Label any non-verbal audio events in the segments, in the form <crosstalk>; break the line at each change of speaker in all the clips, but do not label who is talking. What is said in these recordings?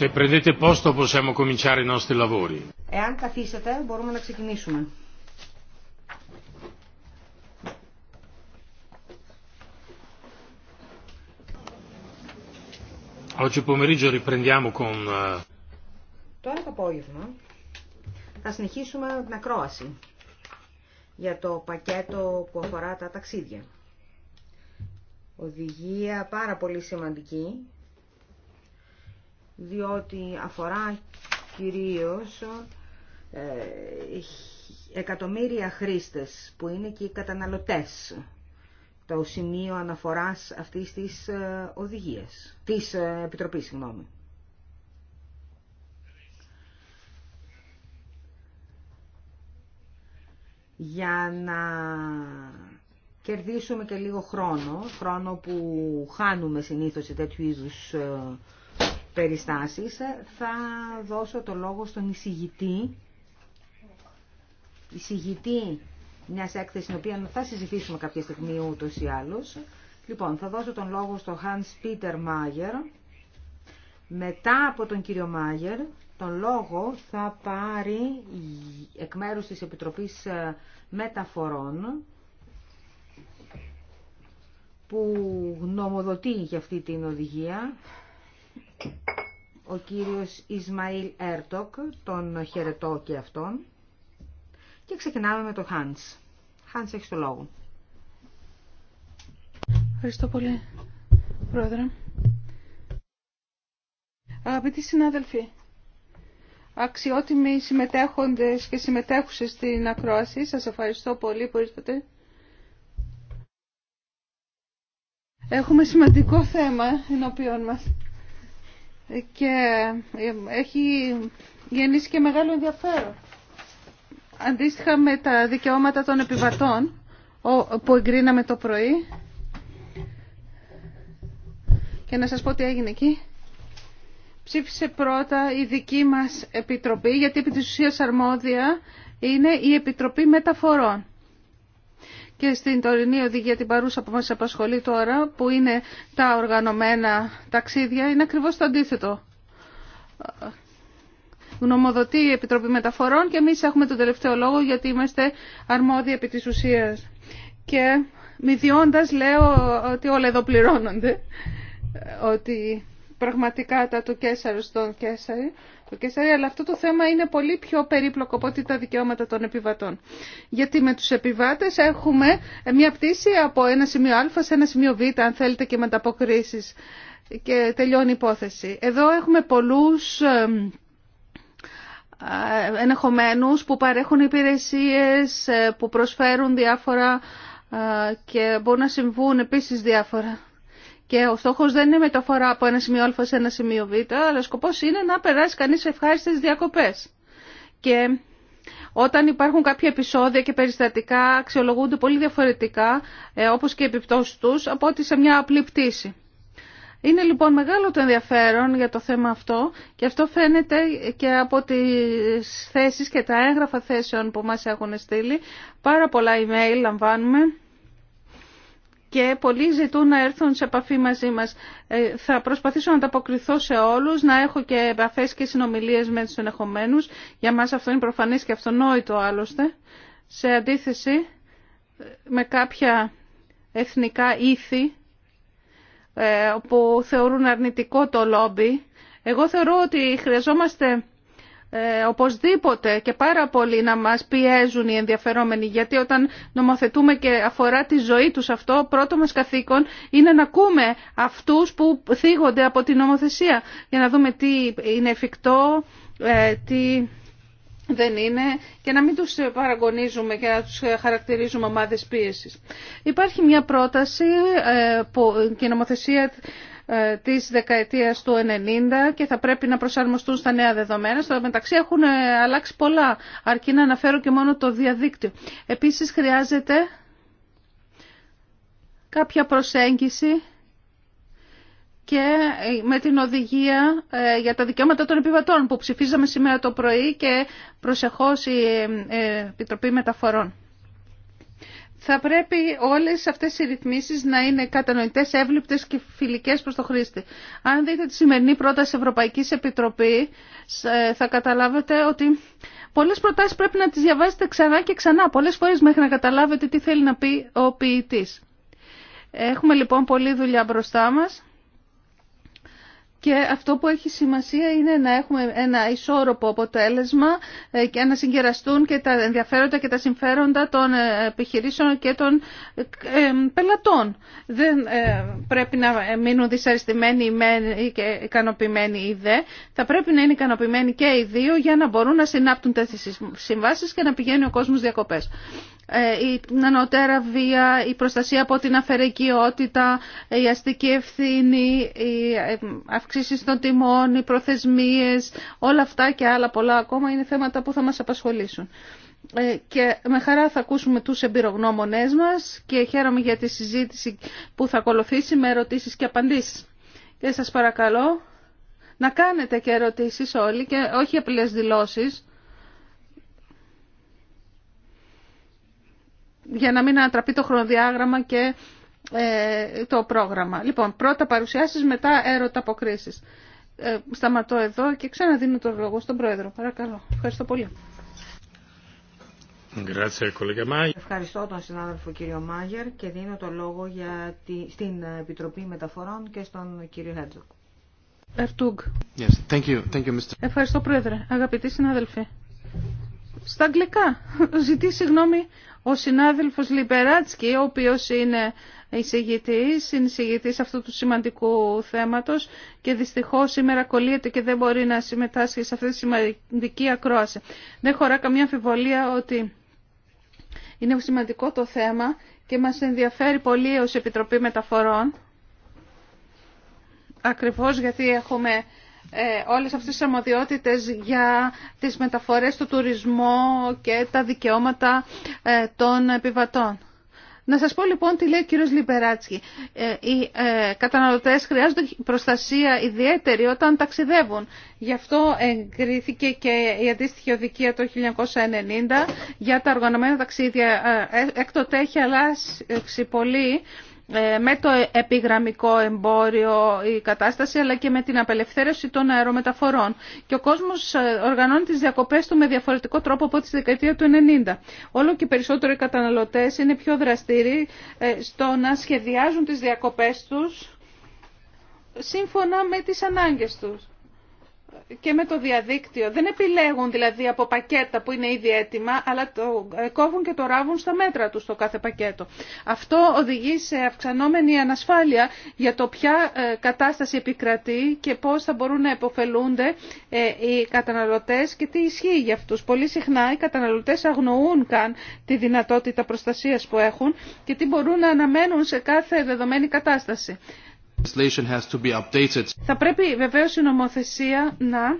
Se prendete posto possiamo cominciare i nostri lavori.
Εάν καθίσετε μπορούμε να ξεκινήσουμε.
pomeriggio riprendiamo con... Eh,
Τώρα το απόγευμα θα συνεχίσουμε την ακρόαση για το πακέτο που αφορά τα ταξίδια. Οδηγία πάρα πολύ σημαντική διότι αφορά κυρίως ε, εκατομμύρια χρήστες που είναι και οι καταναλωτές το σημείο αναφοράς αυτής της ε, οδηγίας, της ε, Επιτροπής, συγγνώμη. Για να κερδίσουμε και λίγο χρόνο, χρόνο που χάνουμε συνήθως σε τέτοιου είδους περιστάσεις, θα δώσω το λόγο στον εισηγητή, εισηγητή μιας έκθεσης, την οποία θα συζητήσουμε κάποια στιγμή ούτως ή άλλως. Λοιπόν, θα δώσω τον λόγο στον Hans Peter Mayer. Μετά από τον κύριο Μάγερ, τον λόγο θα πάρει εκ μέρους της Επιτροπής ε, Μεταφορών που γνωμοδοτεί για αυτή την οδηγία ο κύριος Ισμαήλ Έρτοκ, τον χαιρετώ και αυτόν. Και ξεκινάμε με τον Χάνς. Χάνς, έχει το λόγο. Ευχαριστώ πολύ, Πρόεδρε.
Αγαπητοί συνάδελφοι, αξιότιμοι συμμετέχοντες και συμμετέχουσες στην ακρόαση, σας ευχαριστώ πολύ που ήρθατε. Έχουμε σημαντικό θέμα ενώπιον μας και έχει γεννήσει και μεγάλο ενδιαφέρον. Αντίστοιχα με τα δικαιώματα των επιβατών που εγκρίναμε το πρωί και να σας πω τι έγινε εκεί. Ψήφισε πρώτα η δική μας επιτροπή, γιατί επί της ουσίας αρμόδια είναι η Επιτροπή Μεταφορών και στην τωρινή οδηγία την παρούσα που μας απασχολεί τώρα, που είναι τα οργανωμένα ταξίδια, είναι ακριβώς το αντίθετο. Γνωμοδοτεί η Επιτροπή Μεταφορών και εμείς έχουμε τον τελευταίο λόγο γιατί είμαστε αρμόδιοι επί της ουσίας. Και μηδιώντας λέω ότι όλα εδώ πληρώνονται, ότι πραγματικά τα του Κέσσαρου στον Κέσσαρη, το αλλά αυτό το θέμα είναι πολύ πιο περίπλοκο από ό,τι τα δικαιώματα των επιβατών. Γιατί με τους επιβάτες έχουμε μια πτήση από ένα σημείο Α σε ένα σημείο Β, αν θέλετε και με τα αποκρίσεις. και τελειώνει η υπόθεση. Εδώ έχουμε πολλούς ε, ενεχομένους που παρέχουν υπηρεσίες, ε, που προσφέρουν διάφορα ε, και μπορούν να συμβούν επίσης διάφορα. Και ο στόχο δεν είναι μεταφορά από ένα σημείο Α σε ένα σημείο Β, αλλά ο σκοπό είναι να περάσει κανεί ευχάριστε διακοπέ. Και όταν υπάρχουν κάποια επεισόδια και περιστατικά αξιολογούνται πολύ διαφορετικά, ε, όπως και οι επιπτώσεις τους, από ότι σε μια απλή πτήση. Είναι λοιπόν μεγάλο το ενδιαφέρον για το θέμα αυτό και αυτό φαίνεται και από τις θέσεις και τα έγγραφα θέσεων που μας έχουν στείλει. Πάρα πολλά email λαμβάνουμε και πολλοί ζητούν να έρθουν σε επαφή μαζί μας. Ε, θα προσπαθήσω να τα αποκριθώ σε όλους, να έχω και επαφέ και συνομιλίες με τους ενεχομένους. Για μας αυτό είναι προφανές και αυτονόητο άλλωστε. Σε αντίθεση ε, με κάποια εθνικά ήθη ε, που θεωρούν αρνητικό το λόμπι, εγώ θεωρώ ότι χρειαζόμαστε ε, οπωσδήποτε και πάρα πολύ να μας πιέζουν οι ενδιαφερόμενοι γιατί όταν νομοθετούμε και αφορά τη ζωή τους αυτό πρώτο μας καθήκον είναι να ακούμε αυτούς που θίγονται από την νομοθεσία για να δούμε τι είναι εφικτό, ε, τι δεν είναι και να μην τους παραγωνίζουμε και να τους χαρακτηρίζουμε ομάδες πίεσης. Υπάρχει μια πρόταση ε, και νομοθεσία ε, της δεκαετίας του 90 και θα πρέπει να προσαρμοστούν στα νέα δεδομένα. Στο μεταξύ έχουν ε, αλλάξει πολλά, αρκεί να αναφέρω και μόνο το διαδίκτυο. Επίσης χρειάζεται κάποια προσέγγιση και ε, με την οδηγία για τα δικαιώματα των επιβατών που ψηφίζαμε σήμερα το πρωί και προσεχώς η Επιτροπή Μεταφορών θα πρέπει όλες αυτές οι ρυθμίσεις να είναι κατανοητές, εύληπτες και φιλικές προς το χρήστη. Αν δείτε τη σημερινή πρόταση Ευρωπαϊκής Επιτροπής, ε, θα καταλάβετε ότι πολλές προτάσεις πρέπει να τις διαβάζετε ξανά και ξανά, πολλές φορές μέχρι να καταλάβετε τι θέλει να πει ο ποιητής. Έχουμε λοιπόν πολλή δουλειά μπροστά μας. Και αυτό που έχει σημασία είναι να έχουμε ένα ισόρροπο αποτέλεσμα ε, και να συγκεραστούν και τα ενδιαφέροντα και τα συμφέροντα των ε, επιχειρήσεων και των ε, πελατών. Δεν πρέπει να μείνουν δυσαρεστημένοι ή ικανοποιημένοι οι δε. Θα πρέπει να είναι ικανοποιημένοι και οι δύο για να μπορούν να συνάπτουν τέτοιες συμβάσεις και να πηγαίνει ο κόσμος διακοπές. Ε, η ανωτέρα βία, η προστασία από την αφαιρεκιότητα, η αστική ευθύνη, οι ε, αυξήσει των τιμών, οι προθεσμίες, όλα αυτά και άλλα πολλά ακόμα είναι θέματα που θα μας απασχολήσουν. Ε, και με χαρά θα ακούσουμε τους εμπειρογνώμονές μας και χαίρομαι για τη συζήτηση που θα ακολουθήσει με ερωτήσεις και απαντήσεις. Και σας παρακαλώ να κάνετε και ερωτήσεις όλοι και όχι απλές δηλώσεις για να μην ανατραπεί το χρονοδιάγραμμα και ε, το πρόγραμμα. Λοιπόν, πρώτα παρουσιάσεις, μετά έρωτα αποκρίσεις. Ε, σταματώ εδώ και ξαναδίνω το λόγο στον Πρόεδρο. Παρακαλώ. Ευχαριστώ πολύ.
Ευχαριστώ τον συνάδελφο κύριο Μάγερ και δίνω το λόγο για τη, στην Επιτροπή Μεταφορών και στον κύριο Χέτζοκ.
Yes, thank you. Thank you, Mr. Ευχαριστώ Πρόεδρε. Αγαπητοί συνάδελφοι. Στα αγγλικά. Ζητεί συγγνώμη ο συνάδελφος Λιπεράτσκι, ο οποίος είναι εισηγητής, είναι εισηγητής αυτού του σημαντικού θέματος και δυστυχώς σήμερα κολλείται και δεν μπορεί να συμμετάσχει σε αυτή τη σημαντική ακρόαση. Δεν χωρά καμία αμφιβολία ότι είναι σημαντικό το θέμα και μας ενδιαφέρει πολύ ως Επιτροπή Μεταφορών, ακριβώς γιατί έχουμε ε, όλες αυτές τις αρμοδιότητες για τις μεταφορές, του τουρισμό και τα δικαιώματα ε, των επιβατών. Να σας πω λοιπόν τι λέει ο κύριος Λιμπεράτσκι. Ε, οι καταναλωτές χρειάζονται προστασία ιδιαίτερη όταν ταξιδεύουν. Γι' αυτό εγκρίθηκε και η αντίστοιχη οδικία το 1990 για τα οργανωμένα ταξίδια. Έκτοτε έχει αλλάξει πολύ ε, με το επιγραμμικό εμπόριο η κατάσταση αλλά και με την απελευθέρωση των αερομεταφορών. Και ο κόσμος ε, οργανώνει τις διακοπές του με διαφορετικό τρόπο από τη δεκαετία του 90. Όλο και περισσότερο οι καταναλωτές είναι πιο δραστήριοι ε, στο να σχεδιάζουν τις διακοπές τους σύμφωνα με τις ανάγκες τους και με το διαδίκτυο. Δεν επιλέγουν δηλαδή από πακέτα που είναι ήδη έτοιμα, αλλά το ε, κόβουν και το ράβουν στα μέτρα τους το κάθε πακέτο. Αυτό οδηγεί σε αυξανόμενη ανασφάλεια για το ποια ε, κατάσταση επικρατεί και πώς θα μπορούν να επωφελούνται ε, οι καταναλωτές και τι ισχύει για αυτούς. Πολύ συχνά οι καταναλωτές αγνοούν καν τη δυνατότητα προστασίας που έχουν και τι μπορούν να αναμένουν σε κάθε δεδομένη κατάσταση. Θα πρέπει βεβαίως η νομοθεσία να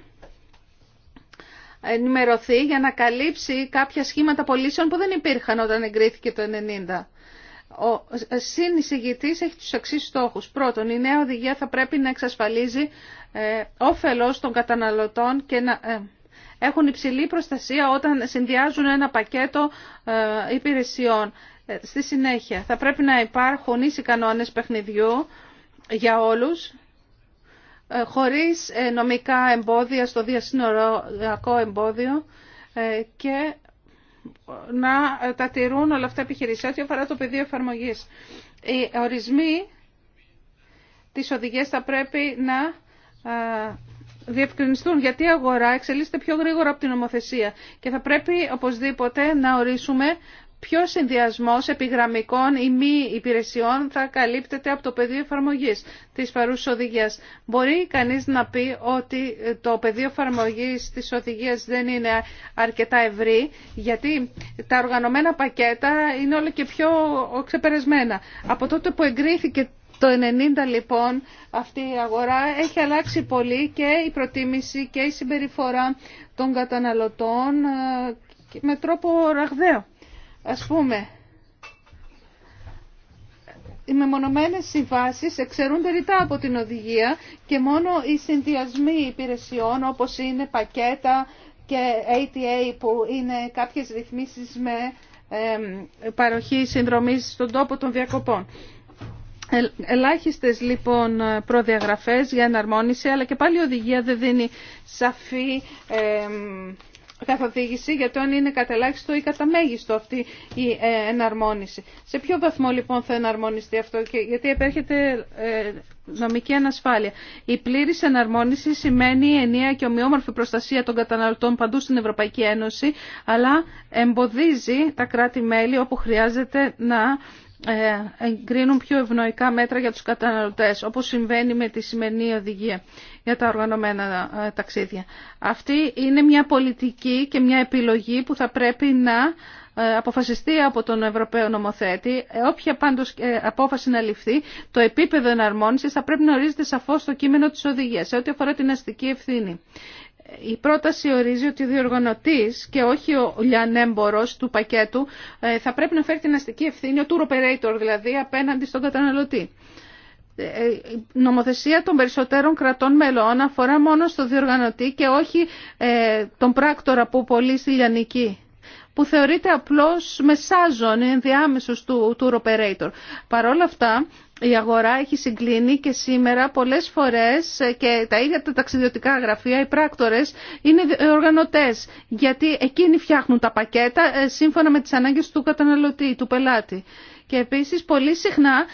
ενημερωθεί για να καλύψει κάποια σχήματα πωλήσεων που δεν υπήρχαν όταν εγκρίθηκε το 1990. Ο συνεισηγητής έχει τους εξή στόχους. Πρώτον, η νέα οδηγία θα πρέπει να εξασφαλίζει ε, όφελος των καταναλωτών και να ε, έχουν υψηλή προστασία όταν συνδυάζουν ένα πακέτο ε, υπηρεσιών. Ε, στη συνέχεια, θα πρέπει να υπάρχουν ίσοι κανόνες παιχνιδιού για όλους ε, χωρίς ε, νομικά εμπόδια στο διασυνοριακό εμπόδιο ε, και να τα τηρούν όλα αυτά επιχειρήσεις ό,τι αφορά το πεδίο εφαρμογής. Οι ορισμοί τις οδηγίες θα πρέπει να διευκρινιστούν γιατί η αγορά εξελίσσεται πιο γρήγορα από την νομοθεσία και θα πρέπει οπωσδήποτε να ορίσουμε ποιος συνδυασμός επιγραμμικών ή μη υπηρεσιών θα καλύπτεται από το πεδίο εφαρμογή της παρούς οδηγία. Μπορεί κανείς να πει ότι το πεδίο εφαρμογή της οδηγία δεν είναι αρκετά ευρύ, γιατί τα οργανωμένα πακέτα είναι όλο και πιο ξεπερασμένα. Από τότε που εγκρίθηκε το 90 λοιπόν αυτή η αγορά έχει αλλάξει πολύ και η προτίμηση και η συμπεριφορά των καταναλωτών ε, με τρόπο ραγδαίο. Ας πούμε, οι μεμονωμένες συμβάσεις εξαιρούνται ρητά από την οδηγία και μόνο οι συνδυασμοί υπηρεσιών όπως είναι πακέτα και ATA που είναι κάποιες ρυθμίσεις με παροχή συνδρομής στον τόπο των διακοπών. Ε, ελάχιστες λοιπόν προδιαγραφές για εναρμόνιση αλλά και πάλι η οδηγία δεν δίνει σαφή καθοδήγηση για το αν είναι κατελάχιστο ή καταμέγιστο αυτή η μεγιστο αυτη η εναρμονιση Σε ποιο βαθμό λοιπόν θα εναρμονιστεί αυτό και γιατί επέρχεται ε, νομική ανασφάλεια. Η πλήρη εναρμόνιση σημαίνει ενιαία και ομοιόμορφη προστασία των καταναλωτών παντού στην Ευρωπαϊκή Ένωση, αλλά εμποδίζει τα κράτη-μέλη όπου χρειάζεται να ε, εγκρίνουν πιο ευνοϊκά μέτρα για τους καταναλωτές, όπως συμβαίνει με τη σημερινή οδηγία για τα οργανωμένα ε, ταξίδια. Αυτή είναι μια πολιτική και μια επιλογή που θα πρέπει να ε, αποφασιστεί από τον Ευρωπαίο νομοθέτη. Όποια πάντως απόφαση να ληφθεί, το επίπεδο εναρμόνισης θα πρέπει να ορίζεται σαφώς στο κείμενο της οδηγίας, σε ό,τι αφορά την αστική ευθύνη η πρόταση ορίζει ότι ο διοργανωτής και όχι ο λιανέμπορος του πακέτου ε, θα πρέπει να φέρει την αστική ευθύνη, ο tour operator δηλαδή, απέναντι στον καταναλωτή. Ε, ε, η νομοθεσία των περισσότερων κρατών μελών αφορά μόνο στο διοργανωτή και όχι τον πράκτορα που πολύ στη λιανική που θεωρείται απλώς μεσάζων ενδιάμεσος του tour operator. Παρ' όλα αυτά, η αγορά έχει συγκλίνει και σήμερα πολλές φορές ε, και τα ίδια τα ταξιδιωτικά γραφεία, οι πράκτορες, είναι ε, οργανωτές γιατί εκείνοι φτιάχνουν τα πακέτα ε, σύμφωνα με τις ανάγκες του καταναλωτή, του πελάτη. Και επίσης πολύ συχνά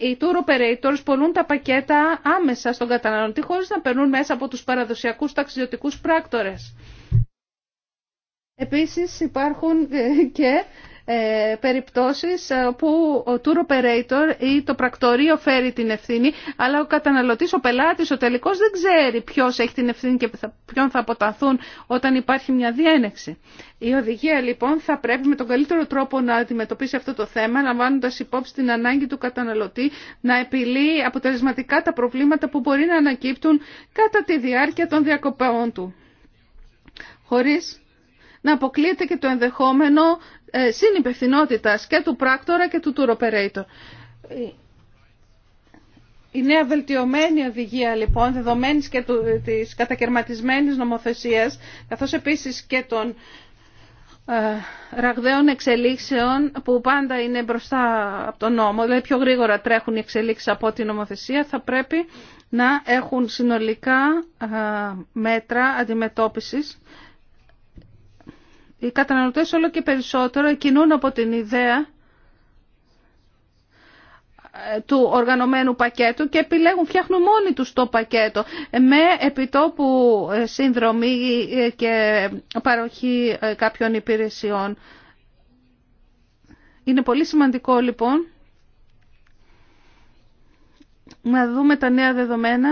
οι tour operators πολλούν τα πακέτα άμεσα στον καταναλωτή χωρίς να περνούν μέσα από τους παραδοσιακούς ταξιδιωτικούς πράκτορες. Επίσης υπάρχουν και ε, περιπτώσεις ε, όπου ο tour operator ή το πρακτορείο φέρει την ευθύνη, αλλά ο καταναλωτής, ο πελάτης, ο τελικός δεν ξέρει ποιος έχει την ευθύνη και ποιον θα αποταθούν όταν υπάρχει μια διένεξη. Η οδηγία λοιπόν θα πρέπει με τον καλύτερο τρόπο να αντιμετωπίσει αυτό το θέμα, λαμβάνοντα υπόψη την ανάγκη του καταναλωτή να επιλύει αποτελεσματικά τα προβλήματα που μπορεί να ανακύπτουν κατά τη διάρκεια των διακοπέων του. Χωρίς να αποκλείεται και το ενδεχόμενο ε, συνυπευθυνότητα και του πράκτορα και του tour Η νέα βελτιωμένη οδηγία λοιπόν, δεδομένη και του, της κατακαιρματισμένης νομοθεσίας, καθώς επίσης και των ε, ραγδαίων εξελίξεων που πάντα είναι μπροστά από τον νόμο, δηλαδή πιο γρήγορα τρέχουν οι εξελίξεις από την νομοθεσία, θα πρέπει να έχουν συνολικά ε, μέτρα αντιμετώπισης οι καταναλωτές όλο και περισσότερο κινούν από την ιδέα ε, του οργανωμένου πακέτου και επιλέγουν, φτιάχνουν μόνοι τους το πακέτο ε, με επιτόπου ε, συνδρομή και παροχή κάποιων υπηρεσιών. Είναι πολύ σημαντικό λοιπόν να δούμε τα νέα δεδομένα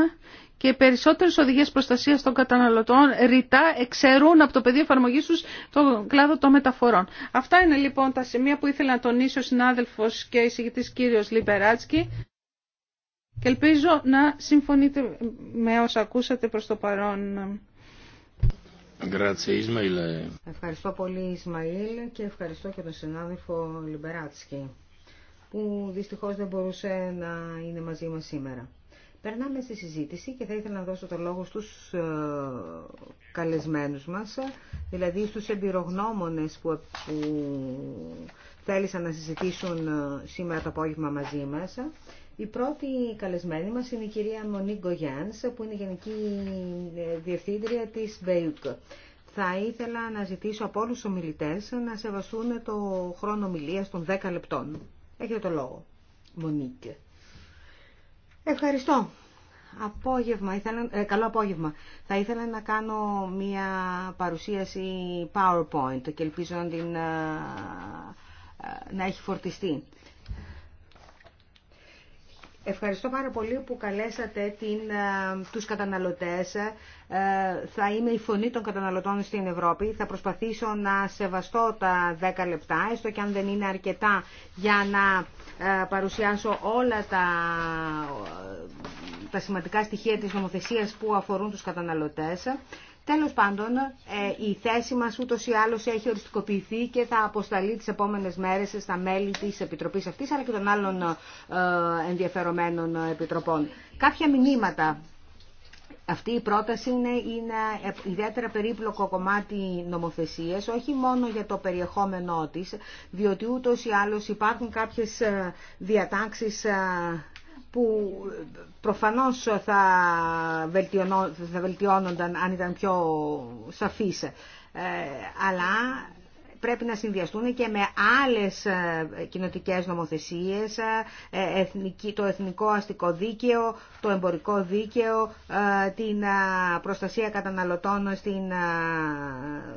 και οι περισσότερες οδηγίες προστασίας των καταναλωτών ρητά εξαιρούν από το πεδίο εφαρμογή τους τον κλάδο των μεταφορών. Αυτά είναι λοιπόν τα σημεία που ήθελα να τονίσει ο συνάδελφος και εισηγητής κύριος Λιμπεράτσκι και ελπίζω να συμφωνείτε με όσα
ακούσατε προς το παρόν. Ευχαριστώ πολύ Ισμαήλ και ευχαριστώ και τον συνάδελφο Λιμπεράτσκι που δυστυχώς δεν μπορούσε να είναι μαζί μας σήμερα. Περνάμε στη συζήτηση και θα ήθελα να δώσω το λόγο στους ε, καλεσμένους μας, ε, δηλαδή στους εμπειρογνώμονες που, που θέλησαν να συζητήσουν ε, σήμερα το απόγευμα μαζί μας. Η πρώτη καλεσμένη μας είναι η κυρία Μονή Γκογιάνς, που είναι Γενική Διευθύντρια της ΒΕΙΚ. Θα ήθελα να ζητήσω από όλους τους ομιλητές να σεβαστούν το χρόνο ομιλίας των 10 λεπτών. Έχετε το λόγο. Μονίκη. Ευχαριστώ. Απόγευμα, ήθελα, ε, καλό απόγευμα. Θα ήθελα να κάνω μία παρουσίαση PowerPoint και ελπίζω να, την, ε, ε, να έχει φορτιστεί. Ευχαριστώ πάρα πολύ που καλέσατε την, ε, τους καταναλωτές. Ε, θα είμαι η φωνή των καταναλωτών στην Ευρώπη. Θα προσπαθήσω να σεβαστώ τα 10 λεπτά, έστω και αν δεν είναι αρκετά για να ε, παρουσιάσω όλα τα, τα σημαντικά στοιχεία της νομοθεσίας που αφορούν τους καταναλωτές. Τέλος πάντων, ε, η θέση μας ούτως ή άλλως έχει οριστικοποιηθεί και θα αποσταλεί τις επόμενες μέρες στα μέλη της Επιτροπής αυτής, αλλά και των άλλων ε, ενδιαφερομένων επιτροπών. Κάποια μηνύματα. Αυτή η πρόταση είναι, είναι ιδιαίτερα περίπλοκο κομμάτι νομοθεσίας, όχι μόνο για το περιεχόμενό της, διότι ούτως ή άλλως υπάρχουν κάποιες ε, διατάξεις που προφανώς θα, θα βελτιώνονταν αν ήταν πιο Ε, αλλά πρέπει να συνδυαστούν και με άλλες ε, κοινοτικές νομοθεσίες, ε, το εθνικό αστικό δίκαιο, το εμπορικό δίκαιο, ε, την προστασία καταναλωτών στην,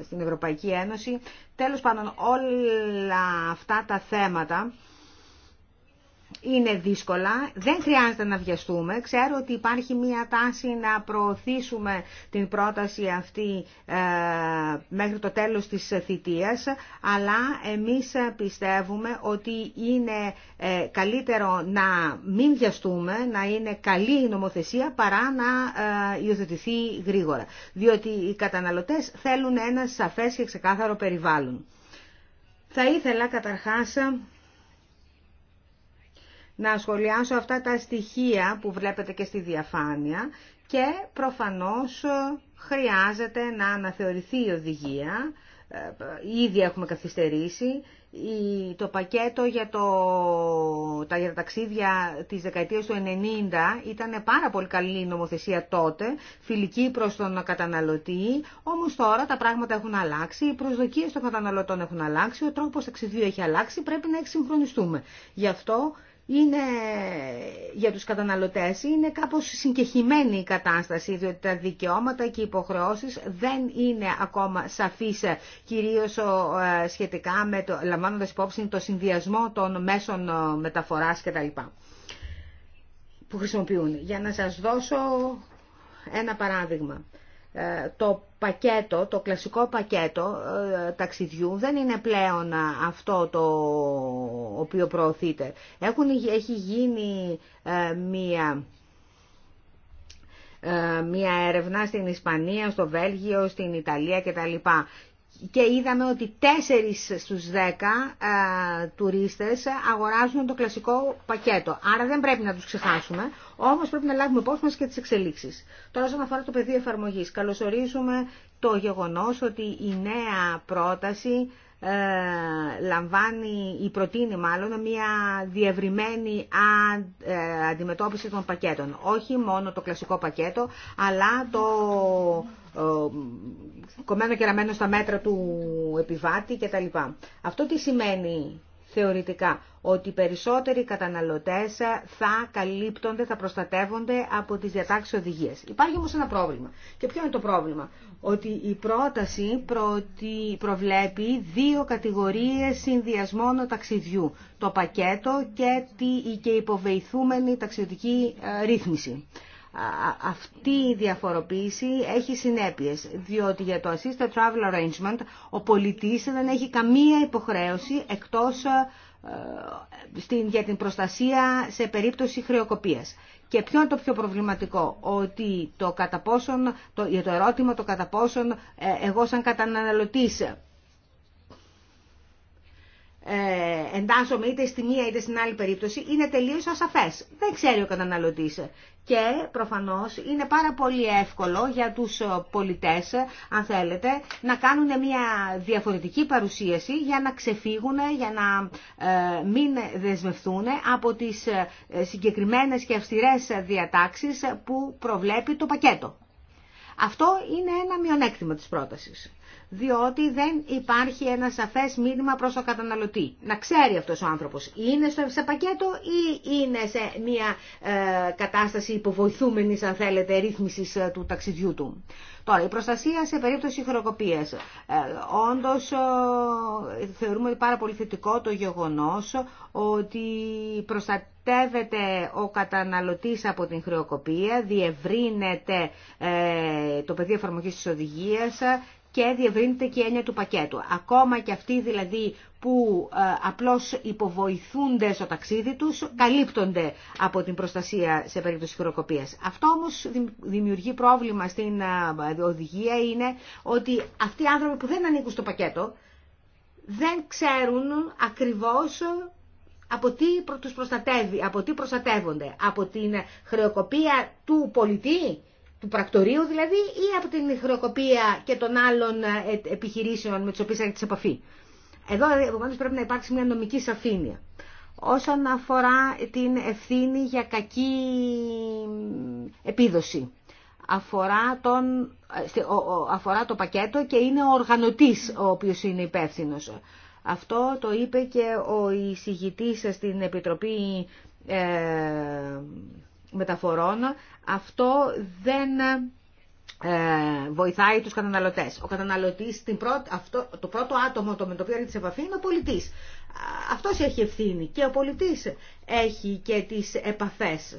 στην Ευρωπαϊκή Ένωση. Τέλος πάντων όλα αυτά τα θέματα είναι δύσκολα, δεν χρειάζεται να βιαστούμε. Ξέρω ότι υπάρχει μία τάση να προωθήσουμε την πρόταση αυτή ε, μέχρι το τέλος της θητείας, αλλά εμείς πιστεύουμε ότι είναι ε, καλύτερο να μην βιαστούμε, να είναι καλή η νομοθεσία παρά να ε, υιοθετηθεί γρήγορα. Διότι οι καταναλωτές θέλουν ένα σαφές και ξεκάθαρο περιβάλλον. Θα ήθελα καταρχάς να σχολιάσω αυτά τα στοιχεία που βλέπετε και στη διαφάνεια και προφανώς ε, χρειάζεται να αναθεωρηθεί η οδηγία. Ε, ε, ήδη έχουμε καθυστερήσει το πακέτο για, το, τα, για ταξίδια της δεκαετίας του 90 ήταν πάρα πολύ καλή η νομοθεσία τότε, φιλική προς τον καταναλωτή, όμως τώρα τα πράγματα έχουν αλλάξει, οι προσδοκίες των καταναλωτών έχουν αλλάξει, ο τρόπος ταξιδίου έχει αλλάξει, πρέπει να εξυγχρονιστούμε. Γι' αυτό είναι, για τους καταναλωτές είναι κάπως συγκεχημένη η κατάσταση, διότι τα δικαιώματα και οι υποχρεώσεις δεν είναι ακόμα σαφείς, κυρίως ε, σχετικά με το, λαμβάνοντας υπόψη το συνδυασμό των μέσων ε, μεταφοράς κτλ. που χρησιμοποιούν. Για να σας δώσω ένα παράδειγμα. Ε, το πακέτο, το κλασικό πακέτο ε, ταξιδιού δεν είναι πλέον ε, αυτό το οποίο προωθείται. Έχουν, έχει γίνει μία μια έρευνα στην Ισπανία, στο Βέλγιο, στην Ιταλία κτλ και είδαμε ότι 4 στους δέκα ε, τουρίστες αγοράζουν το κλασικό πακέτο. Άρα δεν πρέπει να τους ξεχάσουμε, όμως πρέπει να λάβουμε υπόψη μας και τις εξελίξεις. Τώρα όσον αφορά το πεδίο εφαρμογής, καλωσορίζουμε το γεγονός ότι η νέα πρόταση ε, λαμβάνει ή προτείνει μάλλον μια διευρυμένη ε, αντιμετώπιση των πακέτων. Όχι μόνο το κλασικό πακέτο, αλλά το ε, κομμένο και ραμμένο στα μέτρα του επιβάτη κτλ. Αυτό τι σημαίνει θεωρητικά ότι οι περισσότεροι καταναλωτές θα καλύπτονται, θα προστατεύονται από τις διατάξεις οδηγίες. Υπάρχει όμως ένα πρόβλημα. Και ποιο είναι το πρόβλημα. Ότι η πρόταση προβλέπει δύο κατηγορίες συνδυασμών ταξιδιού. Το πακέτο και η υποβεηθούμενη ταξιδιωτική ε, ρύθμιση αυτή η διαφοροποίηση έχει συνέπειες, διότι για το Assisted Travel Arrangement ο πολιτής δεν έχει καμία υποχρέωση εκτός ε, για την προστασία σε περίπτωση χρεοκοπίας. Και ποιο είναι το πιο προβληματικό, ότι το, κατά πόσον, το, για το ερώτημα το κατά πόσον ε, εγώ σαν καταναλωτής ε, εντάσσομαι είτε στη μία είτε στην άλλη περίπτωση, είναι τελείως ασαφέ. Δεν ξέρει ο καταναλωτή. Και προφανώς είναι πάρα πολύ εύκολο για τους ε, πολιτές, αν θέλετε, να κάνουν μια διαφορετική παρουσίαση για να ξεφύγουν, για να ε, μην δεσμευτούν από τις ε, συγκεκριμένε και αυστηρές διατάξεις που προβλέπει το πακέτο. Αυτό είναι ένα μειονέκτημα της πρότασης διότι δεν υπάρχει ένα σαφές μήνυμα προς το καταναλωτή. Να ξέρει αυτός ο άνθρωπος, είναι σε πακέτο ή είναι σε μια ε, κατάσταση υποβοηθούμενης, αν θέλετε, ρύθμισης ε, του ταξιδιού του. Τώρα, η προστασία σε περίπτωση χρεοκοπίας. Ε, όντως, ε, θεωρούμε πάρα πολύ θετικό το γεγονός ότι προστατεύεται ο καταναλωτής από την χρεοκοπία, διευρύνεται ε, το πεδίο εφαρμογής της οδηγίας και διευρύνεται και η έννοια του πακέτου. Ακόμα και αυτοί δηλαδή που ε, απλώς υποβοηθούνται στο ταξίδι τους, καλύπτονται από την προστασία σε περίπτωση χειροκοπίας. Αυτό όμως δημιουργεί πρόβλημα στην ε, οδηγία είναι ότι αυτοί οι άνθρωποι που δεν ανήκουν στο πακέτο, δεν ξέρουν ακριβώς από τι τους προστατεύει, από τι προστατεύονται, από την χρεοκοπία του πολιτή του πρακτορείου δηλαδή ή από την χρεοκοπία και των άλλων ε, ε, επιχειρήσεων με τις οποίες έχετε σε επαφή. Εδώ ε, επομένως πρέπει να υπάρξει μια νομική σαφήνεια. Όσον αφορά την ευθύνη για κακή επίδοση. Αφορά, τον, αφορά το πακέτο και είναι ο οργανωτής ο οποίος είναι υπεύθυνο. Αυτό το είπε και ο εισηγητής στην Επιτροπή ε, μεταφορών αυτό δεν ε, βοηθάει τους καταναλωτές. Ο καταναλωτής, την αυτό, το πρώτο άτομο το με το οποίο έρχεται σε επαφή είναι ο πολιτής. Αυτός έχει ευθύνη και ο πολιτής έχει και τις επαφές.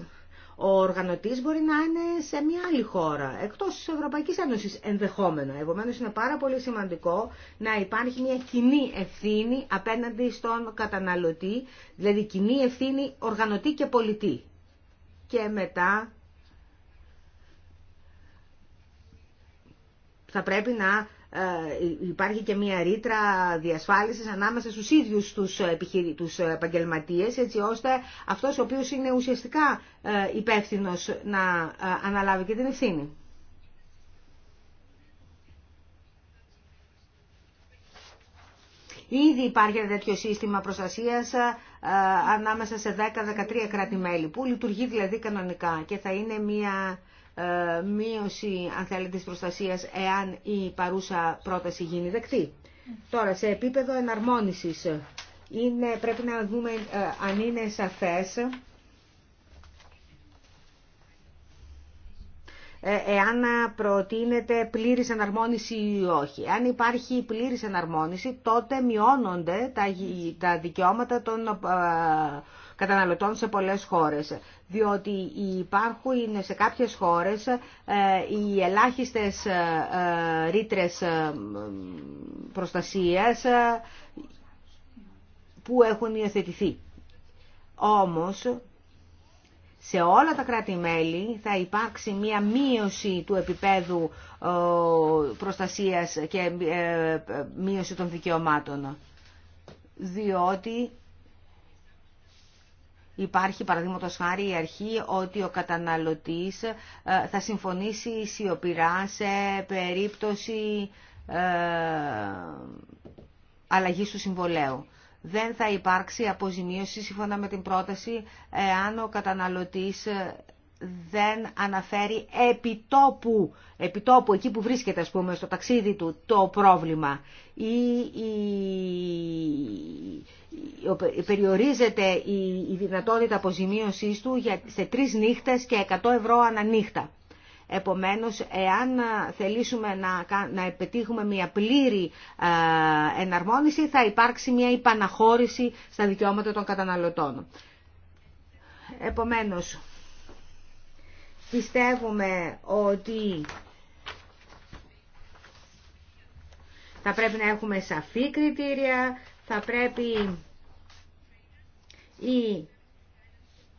Ο οργανωτής μπορεί να είναι σε μια άλλη χώρα, εκτός της Ευρωπαϊκής Ένωσης ενδεχόμενα. Επομένως είναι πάρα πολύ σημαντικό να υπάρχει μια κοινή ευθύνη απέναντι στον καταναλωτή, δηλαδή κοινή ευθύνη οργανωτή και πολιτή. Και μετά θα πρέπει να ε, υπάρχει και μια ρήτρα διασφάλισης ανάμεσα στους ίδιους τους, ε, ε, επαγγελματίες έτσι ώστε αυτός ο οποίος είναι ουσιαστικά υπεύθυνο να αναλάβει και την ευθύνη. Ήδη υπάρχει ένα τέτοιο σύστημα προστασίας ανάμεσα σε 10-13 κράτη-μέλη που λειτουργεί δηλαδή κανονικά και θα είναι μια μείωση, αν θέλετε, της προστασίας εάν η παρούσα πρόταση γίνει δεκτή. Τώρα, σε επίπεδο εναρμόνισης, είναι, πρέπει να δούμε ε, αν είναι σαφές ε, εάν προτείνεται πλήρης εναρμόνιση ή όχι. Αν υπάρχει πλήρης εναρμόνιση, τότε μειώνονται τα, τα δικαιώματα των ε, καταναλωτών σε πολλές χώρες. Διότι υπάρχουν σε κάποιες χώρες ε, οι ελάχιστες ε, ε, ρήτρες προστασίας που έχουν υιοθετηθεί. Όμως, σε όλα τα κράτη-μέλη θα υπάρξει μία μείωση του επίπεδου προστασίας και μείωση των δικαιωμάτων. Διότι Υπάρχει παραδείγματο χάρη η αρχή ότι ο καταναλωτής ε, θα συμφωνήσει σιωπηρά σε περίπτωση ε, αλλαγή του συμβολέου. Δεν θα υπάρξει αποζημίωση σύμφωνα με την πρόταση εάν ο καταναλωτής δεν αναφέρει επιτόπου, επιτόπου εκεί που βρίσκεται ας πούμε στο ταξίδι του το πρόβλημα ή, ή περιορίζεται η, η περιοριζεται η αποζημίωσής του για, σε τρεις νύχτες και 100 ευρώ ανανύχτα. νύχτα. Επομένως, εάν θελήσουμε να, να επιτύχουμε μια πλήρη εναρμόνιση, θα υπάρξει μια υπαναχώρηση στα δικαιώματα των καταναλωτών. Επομένως, πιστεύουμε ότι θα πρέπει να έχουμε σαφή κριτήρια, θα πρέπει οι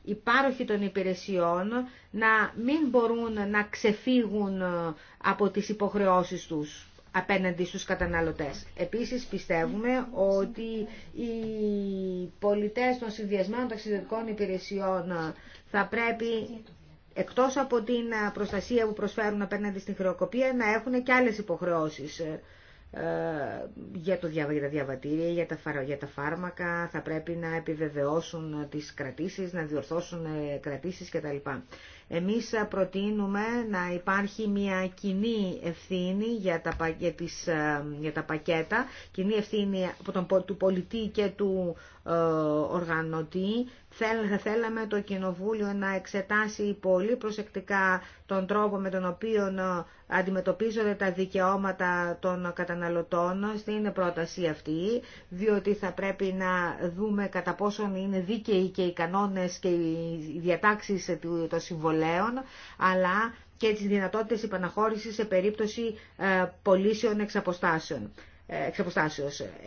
υπάροχοι των υπηρεσιών να μην μπορούν να ξεφύγουν ε, από τις υποχρεώσεις τους απέναντι στους καταναλωτές. Επίσης πιστεύουμε ότι οι πολιτές των συνδυασμένων ταξιδιωτικών υπηρεσιών θα πρέπει εκτός από την ε, προστασία που προσφέρουν απέναντι στη χρεοκοπία, να έχουν και άλλες υποχρεώσεις ε, ε, για, το, για τα διαβατήρια, για τα, για τα φάρμακα, θα πρέπει να επιβεβαιώσουν τις κρατήσεις, να διορθώσουν κρατήσεις κτλ. Εμείς προτείνουμε να υπάρχει μια κοινή ευθύνη για τα, για τις, ε, για τα πακέτα, κοινή ευθύνη του πολιτή και του ε, οργανωτή. Θα θέλαμε το Κοινοβούλιο να εξετάσει πολύ προσεκτικά τον τρόπο με τον οποίο ε, αντιμετωπίζονται τα δικαιώματα των καταναλωτών είναι πρόταση αυτή, διότι θα πρέπει να δούμε κατά πόσον είναι δίκαιοι και οι κανόνες και οι διατάξεις των συμβολών αλλά και τις δυνατότητες υπαναχώρησης σε περίπτωση ε, πωλήσεων εξ αποστάσεων. Ε,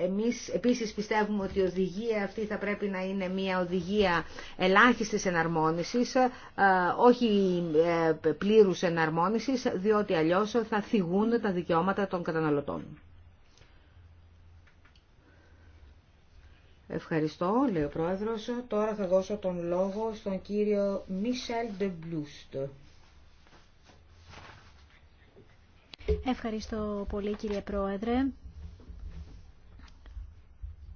Εμείς επίσης πιστεύουμε ότι η οδηγία αυτή θα πρέπει να είναι μια οδηγία ελάχιστης εναρμόνισης, ε, όχι πλήρους εναρμόνισης, διότι αλλιώς θα θυγούν τα δικαιώματα των καταναλωτών. Ευχαριστώ, λέει ο Πρόεδρος. Τώρα θα δώσω τον λόγο στον κύριο Μίσελ Ντεμπλούστ.
Ευχαριστώ πολύ κύριε Πρόεδρε.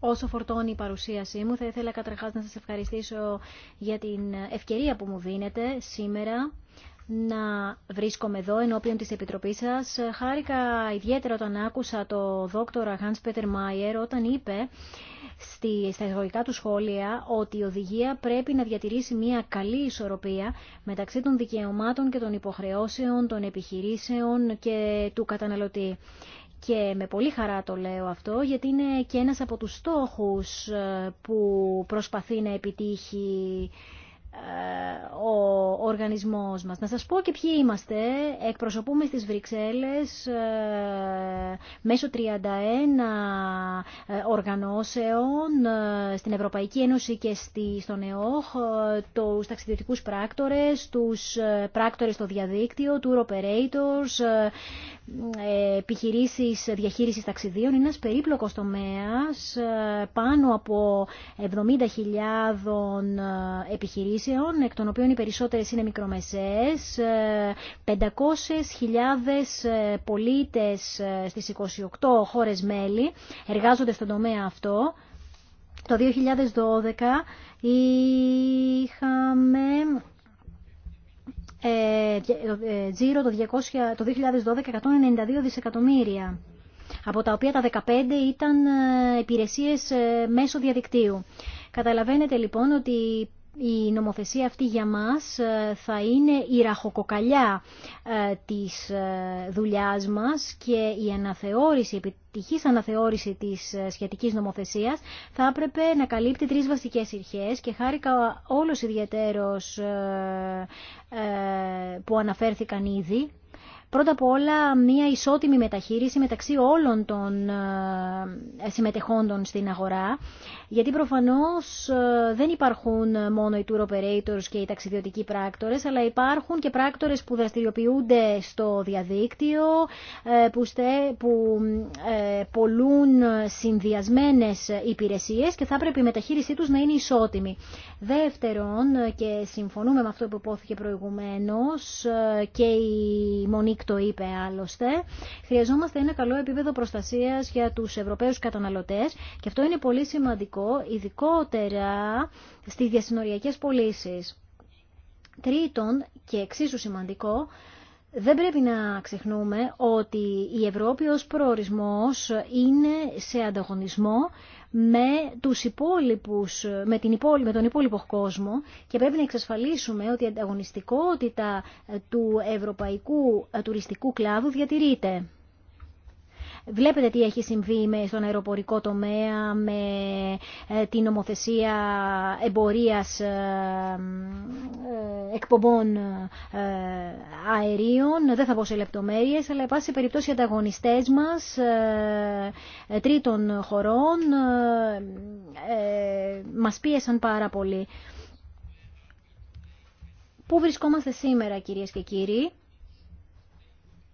Όσο φορτώνει η παρουσίασή μου, θα ήθελα καταρχάς να σας ευχαριστήσω για την ευκαιρία που μου δίνετε σήμερα να βρίσκομαι εδώ ενώπιον της Επιτροπής σας. Χάρηκα ιδιαίτερα όταν άκουσα το δόκτορα Hans Peter Mayer όταν είπε στη, στα εισαγωγικά του σχόλια ότι η οδηγία πρέπει να διατηρήσει μια καλή ισορροπία μεταξύ των δικαιωμάτων και των υποχρεώσεων των επιχειρήσεων και του καταναλωτή. Και με πολύ χαρά το λέω αυτό, γιατί είναι και ένας από τους στόχους ε, που προσπαθεί να επιτύχει ο οργανισμός μας. Να σας πω και ποιοι είμαστε. Εκπροσωπούμε στις Βρυξέλλες ε, μέσω 31 ε, οργανώσεων ε, στην Ευρωπαϊκή Ένωση και στον ΕΟΧ, τους ταξιδιωτικούς πράκτορες, τους πράκτορες στο διαδίκτυο, του operators, επιχειρήσεις διαχείρισης ταξιδίων. Είναι ένας περίπλοκος τομέας, πάνω από 70.000 επιχειρήσεις επιχειρήσεων, εκ των οποίων οι περισσότερες είναι μικρομεσαίες, 500.000 ε, ε, πολίτες ε, στις 28 χώρες μέλη εργάζονται στον τομέα αυτό. Το 2012 είχαμε τζίρο το, το 2012 192 δισεκατομμύρια από τα οποία τα 15 ήταν υπηρεσίες μέσω διαδικτύου. Καταλαβαίνετε λοιπόν ότι η νομοθεσία αυτή για μας ε, θα είναι η ραχοκοκαλιά ε, της ε, δουλειάς μας και η αναθεώρηση, η επιτυχής αναθεώρηση της σχετικής νομοθεσίας θα έπρεπε να καλύπτει τρεις βασικές αρχές και χάρηκα όλος ιδιαίτερος που αναφέρθηκαν ήδη Πρώτα απ' όλα μια ισότιμη μεταχείριση μεταξύ όλων των ε, συμμετεχόντων στην αγορά, γιατί προφανώς ε, δεν υπάρχουν μόνο οι tour operators και οι ταξιδιωτικοί πράκτορες, αλλά υπάρχουν και πράκτορες που δραστηριοποιούνται στο διαδίκτυο, ε, που πολλούν συνδυασμένες υπηρεσίες και θα πρέπει η μεταχείρισή τους να είναι ισότιμη. Δεύτερον, και συμφωνούμε με αυτό που υπόθηκε προηγουμένως, και η το είπε άλλωστε. Χρειαζόμαστε ένα καλό επίπεδο προστασίας για τους Ευρωπαίους καταναλωτές και αυτό είναι πολύ σημαντικό, ειδικότερα στις διασυνοριακές πωλήσει. Τρίτον, και εξίσου σημαντικό, δεν πρέπει να ξεχνούμε ότι η Ευρώπη ως προορισμός είναι σε ανταγωνισμό με, τους υπόλοιπους, με, την με τον υπόλοιπο κόσμο και πρέπει να εξασφαλίσουμε ότι η ανταγωνιστικότητα του ευρωπαϊκού τουριστικού κλάδου διατηρείται. Βλέπετε τι έχει συμβεί στον αεροπορικό τομέα με ε, την νομοθεσία εμπορίας ε, ε, εκπομπών αερίων. Δεν θα πω σε λεπτομέρειες, αλλά πάση περιπτώσει οι ανταγωνιστές μας τρίτων χωρών μας πίεσαν πάρα πολύ. Πού βρισκόμαστε σήμερα κυρίες και κύριοι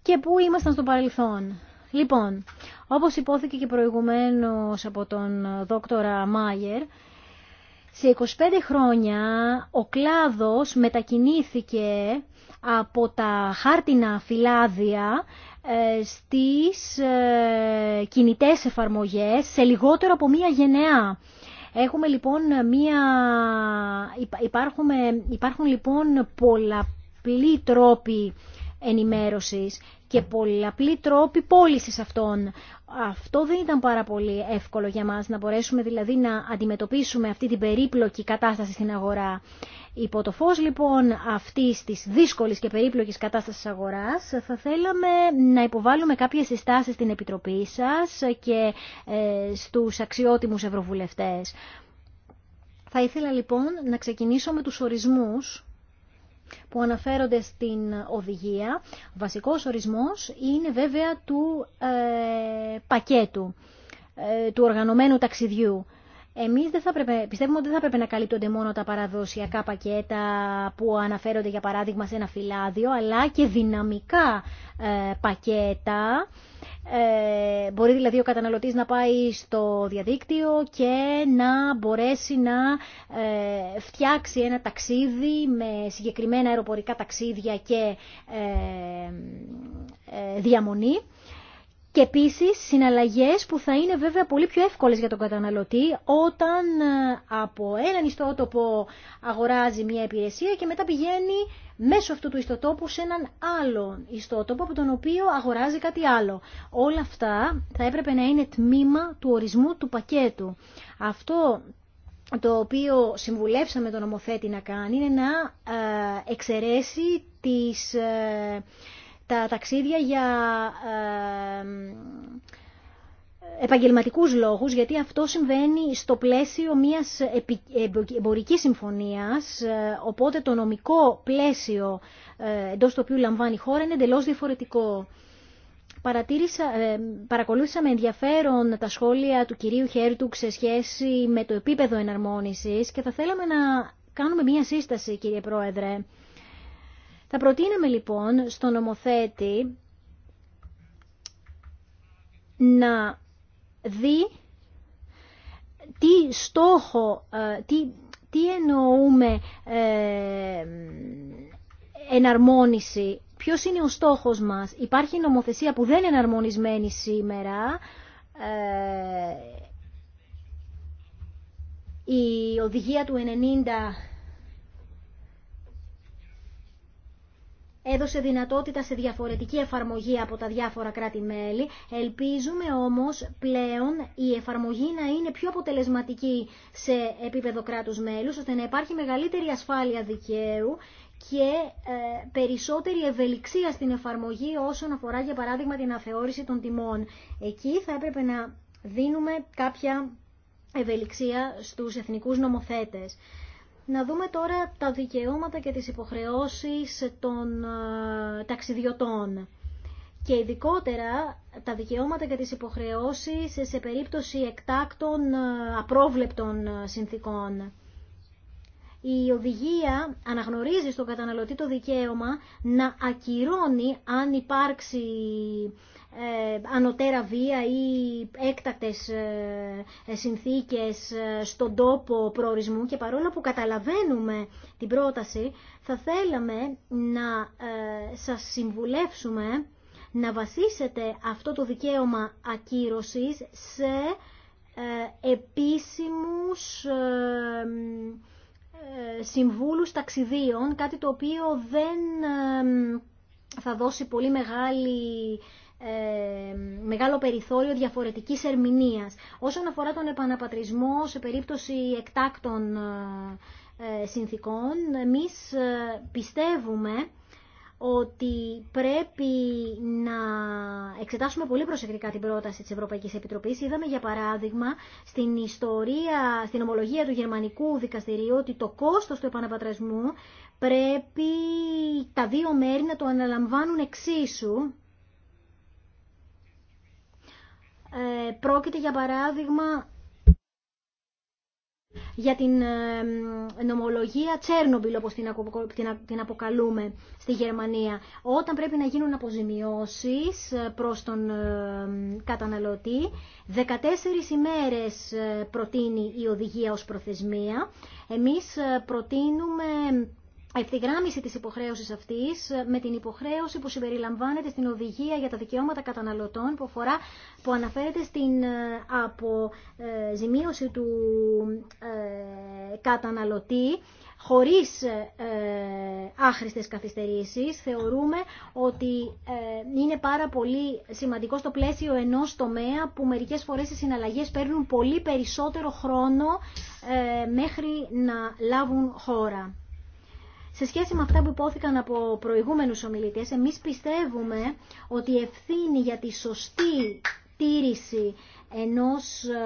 και πού ήμασταν στο παρελθόν. Λοιπόν, όπως υπόθηκε και προηγουμένως από τον δόκτορα Μάιερ, σε 25 χρόνια ο κλάδος μετακινήθηκε από τα χάρτινα φυλάδια ε, στις ε, κινητές εφαρμογές σε λιγότερο από μία γενεά. Έχουμε λοιπόν μία... Υπάρχουν λοιπόν πολλαπλοί τρόποι ενημέρωσης και πολλαπλή τρόπη πώληση αυτών. Αυτό δεν ήταν πάρα πολύ εύκολο για μας, να μπορέσουμε δηλαδή να αντιμετωπίσουμε αυτή την περίπλοκη κατάσταση στην αγορά. Υπό το φως λοιπόν αυτής της δύσκολης και περίπλοκης κατάστασης αγοράς θα θέλαμε να υποβάλουμε κάποιες συστάσεις στην Επιτροπή σας και ε, στους αξιότιμους ευρωβουλευτές. Θα ήθελα λοιπόν να ξεκινήσω με τους ορισμούς που αναφέρονται στην οδηγία. βασικός ορισμός είναι βέβαια του ε, πακέτου, ε, του οργανωμένου ταξιδιού. Εμείς πιστεύουμε ότι δεν θα πρέπει να καλύπτονται μόνο τα παραδοσιακά πακέτα που αναφέρονται για παράδειγμα σε ένα φυλάδιο, αλλά και δυναμικά ε, πακέτα. Ε, μπορεί δηλαδή ο καταναλωτής να πάει στο διαδίκτυο και να μπορέσει να ε, φτιάξει ένα ταξίδι με συγκεκριμένα αεροπορικά ταξίδια και διαμονή και επίση συναλλαγές που θα είναι βέβαια πολύ πιο εύκολες για τον καταναλωτή όταν ε, από έναν ιστότοπο αγοράζει μια υπηρεσία και μετά πηγαίνει μέσω αυτού του ιστοτόπου σε έναν άλλο ιστότοπο από τον οποίο αγοράζει κάτι άλλο. Όλα αυτά θα έπρεπε να είναι τμήμα του ορισμού του πακέτου. Αυτό το οποίο συμβουλεύσαμε τον νομοθέτη να κάνει είναι να ε, εξαιρέσει τις ε, τα ταξίδια για ε, επαγγελματικούς λόγους, γιατί αυτό συμβαίνει στο πλαίσιο μιας εμπορικής συμφωνίας, ε, οπότε το νομικό πλαίσιο ε, εντός του οποίου λαμβάνει η χώρα είναι εντελώς διαφορετικό. Παρατήρησα, παρακολούθησα με ενδιαφέρον τα σχόλια του κυρίου Χέρτουκ σε σχέση με το επίπεδο εναρμόνισης και θα θέλαμε να κάνουμε μία σύσταση, κύριε Πρόεδρε. Θα προτείναμε λοιπόν στον νομοθέτη να δει τι στόχο, ε, τι, τι εννοούμε ε, εναρμόνιση, ποιος είναι ο στόχος μας. Υπάρχει νομοθεσία που δεν είναι εναρμονισμένη σήμερα. Ε, η οδηγία του 90 έδωσε δυνατότητα σε διαφορετική εφαρμογή από τα διάφορα κράτη-μέλη. Ελπίζουμε όμως πλέον η εφαρμογή να είναι πιο αποτελεσματική σε επίπεδο κράτους-μέλους, ώστε να υπάρχει μεγαλύτερη ασφάλεια δικαίου και ε, περισσότερη ευελιξία στην εφαρμογή όσον αφορά, για παράδειγμα, την αθεώρηση των τιμών. Εκεί θα έπρεπε να δίνουμε κάποια ευελιξία στους εθνικούς νομοθέτες. Να δούμε τώρα τα δικαιώματα και τις υποχρεώσεις των ε, ταξιδιωτών και ειδικότερα τα δικαιώματα και τις υποχρεώσεις σε περίπτωση εκτάκτων ε, απρόβλεπτων ε, συνθήκων η οδηγία αναγνωρίζει στον καταναλωτή το δικαίωμα να ακυρώνει αν υπάρξει ε, ανωτέρα βία ή έκτακτες ε, ε, συνθήκες στον τόπο προορισμού και παρόλο που καταλαβαίνουμε την πρόταση θα θέλαμε να σας συμβουλεύσουμε να βασίσετε αυτό το δικαίωμα ακύρωσης σε επίσημους ε, συμβούλους ταξιδίων, κάτι το οποίο δεν θα δώσει πολύ μεγάλη ε, μεγάλο περιθώριο διαφορετικής ερμηνείας. Όσον αφορά τον επαναπατρισμό σε περίπτωση εκτάκτων ε, συνθήκων, εμείς πιστεύουμε ότι πρέπει να εξετάσουμε πολύ προσεκτικά την πρόταση της Ευρωπαϊκής Επιτροπής. Είδαμε για παράδειγμα στην ιστορία, στην ομολογία του Γερμανικού Δικαστηρίου ότι το κόστος του επαναπατρασμού πρέπει τα δύο μέρη να το αναλαμβάνουν εξίσου. Ε, πρόκειται για παράδειγμα για την ε, νομολογία Τσέρνομπιλ, όπως την αποκαλούμε στη Γερμανία. Όταν πρέπει να γίνουν αποζημιώσεις ε, προς τον ε, καταναλωτή, 14 ημέρες προτείνει η οδηγία ως προθεσμία. Εμείς προτείνουμε ευθυγράμμιση της υποχρέωσης αυτής ε, με την υποχρέωση που συμπεριλαμβάνεται στην οδηγία για τα δικαιώματα καταναλωτών που, αφορά, που αναφέρεται στην ε, αποζημίωση ε, του καταναλωτή χωρίς άχρηστες καθυστερήσεις. Θεωρούμε ότι είναι πάρα πολύ σημαντικό στο πλαίσιο ενός τομέα που μερικές φορές οι συναλλαγές παίρνουν πολύ περισσότερο χρόνο μέχρι να λάβουν χώρα. Σε σχέση με αυτά που υπόθηκαν από προηγούμενους ομιλητές, εμείς πιστεύουμε ότι η ευθύνη για τη σωστή τήρηση ενός ε,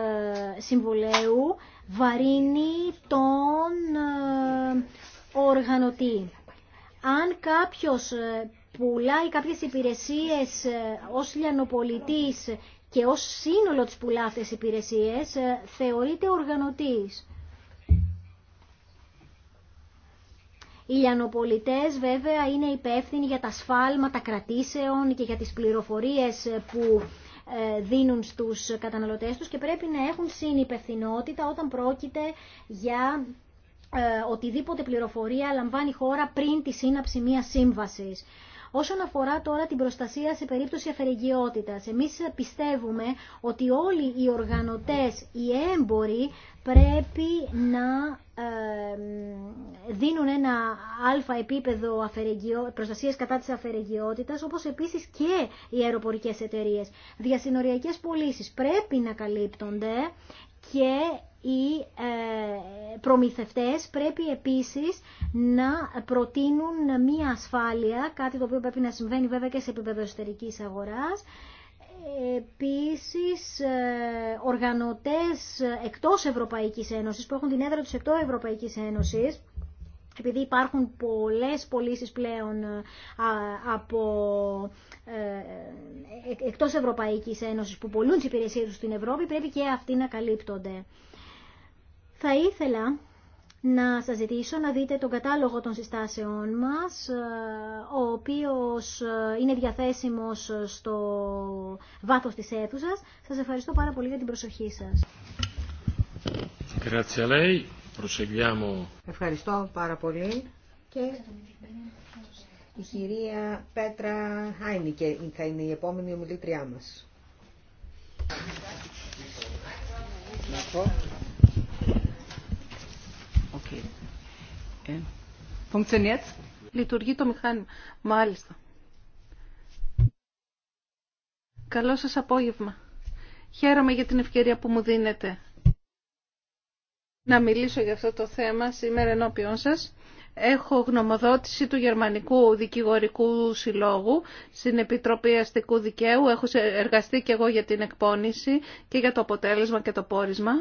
συμβουλέου βαρύνει τον ε, οργανωτή. Αν κάποιος ε, πουλάει κάποιες υπηρεσίες ως λιανοπολιτής και ως σύνολο της πουλά αυτές τις υπηρεσίες, θεωρείται οργανωτής. Οι λιανοπολιτές βέβαια είναι υπεύθυνοι για τα σφάλματα κρατήσεων και για τις πληροφορίες που ε, δίνουν στους καταναλωτές τους και πρέπει να έχουν συνυπευθυνότητα όταν πρόκειται για ε, οτιδήποτε πληροφορία λαμβάνει η χώρα πριν τη σύναψη μιας σύμβασης. Όσον αφορά τώρα την προστασία σε περίπτωση αφαιρεγιότητας, εμείς πιστεύουμε ότι όλοι οι οργανωτές, οι έμποροι πρέπει να δίνουν ένα αλφα επίπεδο προστασίας κατά της αφαιρεγιότητας, όπως επίσης και οι αεροπορικές εταιρείες. Διασυνοριακές πωλήσει πρέπει να καλύπτονται και οι ε, προμηθευτές πρέπει επίσης να προτείνουν μία ασφάλεια, κάτι το οποίο πρέπει να συμβαίνει βέβαια και σε επίπεδο εσωτερικής αγοράς, Επίσης, ε, οργανωτές εκτός Ευρωπαϊκής Ένωσης, που έχουν την έδρα τους εκτός Ευρωπαϊκής Ένωσης, επειδή υπάρχουν πολλές πωλήσει πλέον ε, από εκτός Ευρωπαϊκής Ένωσης που πολλούν τις υπηρεσίες τους στην Ευρώπη, πρέπει και αυτοί να καλύπτονται. Θα ήθελα να σας ζητήσω να δείτε τον κατάλογο των συστάσεών μας, ε, ο οποίος ε, είναι διαθέσιμος στο βάθος της αίθουσας. Σας ευχαριστώ πάρα πολύ για την προσοχή σας.
Ευχαριστώ πάρα πολύ. Και η κυρία Πέτρα Χάινικε θα είναι η επόμενη ομιλήτριά μας. Ε,
Λειτουργεί το μηχάνημα. Μάλιστα. Καλό σας απόγευμα. Χαίρομαι για την ευκαιρία που μου δίνετε να μιλήσω για αυτό το θέμα σήμερα ενώπιον σας. Έχω γνωμοδότηση του Γερμανικού Δικηγορικού Συλλόγου στην Επιτροπή Αστικού Δικαίου. Έχω εργαστεί και εγώ για την εκπόνηση και για το αποτέλεσμα και το πόρισμα.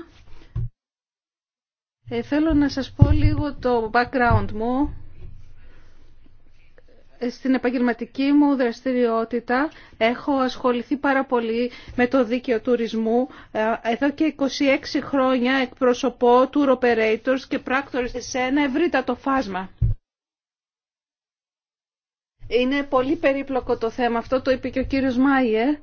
Ε, θέλω να σας πω λίγο το background μου. Ε, στην επαγγελματική μου δραστηριότητα έχω ασχοληθεί πάρα πολύ με το δίκαιο τουρισμού. Ε, εδώ και 26 χρόνια εκπροσωπώ tour operators και πράκτορες σε ένα ευρύτατο φάσμα. Είναι πολύ περίπλοκο το θέμα αυτό, το είπε και ο κύριος Μάιερ.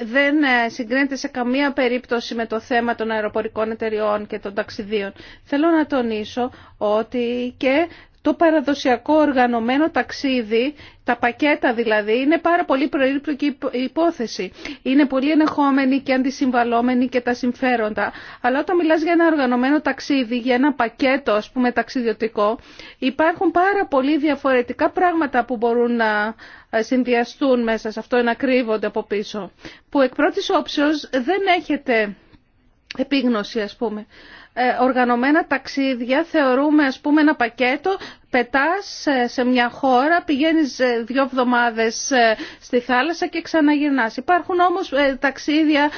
δεν ε, συγκρίνεται σε καμία περίπτωση με το θέμα των αεροπορικών εταιριών και των ταξιδίων. Θέλω να τονίσω ότι και το παραδοσιακό οργανωμένο ταξίδι, τα πακέτα δηλαδή, είναι πάρα πολύ προήρπτωκη υπόθεση. Είναι πολύ ενεχόμενη και αντισυμβαλόμενη και τα συμφέροντα. Αλλά όταν μιλάς για ένα οργανωμένο ταξίδι, για ένα πακέτο ας πούμε ταξιδιωτικό, υπάρχουν πάρα πολύ διαφορετικά πράγματα που μπορούν να ε, συνδυαστούν μέσα σε αυτό να κρύβονται από πίσω. Που εκ πρώτης όψεως δεν έχετε επίγνωση ας πούμε. Ε, οργανωμένα ταξίδια θεωρούμε ας πούμε ένα πακέτο, πετάς σε μια χώρα, πηγαίνεις ε, δύο εβδομάδες στη θάλασσα και ξαναγυρνάς. Υπάρχουν όμως ταξίδια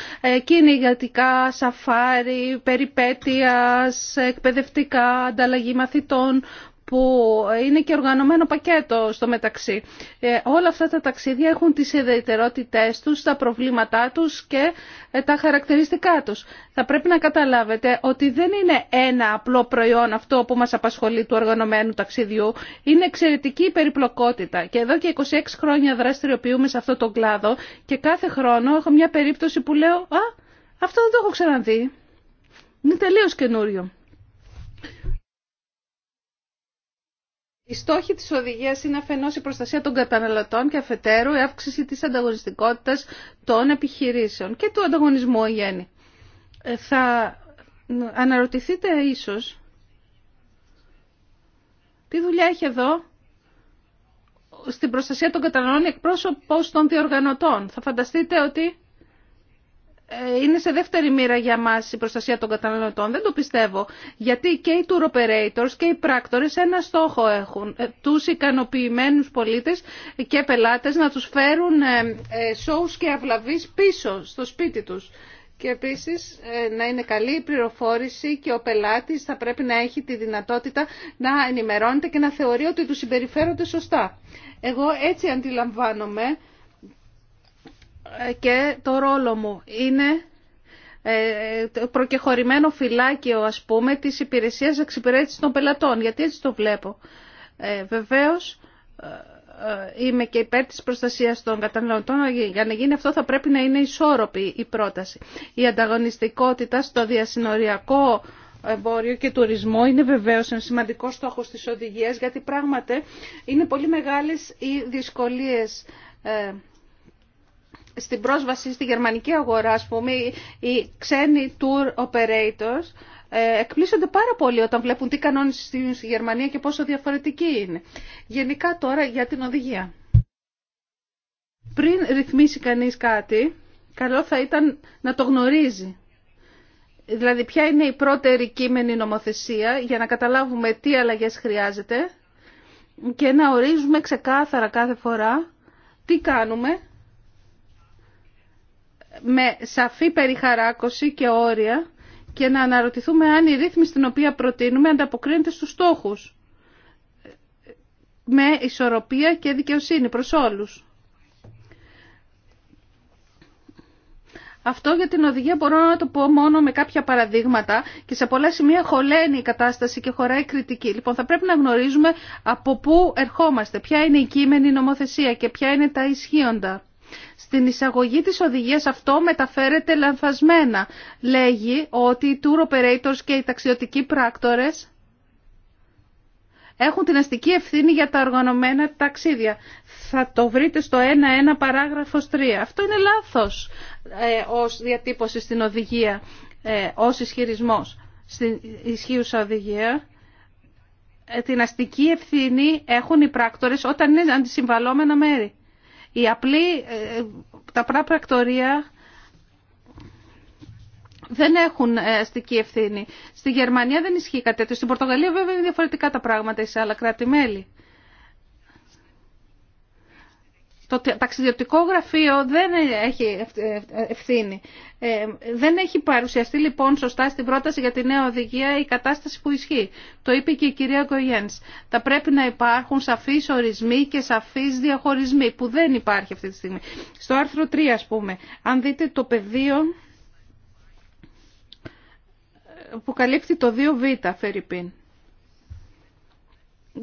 κυνηγατικά, σαφάρι, περιπέτειας, εκπαιδευτικά, ανταλλαγή μαθητών που είναι και οργανωμένο πακέτο στο μεταξύ. Ε, όλα αυτά τα ταξίδια έχουν τις ιδιαιτερότητές τους, τα προβλήματά τους και ε, τα χαρακτηριστικά τους. Θα πρέπει να καταλάβετε ότι δεν είναι ένα απλό προϊόν αυτό που μας απασχολεί του οργανωμένου ταξιδιού. Είναι εξαιρετική η περιπλοκότητα και εδώ και 26 χρόνια δραστηριοποιούμε σε αυτό τον κλάδο και κάθε χρόνο έχω μια περίπτωση που λέω «Α, αυτό δεν το έχω ξαναδεί». Είναι τελείως καινούριο. Οι στόχοι της οδηγίας είναι αφενός η προστασία των καταναλωτών και αφετέρου η αύξηση της ανταγωνιστικότητας των επιχειρήσεων και του ανταγωνισμού γέννη. Ε, θα αναρωτηθείτε ίσως τι δουλειά έχει εδώ στην προστασία των καταναλωτών εκπρόσωπος των διοργανωτών. Θα φανταστείτε ότι ε, είναι σε δεύτερη μοίρα για μας η προστασία των καταναλωτών. Δεν το πιστεύω. Γιατί και οι tour operators και οι πράκτορες ένα στόχο έχουν. Ε, τους ικανοποιημένους πολίτες και πελάτες να του φέρουν σόου ε, και αυλαβεί πίσω στο σπίτι τους. Και επίσης να είναι καλή η πληροφόρηση και ο πελάτης θα πρέπει να έχει τη δυνατότητα να ενημερώνεται και να θεωρεί ότι του συμπεριφέρονται σωστά. Εγώ έτσι αντιλαμβάνομαι και το ρόλο μου είναι ε, προκεχωρημένο φυλάκιο, ας πούμε, της υπηρεσίας εξυπηρέτησης των πελατών, γιατί έτσι το βλέπω. Ε, βεβαίως, ε, ε, είμαι και υπέρ της προστασίας των καταναλωτών, για να γίνει αυτό θα πρέπει να είναι ισόρροπη η πρόταση. Η ανταγωνιστικότητα στο διασυνοριακό εμπόριο και τουρισμό είναι βεβαίως ένα σημαντικό στόχο της οδηγίας, γιατί πράγματι είναι πολύ μεγάλες οι δυσκολίες στην πρόσβαση στη γερμανική αγορά, ας πούμε, οι ξένοι tour operators ε, εκπλήσονται πάρα πολύ όταν βλέπουν τι κανόνες στη Γερμανία και πόσο διαφορετική είναι. Γενικά τώρα για την οδηγία. Πριν ρυθμίσει κανείς κάτι, καλό θα ήταν να το γνωρίζει. Δηλαδή ποια είναι η πρώτερη κείμενη νομοθεσία για να καταλάβουμε τι αλλαγές χρειάζεται και να ορίζουμε ξεκάθαρα κάθε φορά τι κάνουμε με σαφή περιχαράκωση και όρια και να αναρωτηθούμε αν η ρύθμιση την οποία προτείνουμε ανταποκρίνεται στους στόχους με ισορροπία και δικαιοσύνη προς όλους. Αυτό για την οδηγία μπορώ να το πω μόνο με κάποια παραδείγματα και σε πολλά σημεία χωλαίνει η κατάσταση και χωράει κριτική. Λοιπόν, θα πρέπει να γνωρίζουμε από πού ερχόμαστε, ποια είναι η κείμενη νομοθεσία και ποια είναι τα ισχύοντα. Στην εισαγωγή της οδηγίας αυτό μεταφέρεται λανθασμένα. Λέγει ότι οι tour operators και οι ταξιδιωτικοί πράκτορες έχουν την αστική ευθύνη για τα οργανωμένα ταξίδια. Θα το βρείτε στο 1.1 παράγραφος 3. Αυτό είναι λάθος ε, ως διατύπωση στην οδηγία, ε, ως ισχυρισμός. Στην ισχύουσα οδηγία ε, την αστική ευθύνη έχουν οι πράκτορες όταν είναι αντισυμβαλόμενα μέρη. Οι απλοί, ε, τα πραπρακτορία δεν έχουν ε, αστική ευθύνη. Στη Γερμανία δεν ισχύει κάτι τέτοιο. Στην Πορτογαλία βέβαια είναι διαφορετικά τα πράγματα σε άλλα κράτη-μέλη. Το ταξιδιωτικό γραφείο δεν έχει ευθύνη. Ε, δεν έχει παρουσιαστεί λοιπόν σωστά στην πρόταση για τη νέα οδηγία η κατάσταση που ισχύει. Το είπε και η κυρία Γκογιένς. Θα πρέπει να υπάρχουν σαφείς ορισμοί και σαφείς διαχωρισμοί που δεν υπάρχει αυτή τη στιγμή. Στο άρθρο 3 ας πούμε, αν δείτε το πεδίο που καλύπτει το 2β Φερρυπίν.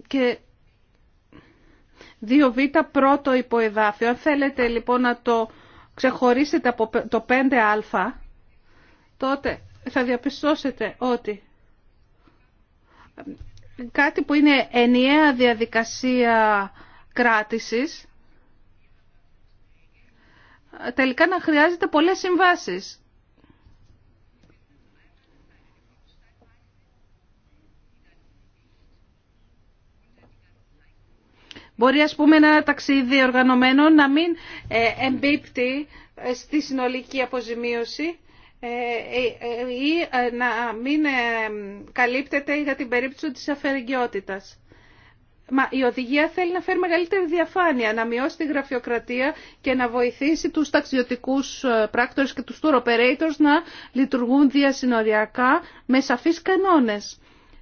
Και 2β πρώτο υποεδάφιο. Αν θέλετε λοιπόν να το ξεχωρίσετε από το 5α, τότε θα διαπιστώσετε ότι κάτι που είναι ενιαία διαδικασία κράτησης, τελικά να χρειάζεται πολλές συμβάσεις. Μπορεί ας πούμε ένα ταξίδι οργανωμένο να μην ε, εμπίπτει ε, στη συνολική αποζημίωση ε, ή να μην καλύπτεται για την περίπτωση της αφαιρεγκαιότητας. Μα η οδηγία θέλει να φέρει μεγαλύτερη διαφάνεια, να μειώσει τη γραφειοκρατία και να βοηθήσει τους ταξιδιωτικούς πράκτορες και τους tour operators να λειτουργούν διασυνοριακά με σαφείς κανόνες.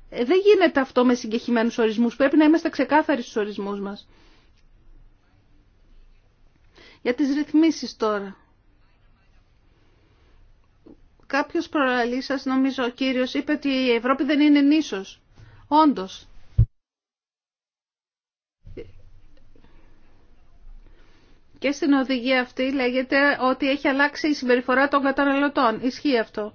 Ε, δεν γίνεται αυτό με συγκεχημένους ορισμούς. Πρέπει να είμαστε ξεκάθαροι στους ορισμούς μας. Για τις ρυθμίσεις τώρα. Κάποιος προλαλή σας, νομίζω ο κύριος, είπε ότι η Ευρώπη δεν είναι νήσος. Όντως. Και στην οδηγία αυτή λέγεται ότι έχει αλλάξει η συμπεριφορά των καταναλωτών. Ισχύει αυτό.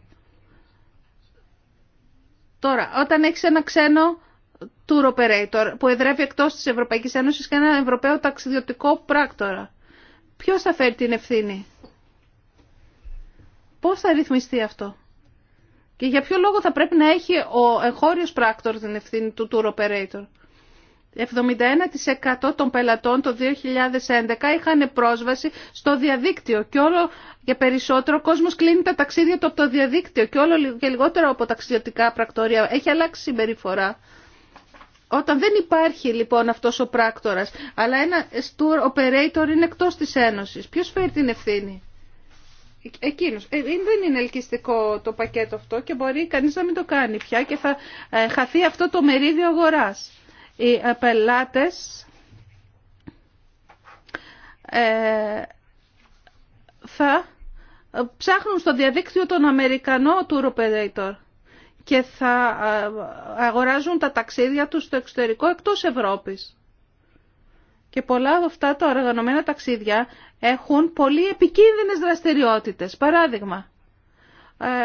Τώρα, όταν έχει ένα ξένο tour operator που εδρεύει εκτός της Ευρωπαϊκής Ένωσης και ένα Ευρωπαίο ταξιδιωτικό πράκτορα, Ποιο θα φέρει την ευθύνη. Πώς θα ρυθμιστεί αυτό. Και για ποιο λόγο θα πρέπει να έχει ο εγχώριο πράκτορ την ευθύνη του tour operator. 71% των πελατών το 2011 είχαν πρόσβαση στο διαδίκτυο και όλο και περισσότερο ο κόσμος κλείνει τα ταξίδια του από το διαδίκτυο και όλο και λιγότερο από ταξιδιωτικά πρακτορία. Έχει αλλάξει συμπεριφορά. Όταν δεν υπάρχει λοιπόν αυτός ο πράκτορας, αλλά ένα tour operator είναι εκτός της Ένωσης, ποιος φέρει την ευθύνη. Εκείνος. Ε, ε, δεν είναι ελκυστικό το πακέτο αυτό και μπορεί κανείς να μην το κάνει πια και θα ε, χαθεί αυτό το μερίδιο αγοράς οι ε, πελάτες ε, θα ε, ψάχνουν στο διαδίκτυο τον Αμερικανό tour operator και θα αγοράζουν τα ταξίδια τους στο εξωτερικό εκτός Ευρώπης. Και πολλά από αυτά τα οργανωμένα ταξίδια έχουν πολύ επικίνδυνες δραστηριότητες. Παράδειγμα,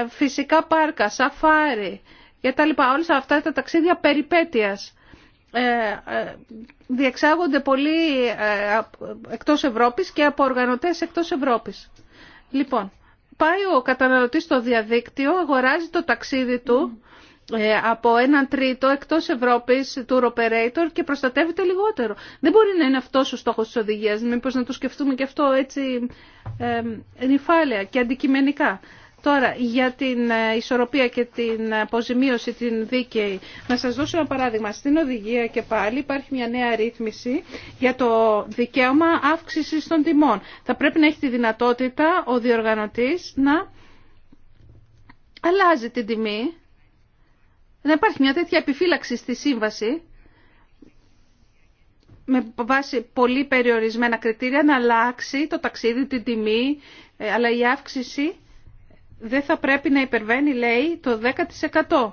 φυσικά πάρκα, σαφάρι και τα λοιπά. Όλες αυτά τα ταξίδια περιπέτειας ε, ε, διεξάγονται πολύ ε, εκτός Ευρώπης και από οργανωτές εκτός Ευρώπης. Λοιπόν, πάει ο καταναλωτής στο διαδίκτυο, αγοράζει το ταξίδι του από έναν τρίτο εκτός Ευρώπης του operator και προστατεύεται λιγότερο. Δεν μπορεί να είναι αυτός ο στόχος της οδηγίας, μήπως να το σκεφτούμε και αυτό έτσι ε, και αντικειμενικά. Τώρα, για την ε, ισορροπία και την αποζημίωση, την δίκαιη, να σας δώσω ένα παράδειγμα. Στην οδηγία και πάλι υπάρχει μια νέα ρύθμιση για το δικαίωμα αύξησης των τιμών. Θα πρέπει να έχει τη δυνατότητα ο διοργανωτής να αλλάζει την τιμή, να υπάρχει μια τέτοια επιφύλαξη στη σύμβαση, με βάση πολύ περιορισμένα κριτήρια, να αλλάξει το ταξίδι, την τιμή, ε, αλλά η αύξηση δεν θα πρέπει να υπερβαίνει, λέει, το 10%.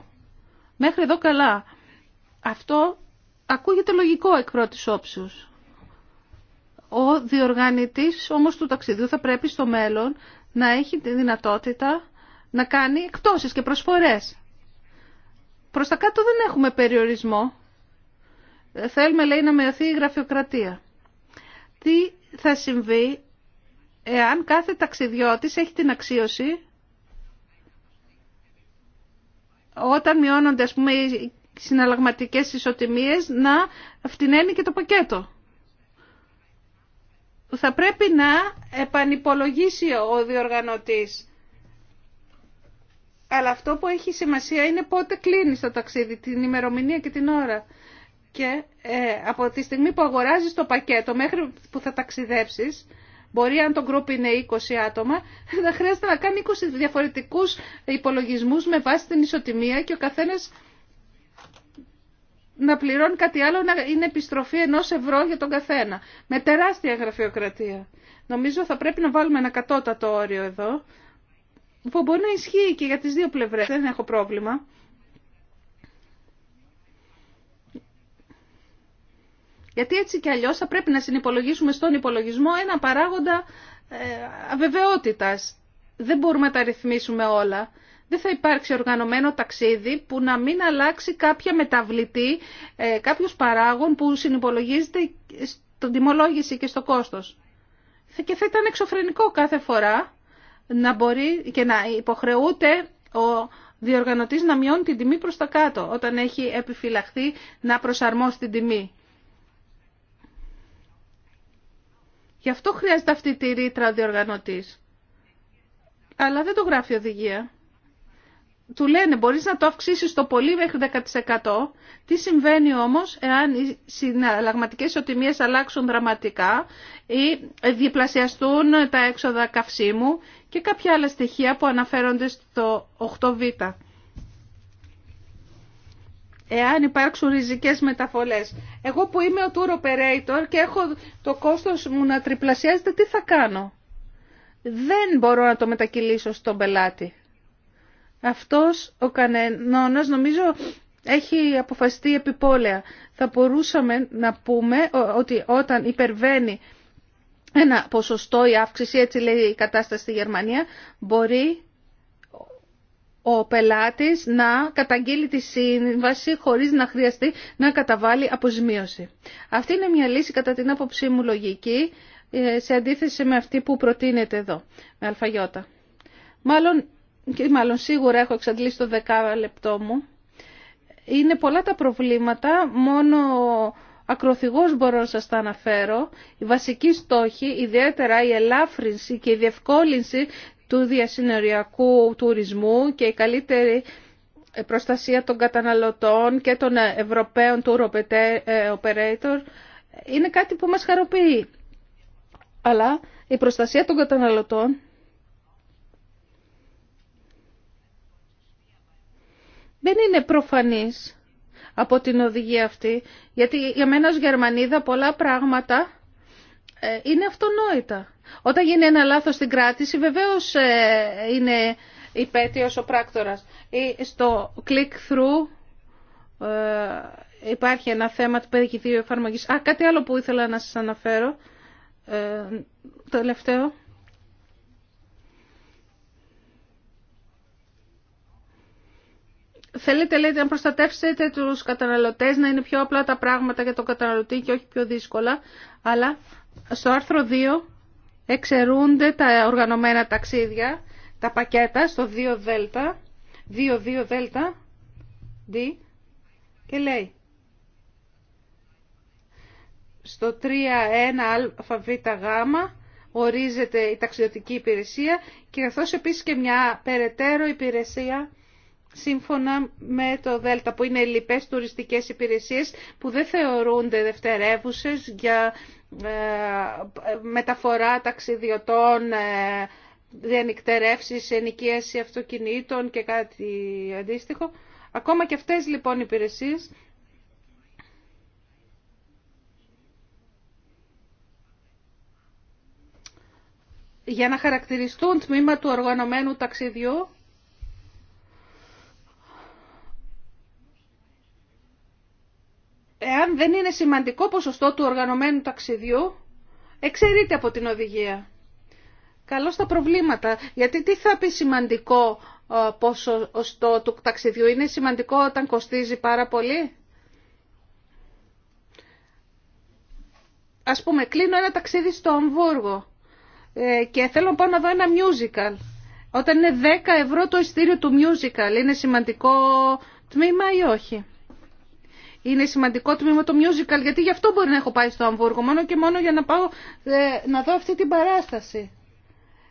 Μέχρι εδώ καλά. Αυτό ακούγεται λογικό εκ πρώτης όψεως. Ο διοργανητής όμως του ταξιδιού θα πρέπει στο μέλλον να έχει τη δυνατότητα να κάνει εκτόσεις και προσφορές. Προς τα κάτω δεν έχουμε περιορισμό. Θέλουμε, λέει, να μειωθεί η γραφειοκρατία. Τι θα συμβεί εάν κάθε ταξιδιώτης έχει την αξίωση όταν μειώνονται ας πούμε, οι συναλλαγματικές ισοτιμίες να φτηνένει και το πακέτο. Θα πρέπει να επανυπολογίσει ο διοργανωτής. Αλλά αυτό που έχει σημασία είναι πότε κλείνει το ταξίδι, την ημερομηνία και την ώρα. Και ε, από τη στιγμή που αγοράζεις το πακέτο μέχρι που θα ταξιδέψεις, Μπορεί αν το γκρουπ είναι 20 άτομα να <laughs> χρειάζεται να κάνει 20 διαφορετικούς υπολογισμούς με βάση την ισοτιμία και ο καθένας να πληρώνει κάτι άλλο να είναι επιστροφή ενός ευρώ για τον καθένα. Με τεράστια γραφειοκρατία. Νομίζω θα πρέπει να βάλουμε ένα κατώτατο όριο εδώ που μπορεί να ισχύει και για τις δύο πλευρές. Δεν έχω πρόβλημα. Γιατί έτσι και αλλιώς θα πρέπει να συνυπολογίσουμε στον υπολογισμό ένα παράγοντα ε, αβεβαιότητας. Δεν μπορούμε να τα ρυθμίσουμε όλα. Δεν θα υπάρξει οργανωμένο ταξίδι που να μην αλλάξει κάποια μεταβλητή, ε, κάποιους παράγων που συνυπολογίζεται στον τιμολόγηση και στο κόστος. Και θα ήταν εξωφρενικό κάθε φορά να μπορεί και να υποχρεούται ο διοργανωτής να μειώνει την τιμή προς τα κάτω όταν έχει επιφυλαχθεί να προσαρμόσει την τιμή. Γι' αυτό χρειάζεται αυτή τη ρήτρα διοργανωτής. Αλλά δεν το γράφει η οδηγία. Του λένε μπορείς να το αυξήσεις το πολύ μέχρι 10%. Τι συμβαίνει όμως εάν οι συναλλαγματικές οτιμίες αλλάξουν δραματικά ή διπλασιαστούν τα έξοδα καυσίμου και κάποια άλλα στοιχεία που αναφέρονται στο 8β εάν υπάρξουν ριζικές μεταφορέ. Εγώ που είμαι ο tour operator και έχω το κόστος μου να τριπλασιάζεται, τι θα κάνω. Δεν μπορώ να το μετακυλήσω στον πελάτη. Αυτός ο κανένας νομίζω έχει αποφασιστεί επιπόλαια. Θα μπορούσαμε να πούμε ότι όταν υπερβαίνει ένα ποσοστό η αύξηση, έτσι λέει η κατάσταση στη Γερμανία, μπορεί ο πελάτης να καταγγείλει τη σύμβαση χωρίς να χρειαστεί να καταβάλει αποζημίωση. Αυτή είναι μια λύση κατά την άποψή μου λογική ε, σε αντίθεση με αυτή που προτείνεται εδώ, με αλφαγιώτα. Μάλλον, και μάλλον σίγουρα έχω εξαντλήσει το δεκάλεπτό μου. Είναι πολλά τα προβλήματα, μόνο ακροθυγός μπορώ να σας τα αναφέρω. Η βασική στόχη, ιδιαίτερα η ελάφρυνση και η διευκόλυνση του διασυνοριακού τουρισμού και η καλύτερη προστασία των καταναλωτών και των Ευρωπαίων tour ε, operator είναι κάτι που μας χαροποιεί. Αλλά η προστασία των καταναλωτών δεν είναι προφανής από την οδηγία αυτή, γιατί για μένα ως Γερμανίδα πολλά πράγματα ε, είναι αυτονόητα. Όταν γίνει ένα λάθος στην κράτηση βεβαίως ε, είναι υπέτειος ο πράκτορας. Ή στο click-through ε, υπάρχει ένα θέμα του περικητήριου εφαρμογής. Α, κάτι άλλο που ήθελα να σας αναφέρω, Το τελευταίο. Θέλετε, λέτε, να προστατεύσετε τους καταναλωτές, να είναι πιο απλά τα πράγματα για τον καταναλωτή και όχι πιο δύσκολα, αλλά στο άρθρο 2 εξαιρούνται τα οργανωμένα ταξίδια, τα πακέτα στο 2 δέλτα, 2-2 δέλτα, D, και λέει στο 3-1 αλφαβήτα ορίζεται η ταξιδιωτική υπηρεσία και καθώς επίσης και μια περαιτέρω υπηρεσία σύμφωνα με το ΔΕΛΤΑ που είναι λοιπές τουριστικές υπηρεσίες που δεν θεωρούνται δευτερεύουσες για ε, μεταφορά ταξιδιωτών, ε, διανυκτερεύσεις, ενοικίαση αυτοκινήτων και κάτι αντίστοιχο. Ακόμα και αυτές λοιπόν οι υπηρεσίες για να χαρακτηριστούν τμήμα του οργανωμένου ταξιδιού εάν δεν είναι σημαντικό ποσοστό του οργανωμένου ταξιδιού, εξαιρείται από την οδηγία. Καλώ τα προβλήματα. Γιατί τι θα πει σημαντικό ε, ποσοστό του ταξιδιού. Είναι σημαντικό όταν κοστίζει πάρα πολύ. Ας πούμε, κλείνω ένα ταξίδι στο Αμβούργο ε, και θέλω να πάω να δω ένα musical. Όταν είναι 10 ευρώ το ειστήριο του musical, είναι σημαντικό τμήμα ή όχι είναι σημαντικό τμήμα το musical, γιατί γι' αυτό μπορεί να έχω πάει στο Αμβούργο, μόνο και μόνο για να πάω ε, να δω αυτή την παράσταση.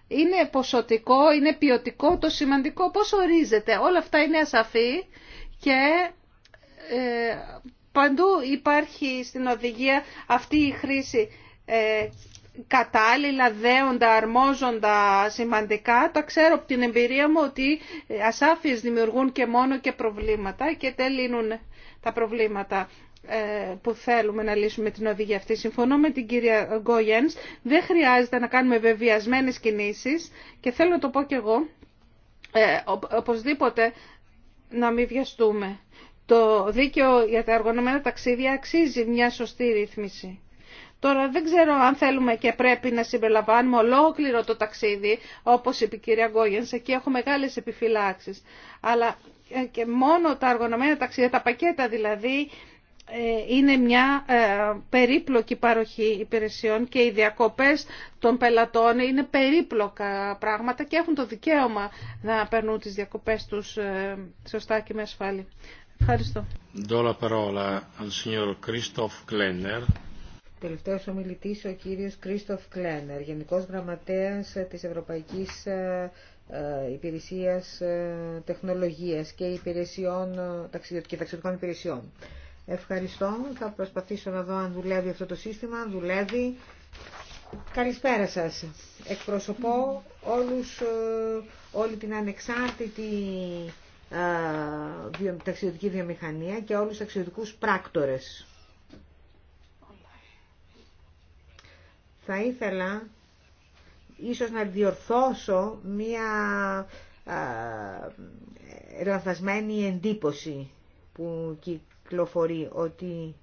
Είναι ποσοτικό, είναι ποιοτικό, το σημαντικό πώς ορίζεται. Όλα αυτά είναι ασαφή και ε, παντού υπάρχει στην οδηγία αυτή η χρήση ε, κατάλληλα, δέοντα, αρμόζοντα σημαντικά. Τα ξέρω από την εμπειρία μου ότι ασάφειες δημιουργούν και μόνο και προβλήματα και τελείνουν τα προβλήματα ε, που θέλουμε να λύσουμε την οδηγία αυτή. Συμφωνώ με την κυρία Γκόγιενς, δεν χρειάζεται να κάνουμε βεβαιασμένες κινήσεις και θέλω να το πω κι εγώ, ε, οπωσδήποτε να μην βιαστούμε. Το δίκαιο για τα αργονομένα ταξίδια αξίζει μια σωστή ρύθμιση. Τώρα δεν ξέρω αν θέλουμε και πρέπει να συμπεριλαμβάνουμε ολόκληρο το ταξίδι, όπως είπε η κυρία Γκόγενς, εκεί έχω μεγάλες επιφυλάξεις. Αλλά ε, και μόνο τα αργονομένα ταξίδια, τα πακέτα δηλαδή, ε, είναι μια ε, περίπλοκη παροχή υπηρεσιών και οι διακοπές των πελατών είναι περίπλοκα πράγματα και έχουν το δικαίωμα να περνούν τις διακοπές τους σωστά και με ασφάλεια. Ευχαριστώ.
Τελευταίος ομιλητής ο κύριος Κρίστοφ Κλένερ, Γενικός Γραμματέας της Ευρωπαϊκής ε, υπηρεσίας ε, τεχνολογίας και υπηρεσιών ε, και ταξιδιωτικών υπηρεσιών. Ευχαριστώ. Θα προσπαθήσω να δω αν δουλεύει αυτό το σύστημα. δουλεύει. Καλησπέρα σας. Εκπροσωπώ όλους, όλη την ανεξάρτητη ταξιδιωτική βιομηχανία και όλους τους ταξιδιωτικούς πράκτορες. Θα ήθελα ίσως να διορθώσω μία λανθασμένη εντύπωση που κυκλοφορεί ότι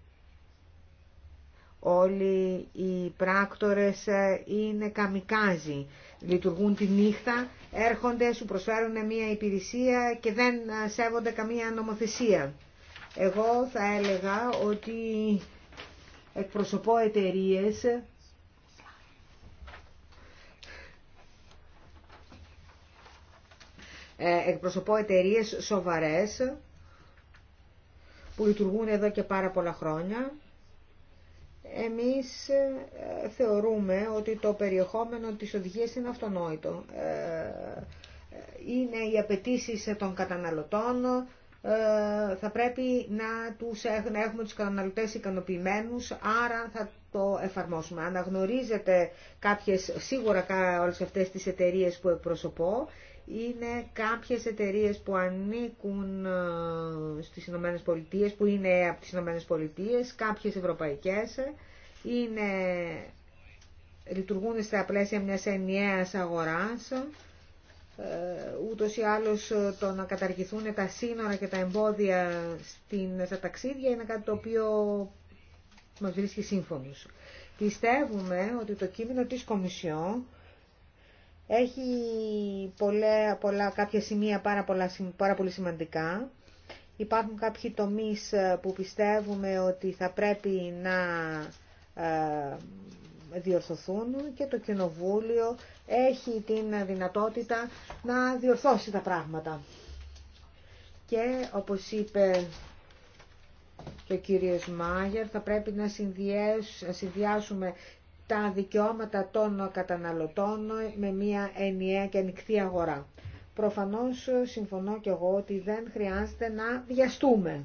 όλοι οι πράκτορες ε, είναι καμικάζοι. Λειτουργούν τη νύχτα, έρχονται, σου προσφέρουν μια υπηρεσία και δεν ε, σέβονται καμία νομοθεσία. Εγώ θα έλεγα ότι εκπροσωπώ εταιρείες Ε, εκπροσωπώ εταιρείε σοβαρές που λειτουργούν εδώ και πάρα πολλά χρόνια. Εμείς ε, θεωρούμε ότι το περιεχόμενο της οδηγίας είναι αυτονόητο. Ε, είναι οι απαιτήσει των καταναλωτών, θα πρέπει να, τους, έχουμε τους καταναλωτές ικανοποιημένους, άρα θα το εφαρμόσουμε. Αναγνωρίζετε κάποιες, σίγουρα όλες αυτές τις εταιρείες που εκπροσωπώ είναι κάποιες εταιρείες που ανήκουν ε, στις Ηνωμένε Πολιτείε, που είναι από τις Ηνωμένε Πολιτείε, κάποιες ευρωπαϊκές, είναι, λειτουργούν στα πλαίσια μιας ενιαίας αγοράς, ε, ούτως ή άλλως ε, το να καταργηθούν τα σύνορα και τα εμπόδια στην, στα ταξίδια είναι κάτι το οποίο μας βρίσκει σύμφωνος. Πιστεύουμε ότι το κείμενο της Κομισιόν έχει πολλά, πολλά, κάποια σημεία πάρα, πολλά, πάρα πολύ σημαντικά. Υπάρχουν κάποιοι τομείς ε, που πιστεύουμε ότι θα πρέπει να ε, διορθωθούν και το Κοινοβούλιο έχει την δυνατότητα να διορθώσει τα πράγματα. Και όπως είπε και ο κύριος Μάγερ, θα πρέπει να συνδυάσουμε τα δικαιώματα των καταναλωτών με μια ενιαία και ανοιχτή αγορά. Προφανώς συμφωνώ και εγώ ότι δεν χρειάζεται να βιαστούμε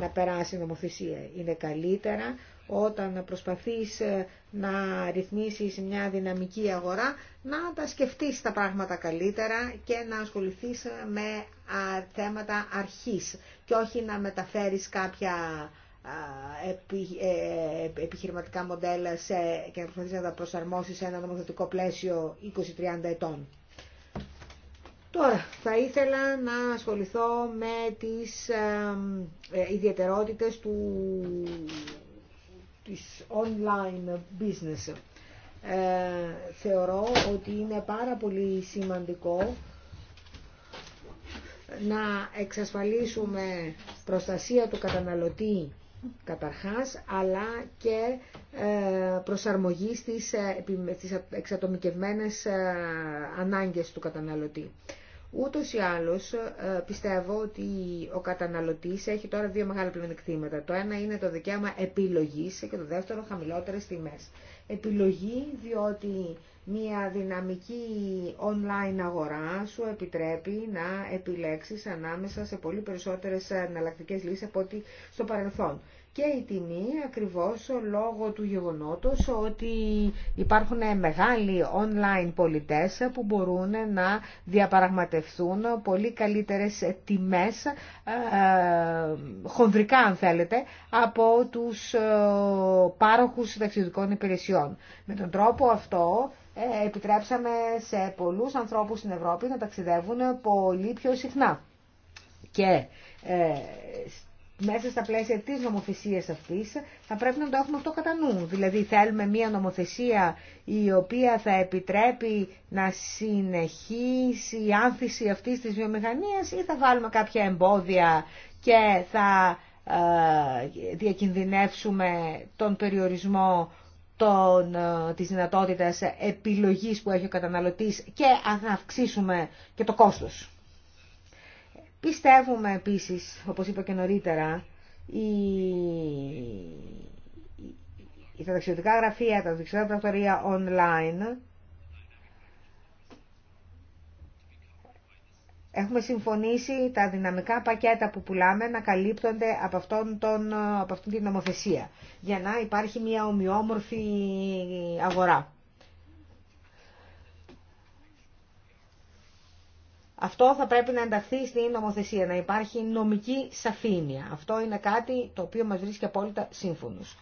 να περάσει η νομοθεσία. Είναι καλύτερα όταν προσπαθείς ε, να ρυθμίσεις μια δυναμική αγορά, να τα σκεφτείς τα πράγματα καλύτερα και να ασχοληθείς με θέματα αρχής και όχι να μεταφέρεις κάποια ε, επιχειρηματικά μοντέλα σε, και να προσπαθήσει να τα προσαρμόσει σε ένα νομοθετικό πλαίσιο 20-30 ετών. Τώρα, θα ήθελα να ασχοληθώ με τις ε, ιδιαιτερότητες του, της online business. Ε, θεωρώ ότι είναι πάρα πολύ σημαντικό να εξασφαλίσουμε προστασία του καταναλωτή καταρχάς, αλλά και ε, προσαρμογή στις ε, εξατομικευμένες ε, ανάγκες του καταναλωτή. Ούτως ή άλλως πιστεύω ότι ο καταναλωτής έχει τώρα δύο μεγάλα πλεονεκτήματα. Το ένα είναι το δικαίωμα επιλογής και το δεύτερο χαμηλότερες τιμές επιλογή διότι μια δυναμική online αγορά σου επιτρέπει να επιλέξεις ανάμεσα σε πολύ περισσότερες εναλλακτικέ λύσεις από ό,τι στο παρελθόν και η τιμή ακριβώς λόγω του γεγονότος ότι υπάρχουν μεγάλοι online πολιτές που μπορούν να διαπαραγματευτούν πολύ καλύτερες τιμές, ε, χονδρικά αν θέλετε, από τους ε, πάροχους ταξιδιωτικών υπηρεσιών. Με τον τρόπο αυτό ε, επιτρέψαμε σε πολλούς ανθρώπους στην Ευρώπη να ταξιδεύουν πολύ πιο συχνά. Και μέσα στα πλαίσια τη νομοθεσία αυτή, θα πρέπει να το έχουμε αυτό κατά νου. Δηλαδή θέλουμε μια νομοθεσία η οποία θα επιτρέπει να συνεχίσει η άνθηση αυτής της βιομηχανία ή θα βάλουμε κάποια εμπόδια και θα ε, διακινδυνεύσουμε τον περιορισμό τη ε, της δυνατότητας επιλογής που έχει ο καταναλωτής και να αυξήσουμε και το κόστος. Πιστεύουμε επίσης, όπως είπα και νωρίτερα, η... Η... ταξιδιωτικά γραφεία, τα ταξιδιωτικά πρακτορία online Έχουμε συμφωνήσει τα δυναμικά πακέτα που πουλάμε να καλύπτονται από, αυτόν τον, από αυτήν την νομοθεσία για να υπάρχει μια ομοιόμορφη αγορά. Αυτό θα πρέπει να ενταχθεί στην νομοθεσία, να υπάρχει νομική σαφήνεια. Αυτό είναι κάτι το οποίο μας βρίσκει απόλυτα σύμφωνος.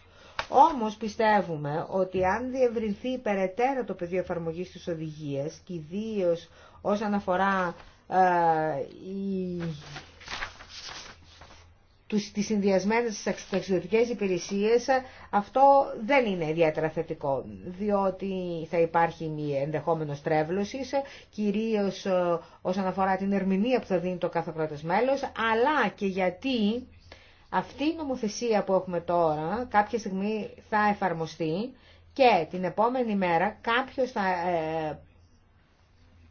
Όμως πιστεύουμε ότι αν διευρυνθεί περαιτέρω το πεδίο εφαρμογή της οδηγίας και ιδίω όσον αφορά ε, η, τις συνδυασμένες ταξιδιωτικές υπηρεσίες, αυτό δεν είναι ιδιαίτερα θετικό, διότι θα υπάρχει μια ενδεχόμενο τρέβλωσης κυρίως ε, όσον αφορά την ερμηνεία που θα δίνει το κάθε κράτος μέλος, αλλά και γιατί αυτή η νομοθεσία που έχουμε τώρα κάποια στιγμή θα εφαρμοστεί και την επόμενη μέρα κάποιος θα ε,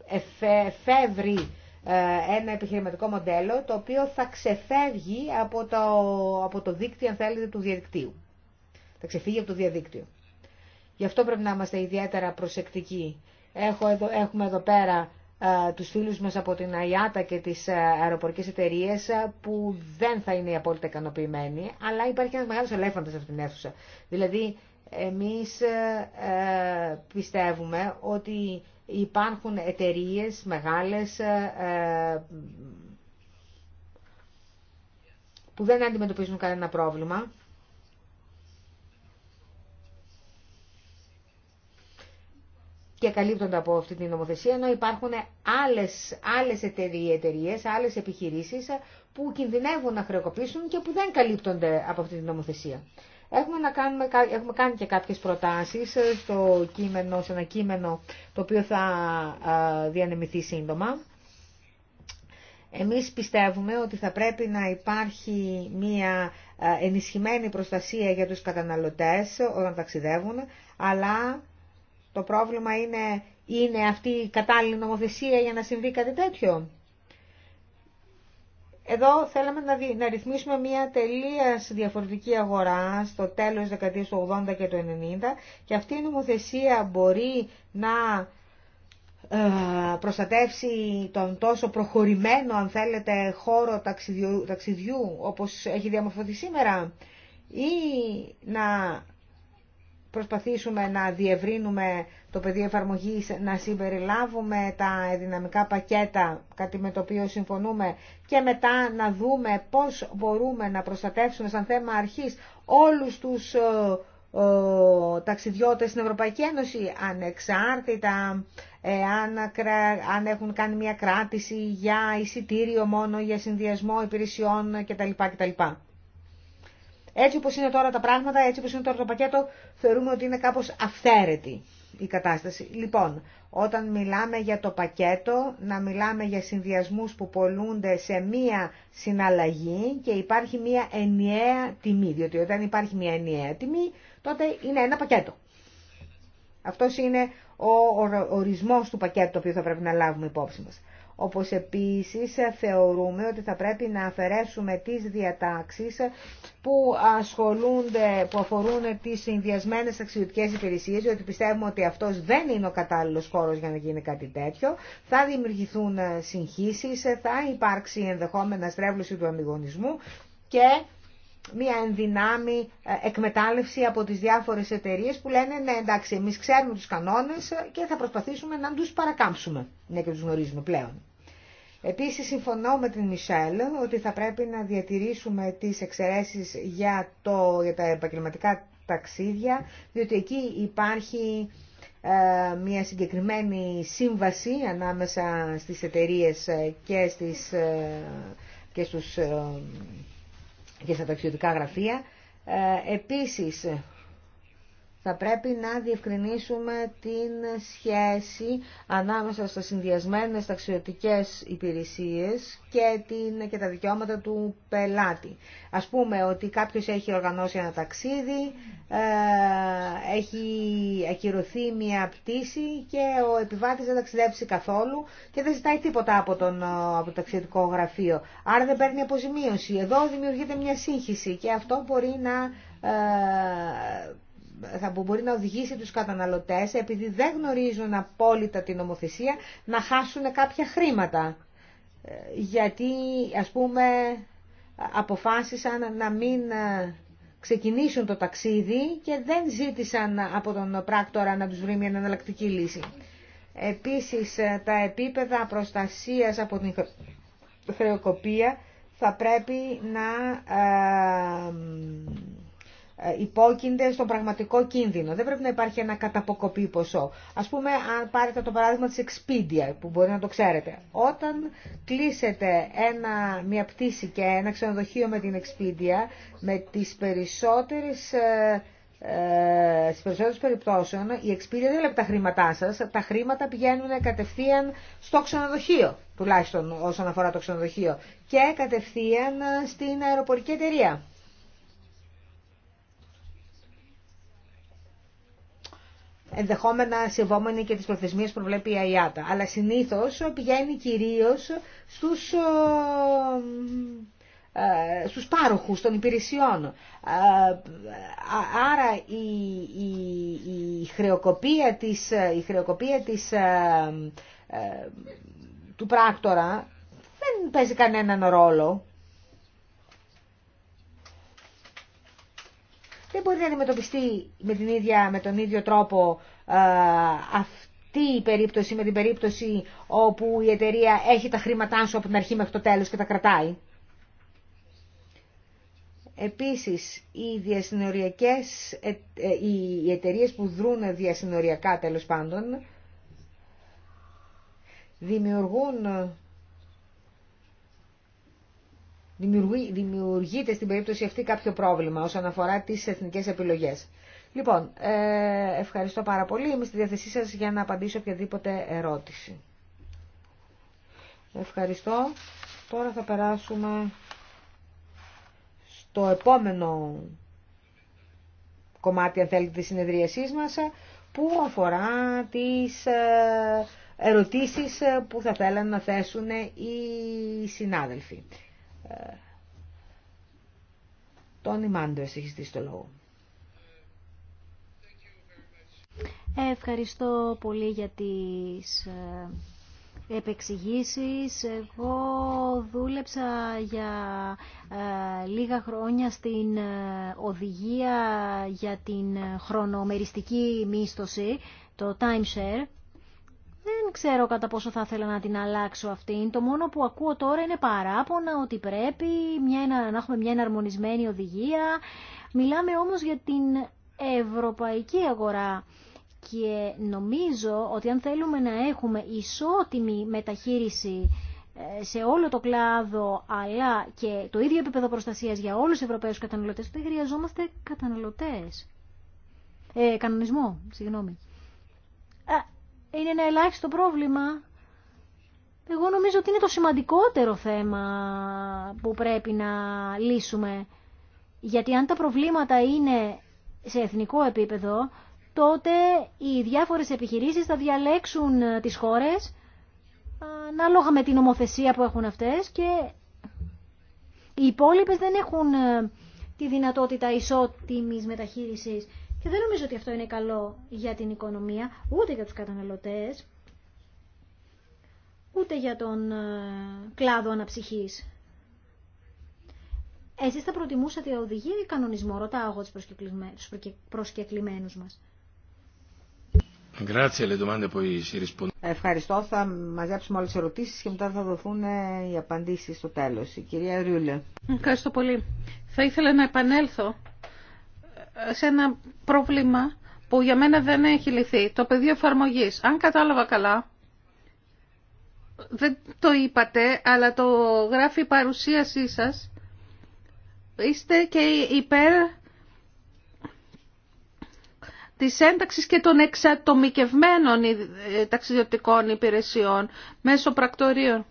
εφεύρει ε, ένα επιχειρηματικό μοντέλο το οποίο θα ξεφεύγει από το, από το δίκτυο, αν θέλετε, του διαδικτύου. Θα ξεφύγει από το διαδίκτυο. Γι' αυτό πρέπει να είμαστε ιδιαίτερα προσεκτικοί. Έχω εδώ, έχουμε εδώ πέρα ε, τους φίλους μας από την ΑΙΑΤΑ και τις ε, αεροπορικές εταιρείες που δεν θα είναι απόλυτα ικανοποιημένοι, αλλά υπάρχει ένας μεγάλος ελέφαντας αυτήν την αίθουσα. Δηλαδή, εμείς πιστεύουμε ότι Υπάρχουν εταιρείες μεγάλες ε, ε, που δεν αντιμετωπίζουν κανένα πρόβλημα. και καλύπτονται από αυτή την νομοθεσία, ενώ υπάρχουν άλλες, άλλες εταιρείε, άλλες επιχειρήσεις που κινδυνεύουν να χρεοκοπήσουν και που δεν καλύπτονται από αυτή την νομοθεσία. Έχουμε, να κάνουμε, έχουμε κάνει και κάποιες προτάσεις ε, στο κείμενο, σε ένα κείμενο το οποίο θα διανεμηθεί σύντομα. Εμείς πιστεύουμε ότι θα πρέπει να υπάρχει μία ενισχυμένη προστασία για τους καταναλωτές όταν ταξιδεύουν, αλλά το πρόβλημα είναι, είναι αυτή η κατάλληλη νομοθεσία για να συμβεί κάτι τέτοιο. Εδώ θέλαμε να, ρυθμίσουμε μια τελεία διαφορετική αγορά στο τέλος δεκαετίας του 80 και του 90 και αυτή η νομοθεσία μπορεί να ε, προστατεύσει τον τόσο προχωρημένο αν θέλετε χώρο ταξιδιού, ταξιδιού όπως έχει διαμορφωθεί σήμερα ή να προσπαθήσουμε να διευρύνουμε το πεδίο εφαρμογή, να συμπεριλάβουμε τα δυναμικά πακέτα, κάτι με το οποίο συμφωνούμε, και μετά να δούμε πώς μπορούμε να προστατεύσουμε σαν θέμα αρχής όλους τους ταξιδιώτε ε, ταξιδιώτες στην Ευρωπαϊκή Ένωση, ανεξάρτητα ε, αν, αν έχουν κάνει μια κράτηση για εισιτήριο μόνο, για συνδυασμό υπηρεσιών κτλ. κτλ. Έτσι όπως είναι τώρα τα πράγματα, έτσι όπως είναι τώρα το πακέτο, θεωρούμε ότι είναι κάπως αυθαίρετη η κατάσταση. Λοιπόν, όταν μιλάμε για το πακέτο, να μιλάμε για συνδυασμούς που πολλούνται σε μία συναλλαγή και υπάρχει μία ενιαία τιμή, διότι όταν υπάρχει μία ενιαία τιμή, τότε είναι ένα πακέτο. Αυτός είναι ο ορισμός του πακέτου το οποίο θα πρέπει να λάβουμε υπόψη μας. Όπως επίσης ε, θεωρούμε ότι θα πρέπει να αφαιρέσουμε τις διατάξεις που, ασχολούνται, που αφορούν τις συνδυασμένε αξιωτικές υπηρεσίες, διότι πιστεύουμε ότι αυτός δεν είναι ο κατάλληλος χώρος για να γίνει κάτι τέτοιο. Θα δημιουργηθούν ε, συγχύσεις, ε, θα υπάρξει ενδεχόμενα στρέβλωση του αμυγονισμού και μια ενδυνάμει εκμετάλλευση από τις διάφορες εταιρείε που λένε ναι εντάξει εμείς ξέρουμε τους κανόνες και θα προσπαθήσουμε να τους παρακάμψουμε, ναι και τους γνωρίζουμε πλέον. Επίσης συμφωνώ με την Μισελ ότι θα πρέπει να διατηρήσουμε τις εξαιρέσεις για, το, για τα επαγγελματικά ταξίδια, διότι εκεί υπάρχει ε, μια συγκεκριμένη σύμβαση ανάμεσα στις εταιρείες ε, και, στις, ε, και, στους, και στα ταξιδιωτικά γραφεία. Επίσης, θα πρέπει να διευκρινίσουμε την σχέση ανάμεσα στα συνδυασμένες ταξιωτικές υπηρεσίες και, την, και τα δικαιώματα του πελάτη. Ας πούμε ότι κάποιος έχει οργανώσει ένα ταξίδι, ε, έχει ακυρωθεί μια πτήση και ο επιβάτης δεν ταξιδέψει καθόλου και δεν ζητάει τίποτα από, τον, ε, από το ταξιδιωτικό γραφείο. Άρα δεν παίρνει αποζημίωση. Εδώ δημιουργείται μια σύγχυση και αυτό μπορεί να... Ε, θα μπορεί να οδηγήσει τους καταναλωτές, επειδή δεν γνωρίζουν απόλυτα την νομοθεσία, να χάσουν κάποια χρήματα. Ε, γιατί, ας πούμε, αποφάσισαν να μην ε, ξεκινήσουν το ταξίδι και δεν ζήτησαν από τον πράκτορα να τους βρει μια εναλλακτική λύση. Επίσης, ε, τα επίπεδα προστασίας από την χρεοκοπία θα πρέπει να ε, υπόκεινται στον πραγματικό κίνδυνο. Δεν πρέπει να υπάρχει ένα καταποκοπή ποσό. Ας πούμε, αν πάρετε το παράδειγμα της Expedia, που μπορεί να το ξέρετε. Όταν κλείσετε ένα, μια πτήση και ένα ξενοδοχείο με την Expedia, με τις περισσότερες... Ε, ε, στις η Expedia δεν βλέπει τα χρήματά σας τα χρήματα πηγαίνουν κατευθείαν στο ξενοδοχείο τουλάχιστον όσον αφορά το ξενοδοχείο και κατευθείαν στην αεροπορική εταιρεία ενδεχόμενα σεβόμενοι και τις προθεσμίες που βλέπει η ΑΙΑΤΑ. Αλλά συνήθως πηγαίνει κυρίως στους, ε, στους πάροχους των υπηρεσιών. Ε, άρα η, η, η χρεοκοπία της, η χρεοκοπία της, ε, του πράκτορα δεν παίζει κανέναν ρόλο δεν μπορεί να αντιμετωπιστεί με, την ίδια, με τον ίδιο τρόπο ε, αυτή η περίπτωση με την περίπτωση όπου η εταιρεία έχει τα χρήματά σου από την αρχή μέχρι το τέλος και τα κρατάει. Επίσης, οι διασυνοριακές, ε, ε, οι εταιρείες που δρούν διασυνοριακά τέλος πάντων, δημιουργούν δημιουργείται στην περίπτωση αυτή κάποιο πρόβλημα όσον αφορά τις εθνικές επιλογές. Λοιπόν, ε, ευχαριστώ πάρα πολύ. Είμαι στη διάθεσή σας για να απαντήσω οποιαδήποτε ερώτηση. Ευχαριστώ. Τώρα θα περάσουμε στο επόμενο κομμάτι, αν θέλετε, της συνεδρίασής μας, που αφορά τις ε, ερωτήσεις ε, που θα θέλαν να θέσουν οι συνάδελφοι. Τόνι εσύ έχει δει στο λόγο.
Ευχαριστώ πολύ για τις ε, επεξηγήσεις. Εγώ δούλεψα για ε, λίγα χρόνια στην ε, οδηγία για την χρονομεριστική μίσθωση, το timeshare. Δεν ξέρω κατά πόσο θα ήθελα να την αλλάξω αυτήν. Το μόνο που ακούω τώρα είναι παράπονα ότι πρέπει μια, να έχουμε μια εναρμονισμένη οδηγία. Μιλάμε όμως για την ευρωπαϊκή αγορά. Και νομίζω ότι αν θέλουμε να έχουμε ισότιμη μεταχείριση ε, σε όλο το κλάδο, αλλά και το ίδιο επίπεδο προστασίας για όλους τους Ευρωπαίους καταναλωτές, δεν χρειαζόμαστε καταναλωτές. Ε, κανονισμό, συγγνώμη είναι ένα ελάχιστο πρόβλημα. Εγώ νομίζω ότι είναι το σημαντικότερο θέμα που πρέπει να λύσουμε. Γιατί αν τα προβλήματα είναι σε εθνικό επίπεδο, τότε οι διάφορες επιχειρήσεις θα διαλέξουν τις χώρες ανάλογα με την ομοθεσία που έχουν αυτές και οι υπόλοιπε δεν έχουν ε, τη δυνατότητα ισότιμης μεταχείρισης δεν νομίζω ότι αυτό είναι καλό για την οικονομία, ούτε για τους καταναλωτές, ούτε για τον ε, κλάδο αναψυχής. Εσείς θα προτιμούσατε οδηγία ή κανονισμό, ρωτάω εγώ τους προσκεκλημένους μας.
Ευχαριστώ. Θα μαζέψουμε όλες τις ερωτήσεις και μετά θα δοθούν ε, οι απαντήσεις στο τέλος. Η κυρία Ριούλε. Ευχαριστώ πολύ. Θα μαζεψουμε ολες τις ερωτησεις και μετα θα δοθουν οι απαντησεις στο τελος κυρια ριουλε ευχαριστω πολυ θα ηθελα να
επανέλθω σε ένα πρόβλημα που για μένα δεν έχει λυθεί, το πεδίο εφαρμογή. Αν κατάλαβα καλά, δεν το είπατε, αλλά το γράφει η παρουσίασή σας, είστε και υπέρ της ένταξης και των εξατομικευμένων ε, ταξιδιωτικών υπηρεσιών μέσω πρακτορείων.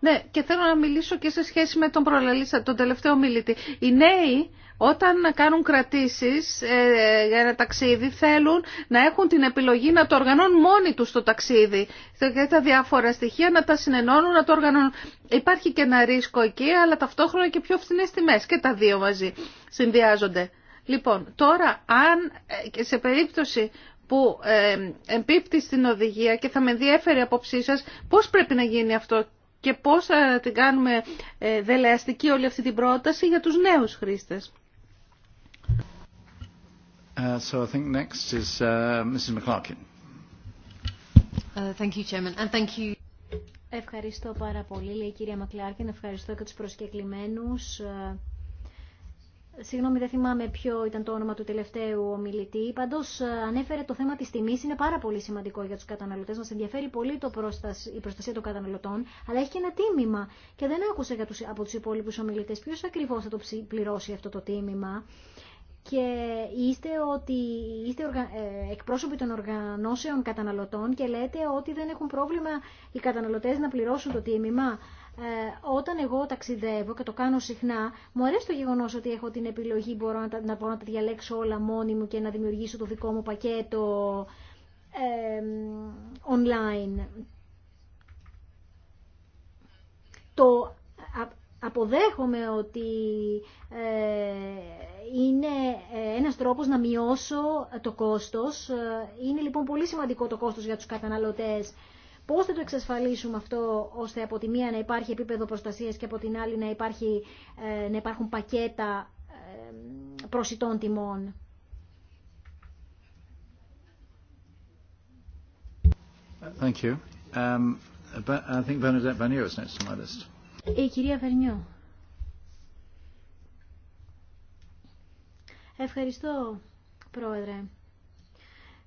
Ναι, και θέλω να μιλήσω και σε σχέση με τον προλαλήσα, τον τελευταίο μιλητή. Οι νέοι όταν κάνουν κρατήσεις ε, για ένα ταξίδι θέλουν να έχουν την επιλογή να το οργανώνουν μόνοι τους το ταξίδι και τα διάφορα στοιχεία να τα συνενώνουν, να το οργανώνουν. Υπάρχει και ένα ρίσκο εκεί αλλά ταυτόχρονα και πιο φθηνές τιμές και τα δύο μαζί συνδυάζονται. Λοιπόν, τώρα αν ε, και σε περίπτωση που ε, εμπίπτει στην οδηγία και θα με ενδιαφέρει η απόψή σας, πώς πρέπει να γίνει αυτό και πώς θα την κάνουμε ε, δελεαστική όλη αυτή την πρόταση για τους νέους χρήστες.
Uh, so I think next is uh, Mrs. McClarkin.
Uh, thank you, Chairman, and thank you. Ευχαριστώ πάρα πολύ, λέει η κυρία Μακλάρκιν. Ευχαριστώ και τους προσκεκλημένους Συγγνώμη, δεν θυμάμαι ποιο ήταν το όνομα του τελευταίου ομιλητή. Πάντω, ε, ανέφερε το θέμα τη τιμή. Είναι πάρα πολύ σημαντικό για του καταναλωτέ. Μα ενδιαφέρει πολύ το προστασ... η προστασία των καταναλωτών, αλλά έχει και ένα τίμημα. Και δεν άκουσα για τους... από του υπόλοιπου ομιλητέ ποιο ακριβώ θα το πληρώσει αυτό το τίμημα. Και είστε, ότι, είστε ε, εκπρόσωποι των οργανώσεων καταναλωτών και λέτε ότι δεν έχουν πρόβλημα οι καταναλωτέ να πληρώσουν το τίμημα. Ε, όταν εγώ ταξιδεύω και το κάνω συχνά, μου αρέσει το γεγονός ότι έχω την επιλογή, μπορώ να, να, μπορώ να τα διαλέξω όλα μόνη μου και να δημιουργήσω το δικό μου πακέτο online. Το αποδέχομαι ότι ε, είναι ε, ένας τρόπος να μειώσω το κόστος. Είναι λοιπόν πολύ σημαντικό το κόστος για τους καταναλωτές. Πώς θα το εξασφαλίσουμε αυτό ώστε από τη μία να υπάρχει επίπεδο προστασίας και από την άλλη να, υπάρχει, ε, να υπάρχουν πακέτα ε, προσιτών τιμών. Thank
you. Um, I think is next on my list.
Η κυρία Βερνιό. Ευχαριστώ, Πρόεδρε.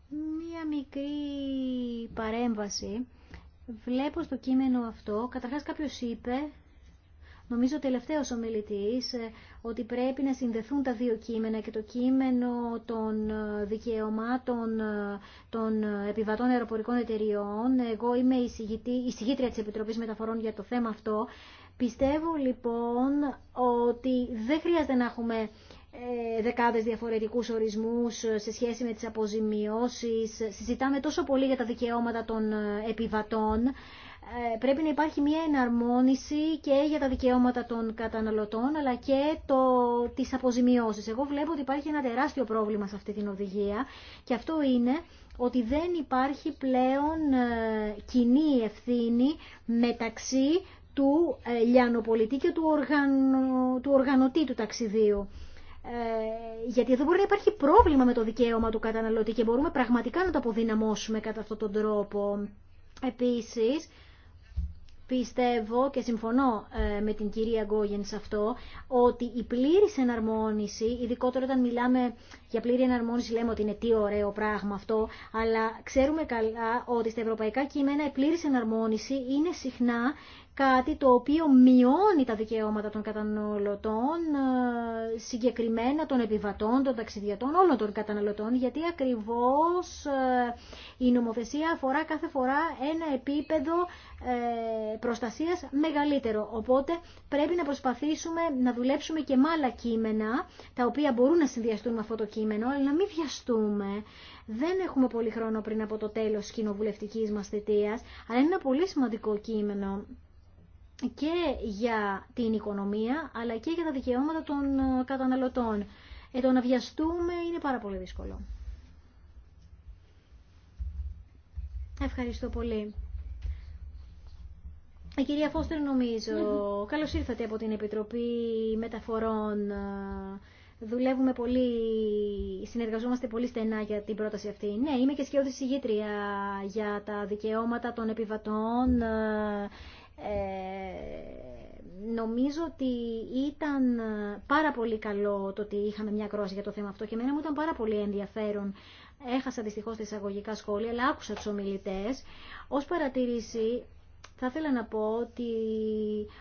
Μία μικρή παρέμβαση Βλέπω στο κείμενο αυτό, καταρχάς κάποιος είπε, νομίζω ο τελευταίος ομιλητής, ε, ότι πρέπει να συνδεθούν τα δύο κείμενα και το κείμενο των ε, δικαιωμάτων ε, των επιβατών αεροπορικών εταιριών. Εγώ είμαι η, συγητή, η της Επιτροπής Μεταφορών για το θέμα αυτό. Πιστεύω λοιπόν ότι δεν χρειάζεται να έχουμε ε, δεκάδες διαφορετικούς ορισμούς σε σχέση με τις αποζημιώσεις. Συζητάμε τόσο πολύ για τα δικαιώματα των ε, επιβατών. Ε, πρέπει να υπάρχει μια εναρμόνιση και για τα δικαιώματα των καταναλωτών αλλά και το, τις αποζημιώσεις. Εγώ βλέπω ότι υπάρχει ένα τεράστιο πρόβλημα σε αυτή την οδηγία και αυτό είναι ότι δεν υπάρχει πλέον κοινή ευθύνη μεταξύ του λιανοπολιτή και του, οργανωτή του ταξιδίου. Ε, γιατί εδώ μπορεί να υπάρχει πρόβλημα με το δικαίωμα του καταναλωτή και μπορούμε πραγματικά να το αποδυναμώσουμε κατά αυτόν τον τρόπο. Επίσης, πιστεύω και συμφωνώ ε, με την κυρία Γκόγεν σε αυτό, ότι η πλήρης εναρμόνιση, ειδικότερα όταν μιλάμε για πλήρη εναρμόνιση λέμε ότι είναι τι ωραίο πράγμα αυτό, αλλά ξέρουμε καλά ότι στα ευρωπαϊκά κείμενα η πλήρης εναρμόνιση είναι συχνά κάτι το οποίο μειώνει τα δικαιώματα των καταναλωτών, ε, συγκεκριμένα των επιβατών, των ταξιδιωτών, όλων των καταναλωτών, γιατί ακριβώς ε, η νομοθεσία αφορά κάθε φορά ένα επίπεδο ε, προστασίας μεγαλύτερο. Οπότε πρέπει να προσπαθήσουμε να δουλέψουμε και με άλλα κείμενα, τα οποία μπορούν να συνδυαστούν με αυτό το κείμενο, αλλά να μην βιαστούμε. Δεν έχουμε πολύ χρόνο πριν από το τέλος κοινοβουλευτικής μας θητείας, αλλά είναι ένα πολύ σημαντικό κείμενο και για την οικονομία αλλά και για τα δικαιώματα των ε, καταναλωτών. Ε, το να βιαστούμε είναι πάρα πολύ δύσκολο. Ευχαριστώ πολύ. Η ε, κυρία Φώστερ νομίζω, mm καλώς ήρθατε από την Επιτροπή Μεταφορών. Δουλεύουμε πολύ, συνεργαζόμαστε πολύ στενά για την πρόταση αυτή. Ναι, είμαι και σκιώδης συγγήτρια για τα δικαιώματα των επιβατών ε, νομίζω ότι ήταν πάρα πολύ καλό το ότι είχαμε μια κρόση για το θέμα αυτό και εμένα μου ήταν πάρα πολύ ενδιαφέρον. Έχασα δυστυχώς τις εισαγωγικά σχόλια, αλλά άκουσα τους ομιλητές. Ως παρατήρηση θα ήθελα να πω ότι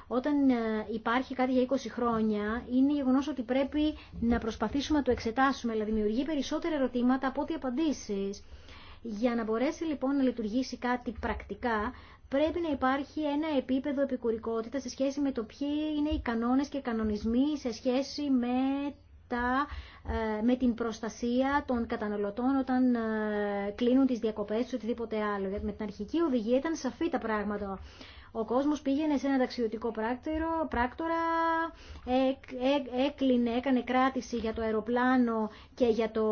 όταν ε, υπάρχει κάτι για 20 χρόνια, είναι γεγονός ότι πρέπει να προσπαθήσουμε να το εξετάσουμε, ...αλλά δηλαδή, δημιουργεί περισσότερα ερωτήματα από ό,τι απαντήσεις. Για να μπορέσει λοιπόν να λειτουργήσει κάτι πρακτικά, πρέπει να υπάρχει ένα επίπεδο επικουρικότητα σε σχέση με το ποιοι είναι οι κανόνες και κανονισμοί σε σχέση με τα, ε, με την προστασία των καταναλωτών όταν ε, κλείνουν τις διακοπές τους οτιδήποτε άλλο. Γιατί με την αρχική οδηγία ήταν σαφή τα πράγματα. Ο κόσμος πήγαινε σε ένα ταξιδιωτικό πράκτορα έκλεινε, έκανε κράτηση για το αεροπλάνο και για το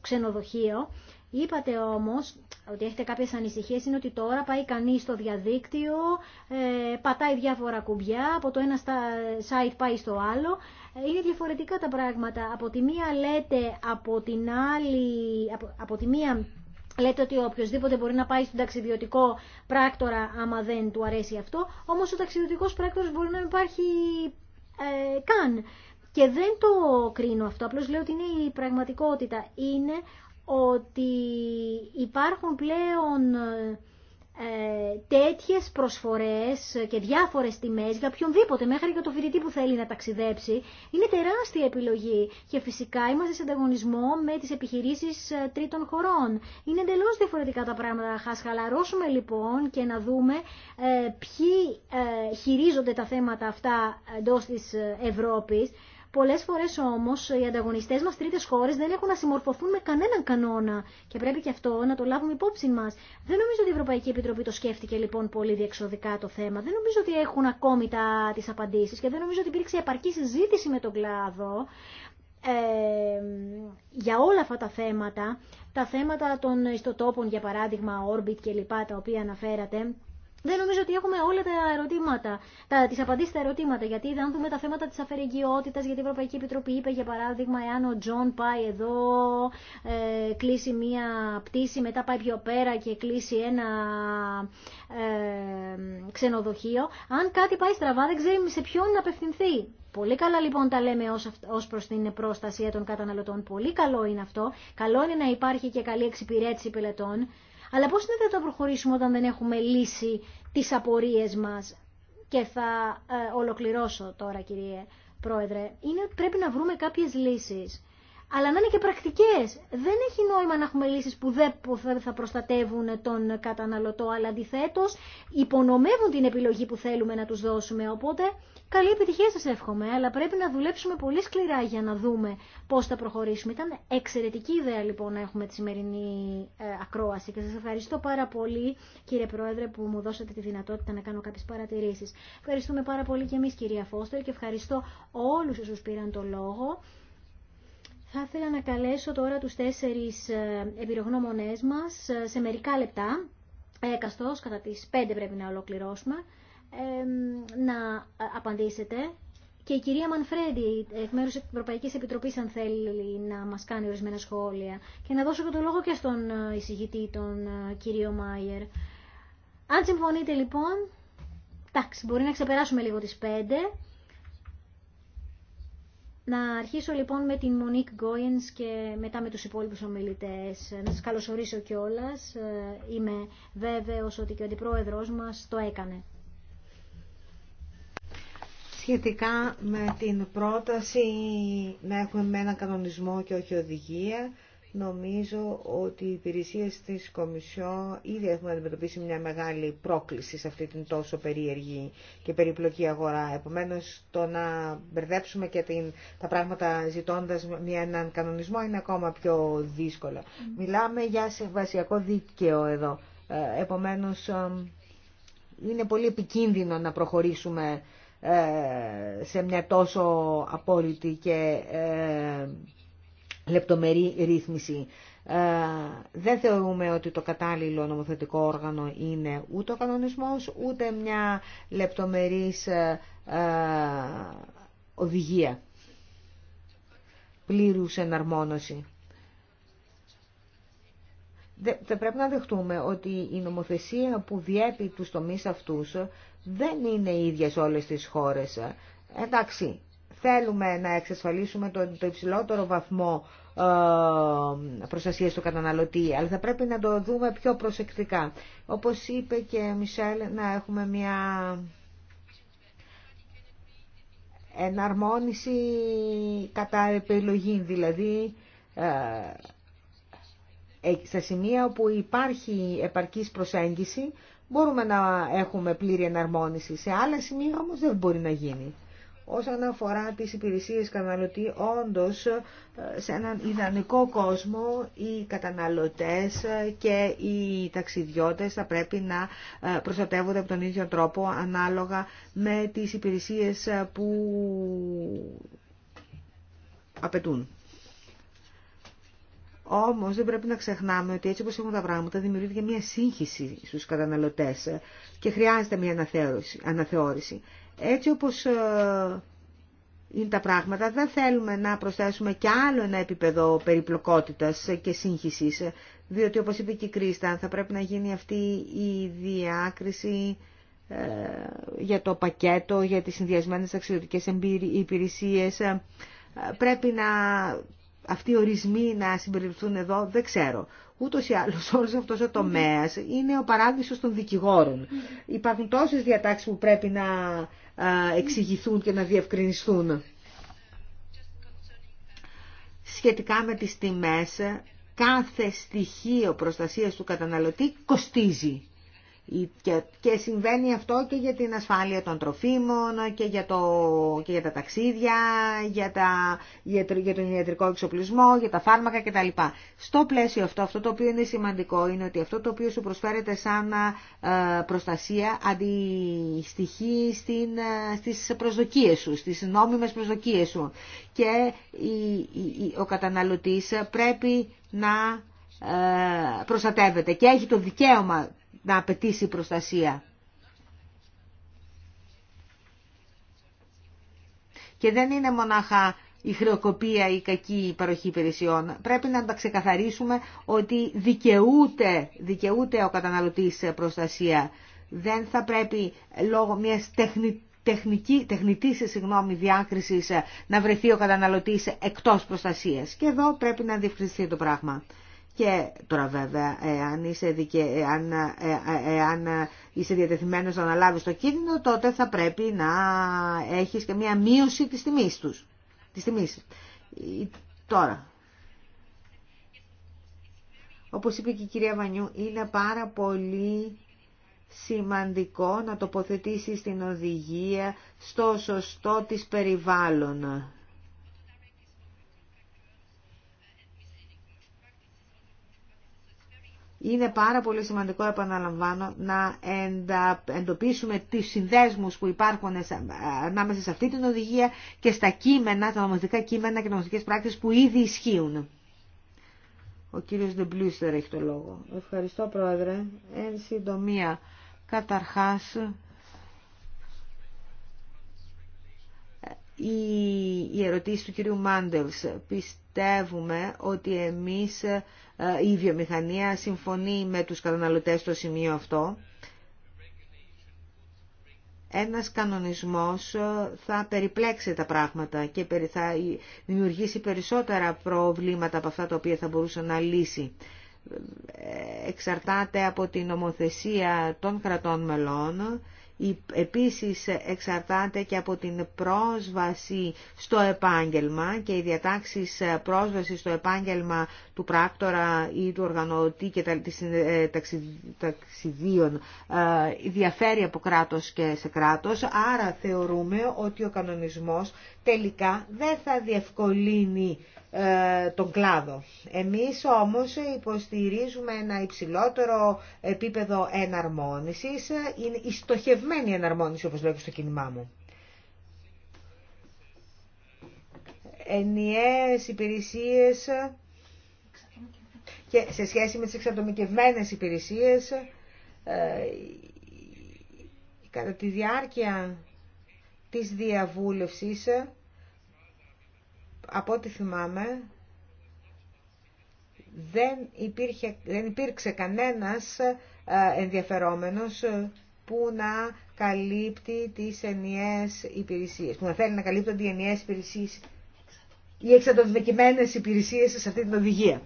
ξενοδοχείο Είπατε όμως ότι έχετε κάποιες ανησυχίες, είναι ότι τώρα πάει κανείς στο διαδίκτυο, ε, πατάει διάφορα κουμπιά, από το ένα site πάει στο άλλο. Ε, είναι διαφορετικά τα πράγματα. Από τη μία λέτε, από την άλλη, από, τη μία Λέτε ότι οποιοδήποτε μπορεί να πάει στον ταξιδιωτικό πράκτορα άμα δεν του αρέσει αυτό, όμως ο ταξιδιωτικός πράκτορας μπορεί να υπάρχει ε, καν. Και δεν το κρίνω αυτό, απλώς λέω ότι είναι η πραγματικότητα. Είναι ότι υπάρχουν πλέον ε, τέτοιες προσφορές και διάφορες τιμές για οποιονδήποτε, μέχρι και το φοιτητή που θέλει να ταξιδέψει, είναι τεράστια επιλογή και φυσικά είμαστε σε ανταγωνισμό με τις επιχειρήσεις ε, τρίτων χωρών. Είναι εντελώ διαφορετικά τα πράγματα. Θα χαλαρώσουμε λοιπόν και να δούμε ε, ποιοι χειρίζονται τα θέματα αυτά εντό της Ευρώπης Πολλέ φορέ όμως οι ανταγωνιστές μας τρίτες χώρε δεν έχουν να συμμορφωθούν με κανέναν κανόνα και πρέπει και αυτό να το λάβουμε υπόψη μας. Δεν νομίζω ότι η Ευρωπαϊκή Επιτροπή το σκέφτηκε λοιπόν πολύ διεξοδικά το θέμα. Δεν νομίζω ότι έχουν ακόμη τα, τις απαντήσεις και δεν νομίζω ότι υπήρξε επαρκή συζήτηση με τον κλάδο. Ε, για όλα αυτά τα θέματα, τα θέματα των ιστοτόπων για παράδειγμα Orbit και λοιπά τα οποία αναφέρατε δεν νομίζω ότι έχουμε όλα τα ερωτήματα, τα, τις απαντήσεις στα ερωτήματα, γιατί αν δούμε τα θέματα της αφαιρεγγιότητας, γιατί η Ευρωπαϊκή Επιτροπή είπε, για παράδειγμα, εάν ο Τζον πάει εδώ, ε, κλείσει μία πτήση, μετά πάει πιο πέρα και κλείσει ένα ε, ξενοδοχείο, αν κάτι πάει στραβά δεν ξέρει σε ποιον να απευθυνθεί. Πολύ καλά λοιπόν τα λέμε ως, προ προς την προστασία των καταναλωτών. Πολύ καλό είναι αυτό. Καλό είναι να υπάρχει και καλή εξυπηρέτηση πελετών. Αλλά πώς είναι να το προχωρήσουμε όταν δεν έχουμε λύσει τις απορίες μας. Και θα ε, ολοκληρώσω τώρα κύριε Πρόεδρε. Είναι ότι πρέπει να βρούμε κάποιες λύσεις αλλά να είναι και πρακτικέ. Δεν έχει νόημα να έχουμε λύσει που δεν θα προστατεύουν τον καταναλωτό, αλλά αντιθέτω υπονομεύουν την επιλογή που θέλουμε να του δώσουμε. Οπότε, καλή επιτυχία σα εύχομαι, αλλά πρέπει να δουλέψουμε πολύ σκληρά για να δούμε πώ θα προχωρήσουμε. Ήταν εξαιρετική ιδέα λοιπόν να έχουμε τη σημερινή ε, ακρόαση και σα ευχαριστώ πάρα πολύ κύριε Πρόεδρε που μου δώσατε τη δυνατότητα να κάνω κάποιε παρατηρήσει. Ευχαριστούμε πάρα πολύ και εμεί, κυρία Φώστερ και ευχαριστώ όλου όσου πήραν το λόγο. Θα ήθελα να καλέσω τώρα τους τέσσερις ε, εμπειρογνώμονές μας ε, σε μερικά λεπτά, έκαστος, ε, κατά τις πέντε πρέπει να ολοκληρώσουμε, να απαντήσετε. Και η κυρία Μανφρέντι, εκ μέρους της Ευρωπαϊκής Επιτροπής, αν θέλει να μας κάνει ορισμένα σχόλια. Και να δώσω και το λόγο και στον εισηγητή, τον κύριο Μάιερ. Αν συμφωνείτε λοιπόν, εντάξει, μπορεί να ξεπεράσουμε λίγο τις πέντε να αρχίσω λοιπόν με την Μονίκ Γκόινς και μετά με τους υπόλοιπους ομιλητές. Να σας καλωσορίσω κιόλα. Ε, είμαι βέβαιος ότι και ο αντιπρόεδρος μας το έκανε.
Σχετικά με την πρόταση να έχουμε ένα κανονισμό και όχι οδηγία, Νομίζω ότι οι υπηρεσίε της Κομισιό ήδη έχουν αντιμετωπίσει μια μεγάλη πρόκληση σε αυτή την τόσο περίεργη και περιπλοκή αγορά. Επομένω, το να μπερδέψουμε και την, τα πράγματα ζητώντας έναν κανονισμό είναι ακόμα πιο δύσκολο. Μιλάμε για συμβασιακό δίκαιο εδώ. Ε, επομένως, ε, είναι πολύ επικίνδυνο να προχωρήσουμε ε, σε μια τόσο απόλυτη και λεπτομερή ρύθμιση. Ε, δεν θεωρούμε ότι το κατάλληλο νομοθετικό όργανο είναι ούτε ο κανονισμός, ούτε μια λεπτομερής ε, ε, οδηγία πλήρους εναρμόνωση. Θα πρέπει να δεχτούμε ότι η νομοθεσία που διέπει τους τομείς αυτούς δεν είναι ίδια σε όλες τις χώρες. Εντάξει, Θέλουμε να εξασφαλίσουμε το, το υψηλότερο βαθμό ε, προστασίας του καταναλωτή, αλλά θα πρέπει να το δούμε πιο προσεκτικά. Όπως είπε και Μισελ, να έχουμε μια εναρμόνιση κατά επιλογή, δηλαδή ε, ε στα σημεία όπου υπάρχει επαρκής προσέγγιση μπορούμε να έχουμε πλήρη εναρμόνιση. Σε άλλα σημεία όμως δεν μπορεί να γίνει όσον αφορά τις υπηρεσίες καταναλωτή, όντως ε, σε έναν ιδανικό κόσμο οι καταναλωτές και οι ταξιδιώτες θα πρέπει να ε, προστατεύονται από τον ίδιο τρόπο ανάλογα με τις υπηρεσίες που απαιτούν. Όμως δεν πρέπει να ξεχνάμε ότι έτσι όπω έχουν τα πράγματα δημιουργείται μια σύγχυση στους καταναλωτές και χρειάζεται μια αναθεώρηση. Έτσι όπως ε, είναι τα πράγματα, δεν θέλουμε να προσθέσουμε και άλλο ένα επίπεδο περιπλοκότητας και σύγχυσης, διότι όπως είπε και η Κρίστα, θα πρέπει να γίνει αυτή η διάκριση ε, για το πακέτο, για τις συνδυασμένες αξιωτικές υπηρεσίες. Ε, πρέπει να αυτοί οι ορισμοί να συμπεριληφθούν εδώ, δεν ξέρω. Ούτως ή άλλως <laughs> όλος αυτός ο τομέας είναι ο παράδεισος των δικηγόρων. Υπάρχουν τόσες διατάξεις που πρέπει να εξηγηθούν και να διευκρινιστούν. Σχετικά με τις τιμές, κάθε στοιχείο προστασίας του καταναλωτή κοστίζει. Και συμβαίνει αυτό και για την ασφάλεια των τροφίμων και για, το, και για τα ταξίδια, για, τα, για τον ιατρικό εξοπλισμό, για τα φάρμακα κτλ. Στο πλαίσιο αυτό, αυτό το οποίο είναι σημαντικό είναι ότι αυτό το οποίο σου προσφέρεται σαν ε, προστασία αντιστοιχεί στην, ε, στις προσδοκίες σου, στις νόμιμες προσδοκίες σου. Και ο καταναλωτής πρέπει να ε, προστατεύεται και έχει το δικαίωμα να απαιτήσει προστασία. Και δεν είναι μονάχα η χρεοκοπία ή η κακή παροχή υπηρεσιών. Πρέπει να τα ξεκαθαρίσουμε ότι δικαιούται, δικαιούται ο καταναλωτής προστασία. Δεν θα πρέπει λόγω μιας τεχνητής τεχνική, διάκρισης να βρεθεί ο καταναλωτής εκτός προστασίας. Και εδώ πρέπει να διευκριστεί το πράγμα. Και τώρα βέβαια, εάν είσαι, δικαι... Ε, ε, είσαι διατεθειμένος να αναλάβεις το κίνδυνο, τότε θα πρέπει να έχεις και μία μείωση της τιμής τους. Της τιμής. Τώρα, όπως είπε και η κυρία Βανιού, είναι πάρα πολύ σημαντικό να τοποθετήσεις την οδηγία στο σωστό της περιβάλλον. Είναι πάρα πολύ σημαντικό, επαναλαμβάνω, να εντοπίσουμε τις συνδέσμους που υπάρχουν ανάμεσα σε αυτή την οδηγία και στα κείμενα, τα νομοθετικά κείμενα και νομοθετικές πράξεις που ήδη ισχύουν. Ο κύριος Ντεμπλούστερ έχει το λόγο. Ευχαριστώ, Πρόεδρε. Εν συντομία, καταρχάς, η ερωτήση του κυρίου Μάντελς. Πιστεύουμε ότι εμείς, ε, η βιομηχανία συμφωνεί με τους καταναλωτές στο σημείο αυτό. Ένας κανονισμός ε, θα περιπλέξει τα πράγματα και θα δημιουργήσει περισσότερα προβλήματα από αυτά τα οποία θα μπορούσε να λύσει. Ε, εξαρτάται από την νομοθεσία των κρατών μελών Επίσης εξαρτάται και από την πρόσβαση στο επάγγελμα και οι διατάξεις πρόσβαση στο επάγγελμα του πράκτορα ή του οργανωτή και ε, ταξιδίων ε, διαφέρει από κράτος και σε κράτος, άρα θεωρούμε ότι ο κανονισμός τελικά δεν θα διευκολύνει ε, τον κλάδο. Εμείς όμως υποστηρίζουμε ένα υψηλότερο επίπεδο εναρμόνισης, ε, είναι η στοχευμένη εναρμόνιση όπως λέω στο κίνημά μου. Ενιαίες υπηρεσίες και σε σχέση με τις εξατομικευμένες υπηρεσίες ε, κατά τη διάρκεια της διαβούλευσης από ό,τι θυμάμαι, δεν, υπήρχε, δεν υπήρξε κανένας ε, ενδιαφερόμενος ε, που να καλύπτει τις ενιαίες υπηρεσίες, που να θέλει να καλύπτουν τις ενιαίες υπηρεσίες ή εξατοδικημένες υπηρεσίες σε αυτή την οδηγία.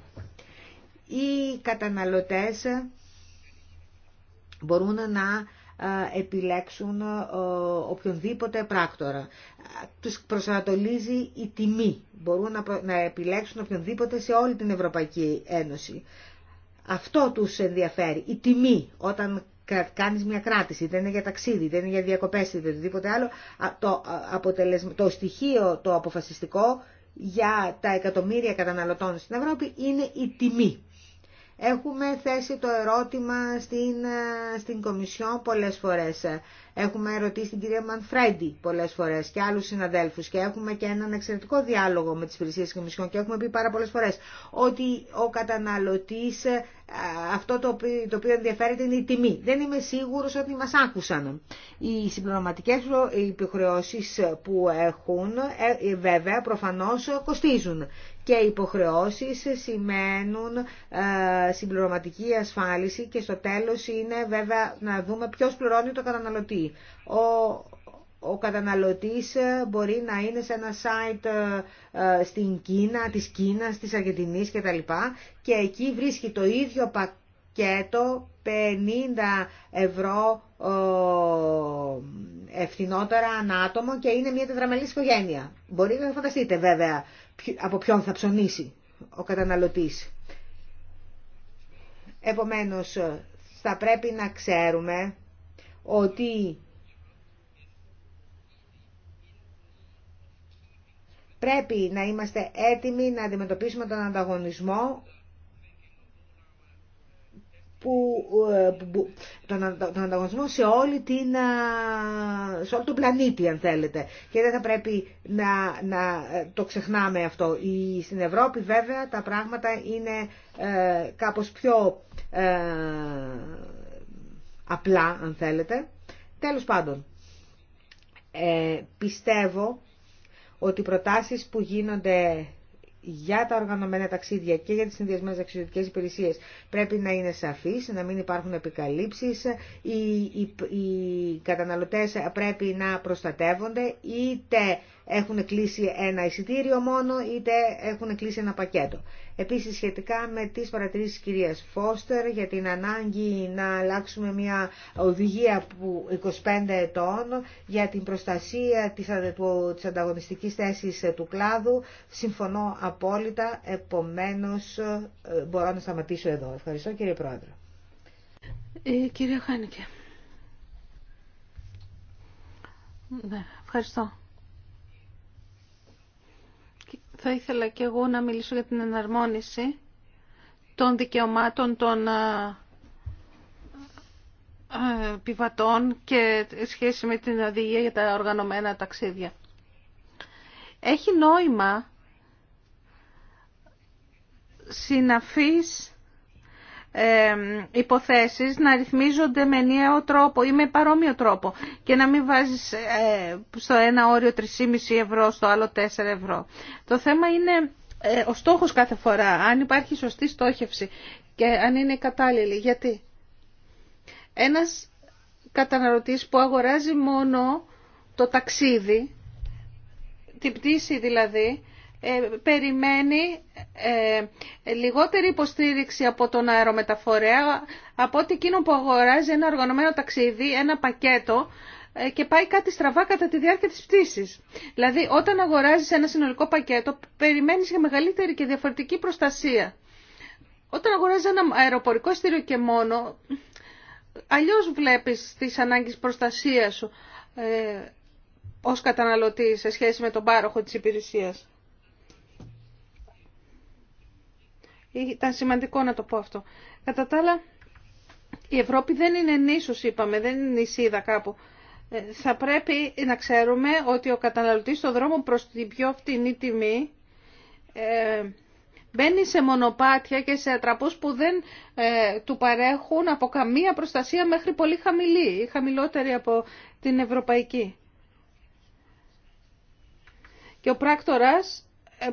Οι καταναλωτές μπορούν να επιλέξουν οποιονδήποτε πράκτορα. Τους προσανατολίζει η τιμή. Μπορούν να επιλέξουν οποιονδήποτε σε όλη την Ευρωπαϊκή Ένωση. Αυτό τους ενδιαφέρει, η τιμή, όταν κάνεις μια κράτηση, δεν είναι για ταξίδι, δεν είναι για διακοπές, ή οτιδήποτε άλλο, το, αποτελεσμα... το στοιχείο το αποφασιστικό για τα εκατομμύρια καταναλωτών στην Ευρώπη είναι η τιμή. Έχουμε θέσει το ερώτημα στην, ε, στην Κομισιόν πολλές φορές. Έχουμε ερωτήσει την κυρία Μανφρέντι πολλές φορές και άλλους συναδέλφους και έχουμε και έναν εξαιρετικό διάλογο με τις υπηρεσίες της Κομισιόν και έχουμε πει πάρα πολλές φορές ότι ο καταναλωτής ε, αυτό το οποίο, το οποίο ενδιαφέρεται είναι η τιμή. Δεν είμαι σίγουρος ότι μας άκουσαν. Οι συμπληρωματικές υποχρεώσεις που έχουν ε, βέβαια προφανώς κοστίζουν και υποχρεώσεις σημαίνουν ε, συμπληρωματική ασφάλιση και στο τέλος είναι βέβαια να δούμε ποιος πληρώνει το καταναλωτή. Ο, ο καταναλωτής μπορεί να είναι σε ένα site ε, στην Κίνα, της Κίνας, της Αργεντινής κτλ. Και εκεί βρίσκει το ίδιο πακέτο 50 ευρώ ε, ευθυνότερα ανάτομο και είναι μια τετραμελής οικογένεια. Μπορείτε να φανταστείτε βέβαια από ποιον θα ψωνίσει ο καταναλωτής. Επομένως, θα πρέπει να ξέρουμε ότι πρέπει να είμαστε έτοιμοι να αντιμετωπίσουμε τον ανταγωνισμό που, ε, τον, ανταγωνισμό σε, όλη την, σε όλο τον πλανήτη αν θέλετε και δεν θα πρέπει να, ε, το ξεχνάμε αυτό. Η, στην Ευρώπη βέβαια τα πράγματα είναι ε, κάπως πιο ε, απλά αν θέλετε. Τέλος πάντων, πιστεύω ότι οι προτάσεις που γίνονται για τα οργανωμένα ταξίδια και για τις συνδυασμένες ταξιδιωτικές υπηρεσίες πρέπει να είναι σαφής, να μην υπάρχουν επικαλύψεις, οι, οι, οι καταναλωτές πρέπει να προστατεύονται είτε έχουν κλείσει ένα εισιτήριο μόνο είτε έχουν κλείσει ένα πακέτο. Επίσης σχετικά με τις παρατηρήσεις κυρίας Φώστερ για την ανάγκη να αλλάξουμε μια οδηγία που 25 ετών για την προστασία της ανταγωνιστικής θέσης του κλάδου συμφωνώ απόλυτα, επομένως ε, μπορώ να σταματήσω εδώ. Ευχαριστώ κύριε Πρόεδρε.
Ε, κύριε Χάνικε. Ναι, ευχαριστώ. Θα ήθελα και εγώ να μιλήσω για την εναρμόνιση των δικαιωμάτων των ε, ε, πιβατών και σχέση με την οδηγία για τα οργανωμένα ταξίδια. Έχει νόημα συναφής υποθέσεις να ρυθμίζονται με νέο τρόπο ή με παρόμοιο τρόπο και να μην βάζεις ε, στο ένα όριο 3,5 ευρώ, στο άλλο 4 ευρώ. Το θέμα είναι ε, ο στόχος κάθε φορά, αν υπάρχει σωστή στόχευση και αν είναι κατάλληλη. Γιατί ένας καταναρωτής που αγοράζει μόνο το ταξίδι, την πτήση δηλαδή, ε, περιμένει ε, λιγότερη υποστήριξη από τον αερομεταφορέα από ότι εκείνο που αγοράζει ένα οργανωμένο ταξίδι, ένα πακέτο ε, και πάει κάτι στραβά κατά τη διάρκεια της πτήσης. Δηλαδή όταν αγοράζεις ένα συνολικό πακέτο περιμένεις για μεγαλύτερη και διαφορετική προστασία. Όταν αγοράζεις ένα αεροπορικό στήριο και μόνο, αλλιώς βλέπεις τις ανάγκες προστασίας σου ε, ως καταναλωτή σε σχέση με τον πάροχο της υπηρεσίας. Ήταν σημαντικό να το πω αυτό. Κατά τα άλλα, η Ευρώπη δεν είναι νήσος, είπαμε, δεν είναι νησίδα κάπου. Ε, θα πρέπει να ξέρουμε ότι ο καταναλωτής στον δρόμο προς την πιο φτηνή τιμή ε, μπαίνει σε μονοπάτια και σε ατραπούς που δεν ε, του παρέχουν από καμία προστασία μέχρι πολύ χαμηλή ή χαμηλότερη από την ευρωπαϊκή. Και ο πράκτορας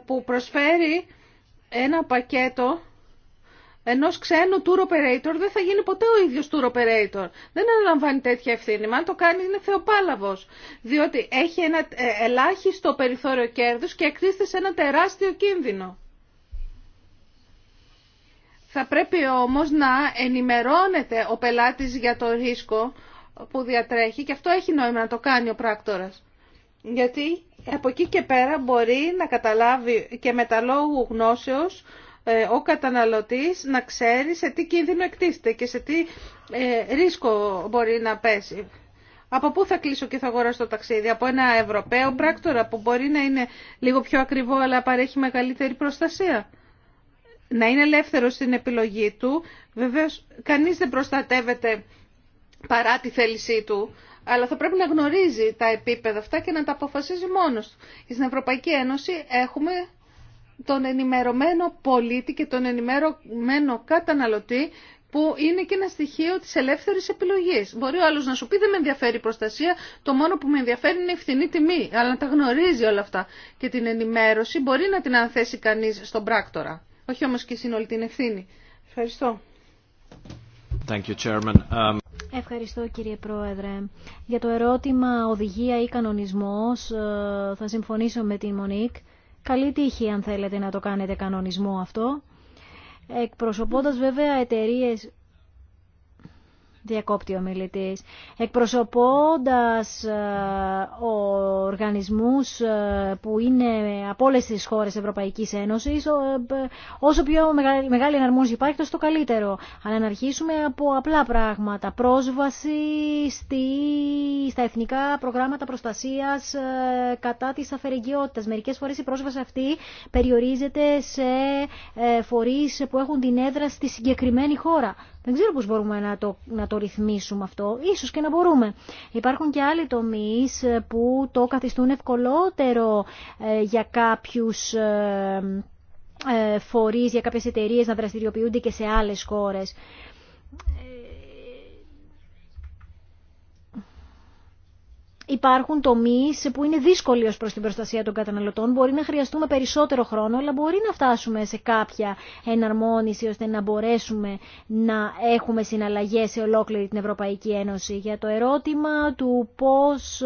που προσφέρει ένα πακέτο ενό ξένου tour operator δεν θα γίνει ποτέ ο ίδιο tour operator. Δεν αναλαμβάνει τέτοια ευθύνη. Αν το κάνει είναι θεοπάλαβο. Διότι έχει ένα ε, ελάχιστο περιθώριο κέρδου και εκτίθεται σε ένα τεράστιο κίνδυνο. Θα πρέπει όμως να ενημερώνεται ο πελάτης για το ρίσκο που διατρέχει και αυτό έχει νόημα να το κάνει ο πράκτορας. Γιατί από εκεί και πέρα μπορεί να καταλάβει και με τα λόγου γνώσεως ε, ο καταναλωτής να ξέρει σε τι κίνδυνο εκτίθεται και σε τι ε, ρίσκο μπορεί να πέσει. Από πού θα κλείσω και θα αγοράσω το ταξίδι. Από ένα Ευρωπαίο πράκτορα που μπορεί να είναι λίγο πιο ακριβό αλλά παρέχει μεγαλύτερη προστασία. Να είναι ελεύθερο στην επιλογή του. Βεβαίως κανείς δεν προστατεύεται παρά τη θέλησή του αλλά θα πρέπει να γνωρίζει τα επίπεδα αυτά και να τα αποφασίζει μόνος του. Στην Ευρωπαϊκή Ένωση έχουμε τον ενημερωμένο πολίτη και τον ενημερωμένο καταναλωτή που είναι και ένα στοιχείο της ελεύθερης επιλογής. Μπορεί ο άλλος να σου πει δεν με ενδιαφέρει η προστασία, το μόνο που με ενδιαφέρει είναι η φθηνή τιμή, αλλά να τα γνωρίζει όλα αυτά. Και την ενημέρωση μπορεί να την ανθέσει κανείς στον πράκτορα, όχι όμως και στην όλη την ευθύνη. Ευχαριστώ.
Thank you, um,
Ευχαριστώ κύριε Πρόεδρε. Για το ερώτημα οδηγία ή κανονισμός ε, θα συμφωνήσω με την Μονίκ. Καλή τύχη αν θέλετε να το κάνετε κανονισμό αυτό. Εκπροσωπώντας βέβαια εταιρείες διακόπτει ο μιλητής, εκπροσωπώντας ε, οργανισμούς ε, που είναι από όλες τις χώρες Ευρωπαϊκής Ένωσης, ε, όσο πιο μεγάλη εναρμόνιση υπάρχει, τόσο το καλύτερο. Αλλά να αρχίσουμε από απλά πράγματα, πρόσβαση στη, στα εθνικά προγράμματα προστασίας κατά της αφαιρεγγιότητας. Μερικές φορές η πρόσβαση αυτή περιορίζεται σε φορείς που έχουν την έδρα στη συγκεκριμένη χώρα. Δεν ξέρω πώς μπορούμε να το, να το ρυθμίσουμε αυτό. Ίσως και να μπορούμε. Υπάρχουν και άλλοι τομείς ε, που το καθιστούν ευκολότερο ε, για κάποιους ε, φορείς, για κάποιες εταιρείες να δραστηριοποιούνται και σε άλλες χώρες. υπάρχουν τομείς που είναι δύσκολοι ω προς την προστασία των καταναλωτών. Μπορεί να χρειαστούμε περισσότερο χρόνο, αλλά μπορεί να φτάσουμε σε κάποια εναρμόνιση ώστε να μπορέσουμε να έχουμε συναλλαγέ σε ολόκληρη την Ευρωπαϊκή Ένωση. Για το ερώτημα του πώς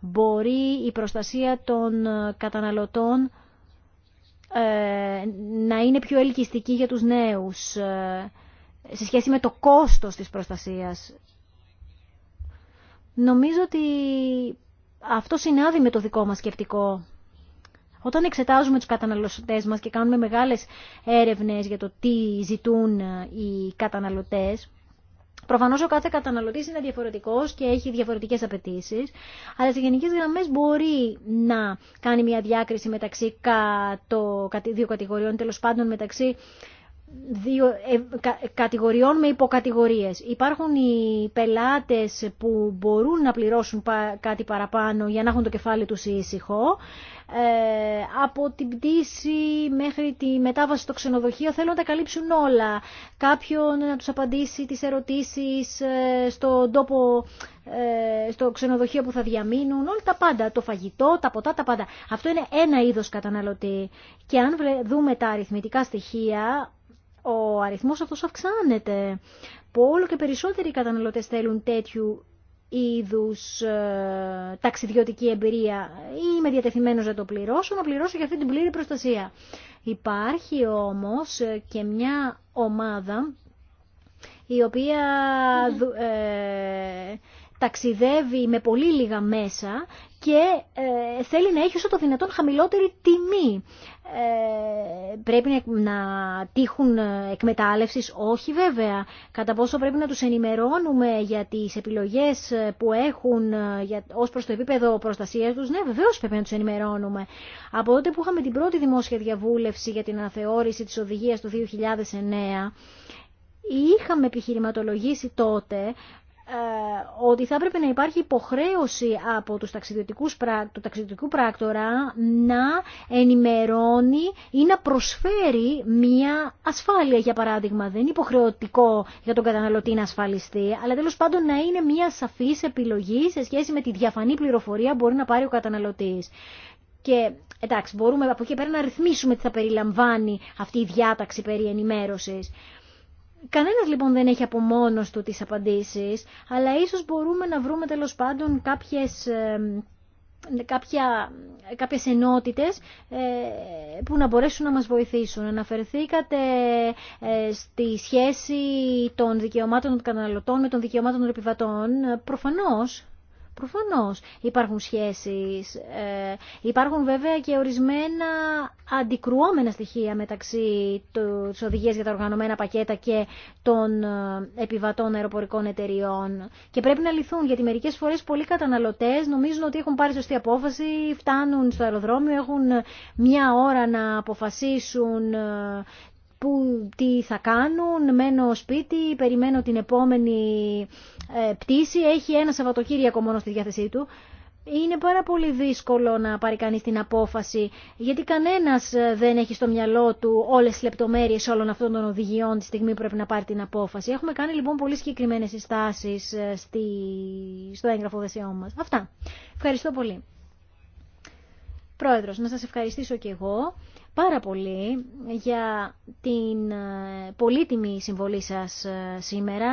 μπορεί η προστασία των καταναλωτών ε, να είναι πιο ελκυστική για τους νέους ε, σε σχέση με το κόστος της προστασίας Νομίζω ότι αυτό συνάδει με το δικό μας σκεπτικό. Όταν εξετάζουμε τους καταναλωτές μας και κάνουμε μεγάλες έρευνες για το τι ζητούν ε, οι καταναλωτές, προφανώς ο κάθε καταναλωτής είναι διαφορετικός και έχει διαφορετικές απαιτήσεις, αλλά σε γενικές γραμμές μπορεί να κάνει μια διάκριση μεταξύ δύο κατηγοριών, τέλος πάντων μεταξύ δύο, ε, κατηγοριών με υποκατηγορίες. Υπάρχουν οι πελάτες που μπορούν να πληρώσουν κάτι παραπάνω για να έχουν το κεφάλι τους ήσυχο. Ε, από την πτήση μέχρι τη μετάβαση στο ξενοδοχείο θέλουν να τα καλύψουν όλα. Κάποιον να τους απαντήσει τις ερωτήσεις ε, τόπο ε, στο ξενοδοχείο που θα διαμείνουν, όλα τα πάντα, το φαγητό, τα ποτά, τα πάντα. Αυτό είναι ένα είδος καταναλωτή. Και αν δούμε τα αριθμητικά στοιχεία, ο αριθμός αυτός αυξάνεται. Που όλο και περισσότεροι καταναλωτές θέλουν τέτοιου είδους ε, ταξιδιωτική εμπειρία. Είμαι διατεθειμένος να το πληρώσω, να πληρώσω για αυτή την πλήρη προστασία. Υπάρχει όμως ε, και μια ομάδα η οποία ε, ταξιδεύει με πολύ λίγα μέσα και θέλει να έχει όσο το δυνατόν χαμηλότερη τιμή. Ε, πρέπει να τύχουν ε, εκμετάλλευσης. Όχι βέβαια. Κατά πόσο πρέπει να τους ενημερώνουμε για τις επιλογές ε, που έχουν ως προς το επίπεδο προστασίας τους. Ναι, βεβαίως πρέπει να τους ενημερώνουμε. Από τότε που είχαμε την πρώτη δημόσια διαβούλευση για την αναθεώρηση της οδηγίας του 2009, είχαμε επιχειρηματολογήσει τότε ε, ότι θα έπρεπε να υπάρχει υποχρέωση από τους ταξιδιωτικούς, του ταξιδιωτικού πράκτορα να ενημερώνει ή να προσφέρει μια ασφάλεια, για παράδειγμα. Δεν είναι υποχρεωτικό για τον καταναλωτή να ασφαλιστεί, αλλά τέλος πάντων να είναι μια σαφής επιλογή σε σχέση με τη διαφανή πληροφορία που μπορεί να πάρει ο καταναλωτής. Και εντάξει, μπορούμε από εκεί πέρα να ρυθμίσουμε τι θα περιλαμβάνει αυτή η διάταξη περί ενημέρωσης. Κανένας λοιπόν δεν έχει από μόνος του τις απαντήσεις, αλλά ίσως μπορούμε να βρούμε τέλος πάντων κάποιες, κάποια, κάποιες ενότητες ε, που να μπορέσουν να μας βοηθήσουν. Αναφερθήκατε ε, στη σχέση των δικαιωμάτων των καταναλωτών με των δικαιωμάτων των επιβατών. Προφανώς Προφανώς υπάρχουν σχέσεις, ε, υπάρχουν βέβαια και ορισμένα αντικρουόμενα στοιχεία μεταξύ της οδηγίας για τα οργανωμένα πακέτα και των ε, επιβατών αεροπορικών εταιριών και πρέπει να λυθούν γιατί μερικές φορές πολλοί καταναλωτές νομίζουν ότι έχουν πάρει σωστή απόφαση, φτάνουν στο αεροδρόμιο, έχουν μια ώρα να αποφασίσουν ε, που, τι θα κάνουν, μένω σπίτι, περιμένω την επόμενη ε, πτήση, έχει ένα Σαββατοκύριακο μόνο στη διάθεσή του. Είναι πάρα πολύ δύσκολο να πάρει κανείς την απόφαση, γιατί κανένας ε, δεν έχει στο μυαλό του όλες τις λεπτομέρειες όλων αυτών των οδηγιών τη στιγμή που πρέπει να πάρει την απόφαση. Έχουμε κάνει λοιπόν πολύ συγκεκριμένε συστάσεις ε, στη... στο έγγραφο δεσιό μας. Αυτά. Ευχαριστώ πολύ. Πρόεδρος, να σας ευχαριστήσω και εγώ πάρα πολύ για την ε, πολύτιμη συμβολή σας ε, σήμερα.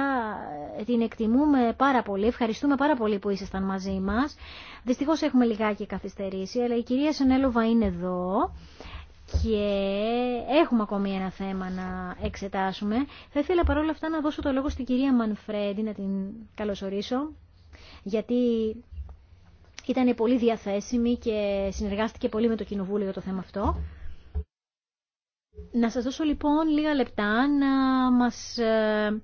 Ε, την εκτιμούμε πάρα πολύ. Ευχαριστούμε πάρα πολύ που ήσασταν μαζί μας. Δυστυχώς έχουμε λιγάκι καθυστερήσει, αλλά η κυρία Σενέλοβα είναι εδώ και έχουμε ακόμη ένα θέμα να εξετάσουμε. Θα ήθελα παρόλα αυτά να δώσω το λόγο στην κυρία Μανφρέντι, να την καλωσορίσω, γιατί ήταν πολύ διαθέσιμη και συνεργάστηκε πολύ με το Κοινοβούλιο για το θέμα αυτό. Να σας δώσω λοιπόν λίγα λεπτά να μας ε,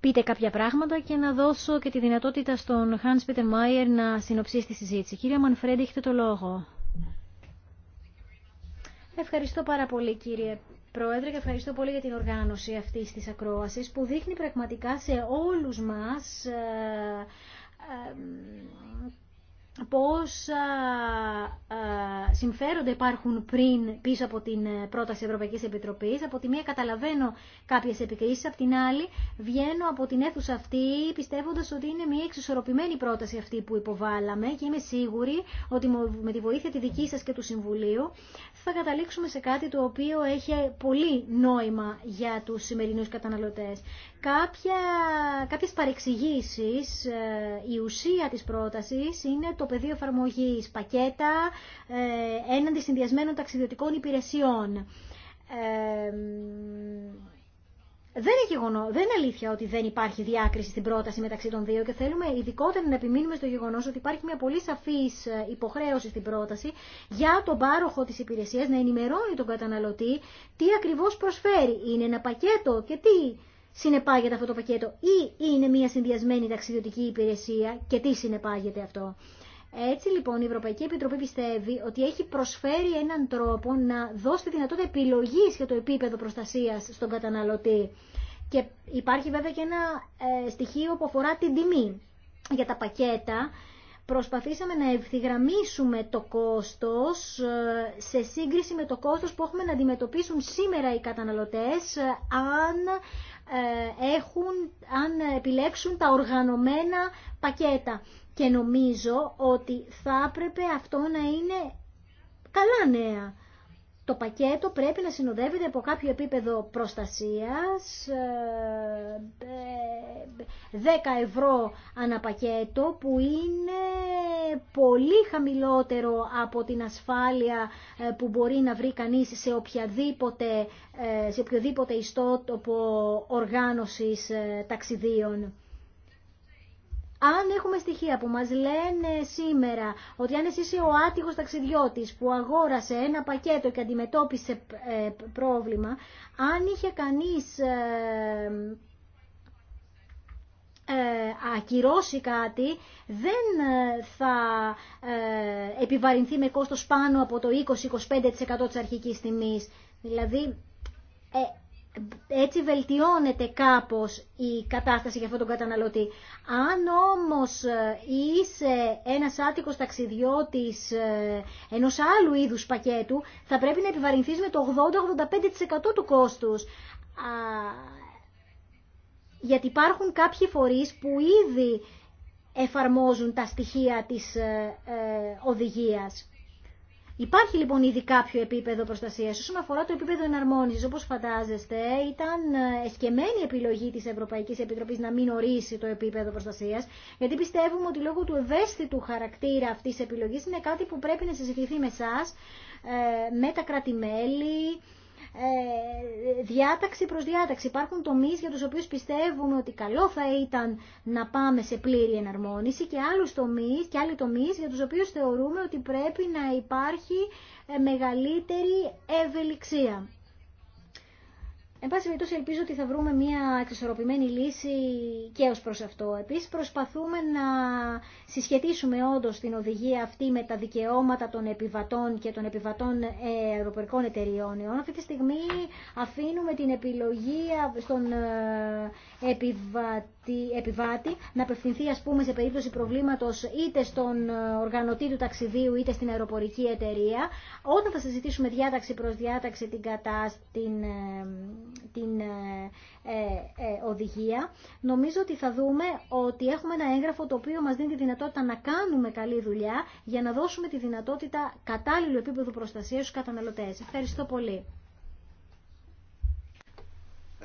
πείτε κάποια πράγματα και να δώσω και τη δυνατότητα στον Hans Peter Mayer να συνοψίσει τη συζήτηση. Κύριε Μανφρέντη, έχετε το λόγο. Ευχαριστώ πάρα πολύ κύριε Πρόεδρε και ευχαριστώ πολύ για την οργάνωση αυτής της ακρόασης που δείχνει πραγματικά σε όλους μας ε, ε, πόσα ε, συμφέροντα υπάρχουν πριν πίσω από την ε, πρόταση Ευρωπαϊκής Επιτροπής. Από τη μία καταλαβαίνω κάποιες επικρίσεις, από την άλλη βγαίνω από την αίθουσα αυτή πιστεύοντας ότι είναι μια εξισορροπημένη πρόταση αυτή που υποβάλαμε και είμαι σίγουρη ότι με τη βοήθεια τη δική σας και του Συμβουλίου θα καταλήξουμε σε κάτι το οποίο έχει πολύ νόημα για τους σημερινούς καταναλωτές. Κάποια, κάποιες παρεξηγήσεις, ε, η ουσία της πρότασης είναι το στο πεδίο εφαρμογής, πακέτα ε, έναντι συνδυασμένων ταξιδιωτικών υπηρεσιών. Ε, δεν είναι, δεν είναι αλήθεια ότι δεν υπάρχει διάκριση στην πρόταση μεταξύ των δύο και θέλουμε ειδικότερα να επιμείνουμε στο γεγονό ότι υπάρχει μια πολύ σαφή ε, υποχρέωση στην πρόταση για τον πάροχο τη υπηρεσία να ενημερώνει τον καταναλωτή τι ακριβώ προσφέρει. Είναι ένα πακέτο και τι συνεπάγεται αυτό το πακέτο ή είναι μια συνδυασμένη ταξιδιωτική υπηρεσία και τι συνεπάγεται αυτό. Έτσι λοιπόν η Ευρωπαϊκή Επιτροπή πιστεύει ότι έχει προσφέρει έναν τρόπο να δώσει τη δυνατότητα επιλογής για το επίπεδο προστασίας στον καταναλωτή. Και υπάρχει βέβαια και ένα ε, στοιχείο που αφορά την τιμή. Για τα πακέτα προσπαθήσαμε να ευθυγραμμίσουμε το κόστος ε, σε σύγκριση με το κόστος που έχουμε να αντιμετωπίσουν σήμερα οι καταναλωτές ε, αν, αν επιλέξουν τα οργανωμένα πακέτα και νομίζω ότι θα έπρεπε αυτό να είναι καλά νέα. Το πακέτο πρέπει να συνοδεύεται από κάποιο επίπεδο προστασίας, 10 ε, ε, ευρώ ανά που είναι πολύ χαμηλότερο από την ασφάλεια ε, που μπορεί να βρει κανείς σε, οποιαδήποτε, σε οποιοδήποτε ιστότοπο οργάνωσης ταξιδίων αν έχουμε στοιχεία που μας λένε σήμερα ότι αν εσύ είσαι ο άτυχος ταξιδιώτης που αγόρασε ένα πακέτο και αντιμετώπισε ε, πρόβλημα, αν είχε κανείς ε, ε, ακυρώσει κάτι, δεν θα επιβαρυνθεί με κόστος πάνω από το 20-25% της αρχικής τιμής. Δηλαδή, έτσι βελτιώνεται κάπως η κατάσταση για αυτόν τον καταναλωτή. Αν όμως ε, είσαι ένας άτικος ταξιδιώτης ε, ενός άλλου είδους πακέτου, θα πρέπει να επιβαρυνθείς με το 80-85% του κόστους. Γιατί υπάρχουν κάποιοι φορείς που ήδη εφαρμόζουν τα στοιχεία της ε, οδηγίας. Υπάρχει λοιπόν ήδη κάποιο επίπεδο προστασία. Όσον αφορά το επίπεδο εναρμόνιση, όπω φαντάζεστε, ήταν ε, εσκεμμένη επιλογή τη Ευρωπαϊκή Επιτροπή να μην ορίσει το επίπεδο προστασία, γιατί πιστεύουμε ότι λόγω του ευαίσθητου χαρακτήρα αυτή τη επιλογή είναι κάτι που πρέπει να συζητηθεί με εσά, ε, με τα κράτη-μέλη, ε, διάταξη προς διάταξη. Υπάρχουν τομείς για τους οποίους πιστεύουμε ότι καλό θα ήταν να πάμε σε πλήρη εναρμόνιση και άλλους τομείς, και άλλοι τομείς για τους οποίους θεωρούμε ότι πρέπει να υπάρχει ε, μεγαλύτερη ευελιξία. Εν πάση περιπτώσει ελπίζω ότι θα βρούμε μια εξισορροπημένη λύση και ως προς αυτό. Επίσης προσπαθούμε να συσχετίσουμε όντως την οδηγία αυτή με τα δικαιώματα των επιβατών και των επιβατών ε, αεροπορικών εταιριών. Αυτή τη στιγμή αφήνουμε την επιλογή ε, στον ε, επιβατή επιβάτη να απευθυνθεί ας πούμε σε περίπτωση προβλήματος είτε στον ε, οργανωτή του ταξιδίου είτε στην αεροπορική εταιρεία όταν θα συζητήσουμε διάταξη προς διάταξη την, κατά, την, ε, την ε, οδηγία νομίζω ότι θα δούμε ότι έχουμε ένα έγγραφο το οποίο μας δίνει τη δυνατότητα να κάνουμε καλή δουλειά για να δώσουμε τη δυνατότητα κατάλληλου επίπεδου προστασίας στους καταναλωτές. Ευχαριστώ πολύ.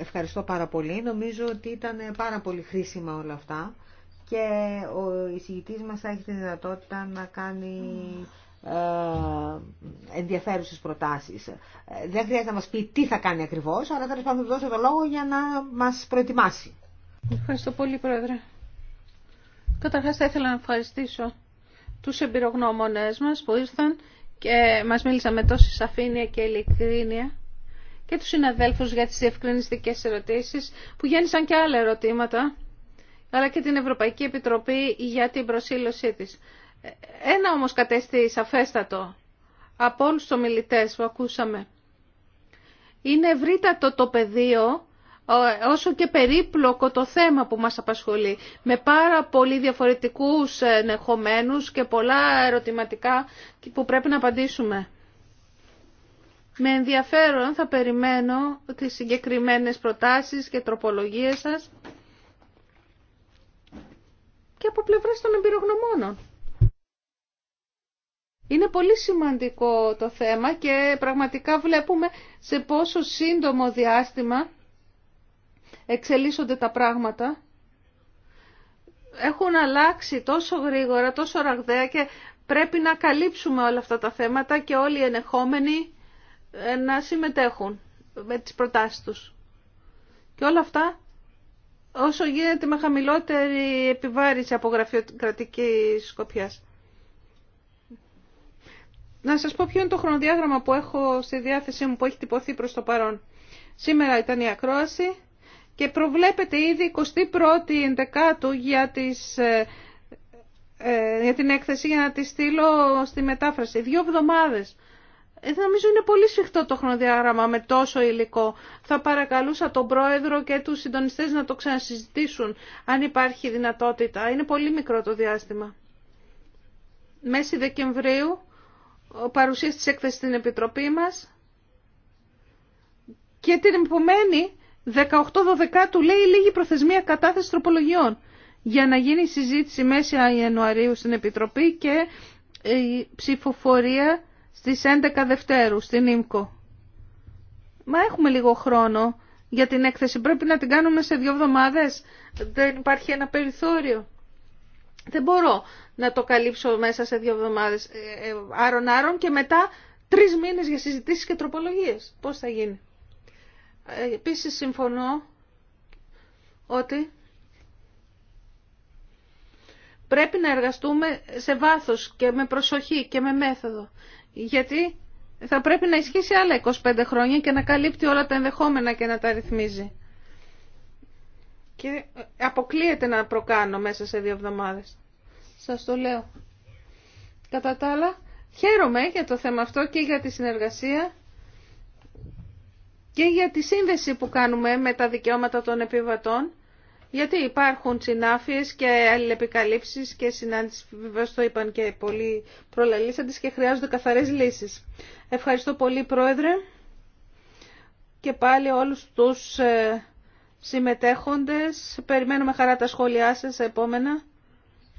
Ευχαριστώ πάρα πολύ. Νομίζω ότι ήταν πάρα πολύ χρήσιμα όλα αυτά και ο εισηγητής μας θα έχει τη δυνατότητα να κάνει ε, ενδιαφέρουσες προτάσεις. Ε, δεν χρειάζεται να μας πει τι θα κάνει ακριβώς, αλλά θα πάντων δώσω το λόγο για να μας προετοιμάσει. Ευχαριστώ πολύ, Πρόεδρε. Καταρχάς θα ήθελα να ευχαριστήσω τους εμπειρογνώμονές
μας που ήρθαν και μας μίλησαν με τόση σαφήνεια και ειλικρίνεια και τους συναδέλφους για τις διευκρινιστικές ερωτήσεις που γέννησαν και άλλα ερωτήματα αλλά και την Ευρωπαϊκή Επιτροπή για την προσήλωσή της. Ένα όμως κατέστη σαφέστατο από όλους τους ομιλητέ που ακούσαμε. Είναι ευρύτατο το πεδίο όσο και περίπλοκο το θέμα που μας απασχολεί, με πάρα πολύ διαφορετικούς ενεχομένους και πολλά ερωτηματικά που πρέπει να απαντήσουμε. Με ενδιαφέρον θα περιμένω τις συγκεκριμένες προτάσεις και τροπολογίες σας και από πλευράς των εμπειρογνωμόνων. Είναι πολύ σημαντικό το θέμα και πραγματικά βλέπουμε σε πόσο σύντομο διάστημα εξελίσσονται τα πράγματα. Έχουν αλλάξει τόσο γρήγορα, τόσο ραγδαία και πρέπει να καλύψουμε όλα αυτά τα θέματα και όλοι οι ενεχόμενοι ε, να συμμετέχουν με τις προτάσεις τους. Και όλα αυτά όσο γίνεται με χαμηλότερη επιβάρηση από γραφειοκρατική σκοπιά. Να σας πω ποιο είναι το χρονοδιάγραμμα που έχω στη διάθεσή μου που έχει τυπωθεί προς το παρόν. Σήμερα ήταν η ακρόαση και προβλέπεται ήδη 21η ενδεκάτου για, ε, ε, για την έκθεση για να τη στείλω στη μετάφραση. Δύο εβδομάδες. Ε, νομίζω είναι πολύ σφιχτό το χρονοδιάγραμμα με τόσο υλικό. Θα παρακαλούσα τον Πρόεδρο και τους συντονιστές να το ξανασυζητήσουν αν υπάρχει δυνατότητα. Είναι πολύ μικρό το διάστημα. Μέση Δεκεμβρίου παρουσίαση της έκθεση στην Επιτροπή μας και την επομένη 18-12 του λέει λίγη προθεσμία κατάθεση τροπολογιών για να γίνει συζήτηση μέσα Ιανουαρίου στην Επιτροπή και η ψηφοφορία στις 11 Δευτέρου στην ΙΜΚΟ. Μα έχουμε λίγο χρόνο για την έκθεση. Πρέπει να την κάνουμε σε δύο εβδομάδες. Δεν υπάρχει ένα περιθώριο. Δεν μπορώ να το καλύψω μέσα σε δύο εβδομάδες άρον-άρον ε, ε, και μετά τρεις μήνες για συζητήσεις και τροπολογίες. Πώς θα γίνει. Ε, επίσης συμφωνώ ότι πρέπει να εργαστούμε σε βάθος και με προσοχή και με μέθοδο γιατί θα πρέπει να ισχύσει άλλα 25 χρόνια και να καλύπτει όλα τα ενδεχόμενα και να τα ρυθμίζει. Και αποκλείεται να προκάνω μέσα σε δύο εβδομάδες. Σας το λέω. Κατά τα άλλα, χαίρομαι για το θέμα αυτό και για τη συνεργασία και για τη σύνδεση που κάνουμε με τα δικαιώματα των επιβατών γιατί υπάρχουν συνάφειες και αλληλεπικαλύψεις και συνάντηση, βεβαίω το είπαν και πολλοί προλαλήσαντες και χρειάζονται καθαρές λύσεις. Ευχαριστώ πολύ Πρόεδρε και πάλι όλους τους ε, συμμετέχοντες. Περιμένουμε χαρά τα σχόλιά σας επόμενα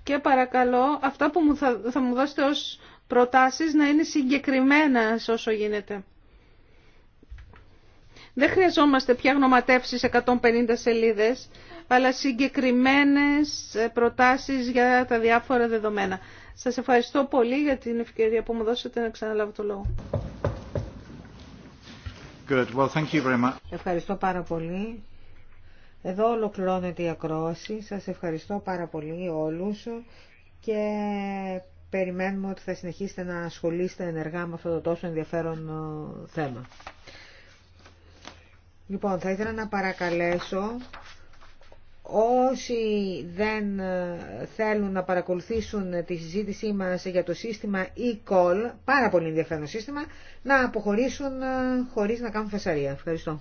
και παρακαλώ αυτά που θα, θα μου δώσετε ως προτάσεις να είναι συγκεκριμένα όσο γίνεται. Δεν χρειαζόμαστε πια γνωματεύσεις 150 σελίδες αλλά συγκεκριμένες ε, προτάσεις για τα διάφορα δεδομένα. Σας ευχαριστώ πολύ για την ευκαιρία που μου δώσατε να ξαναλάβω το λόγο.
Ευχαριστώ πάρα πολύ. Εδώ ολοκληρώνεται η ακρόαση. Σας ευχαριστώ πάρα πολύ όλους και περιμένουμε ότι θα συνεχίσετε να ασχολείστε ενεργά με αυτό το τόσο ενδιαφέρον ε, θέμα. Λοιπόν, θα ήθελα να παρακαλέσω Όσοι δεν ε, θέλουν να παρακολουθήσουν τη συζήτησή μας για το σύστημα e-call, πάρα πολύ ενδιαφέρον σύστημα, να αποχωρήσουν ε, χωρίς να κάνουν φασαρία. Ευχαριστώ.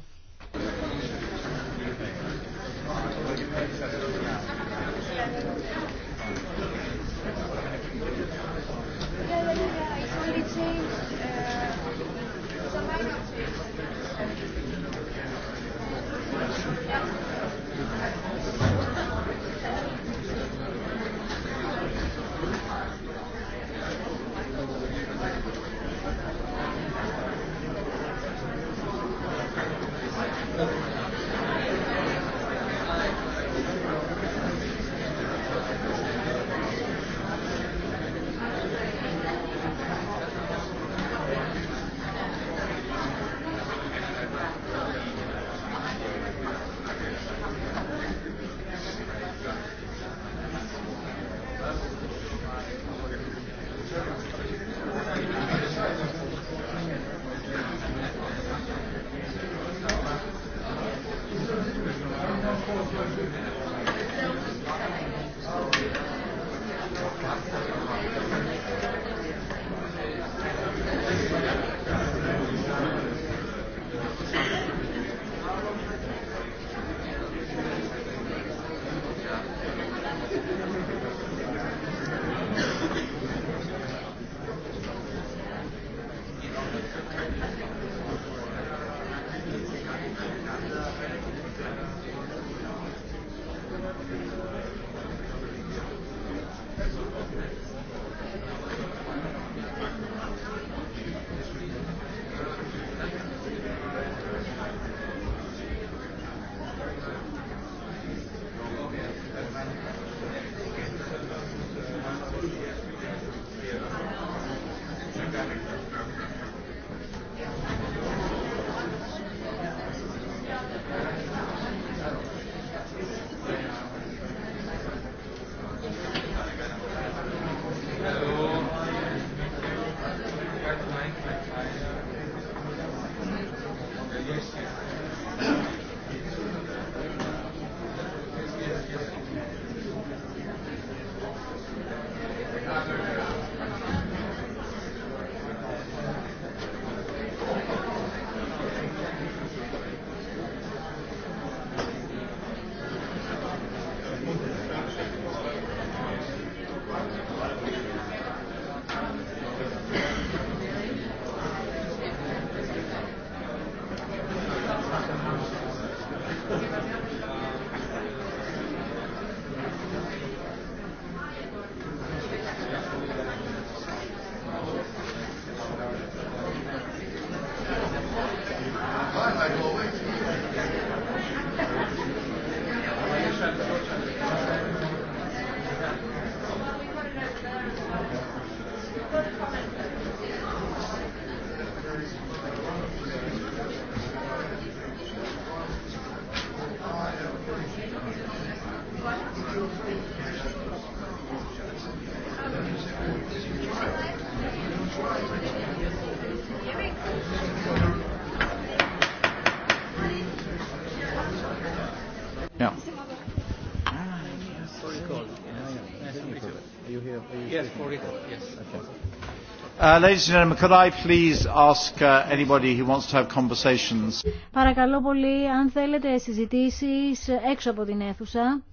Παρακαλώ πολύ, αν θέλετε συζητήσεις έξω από την αίθουσα,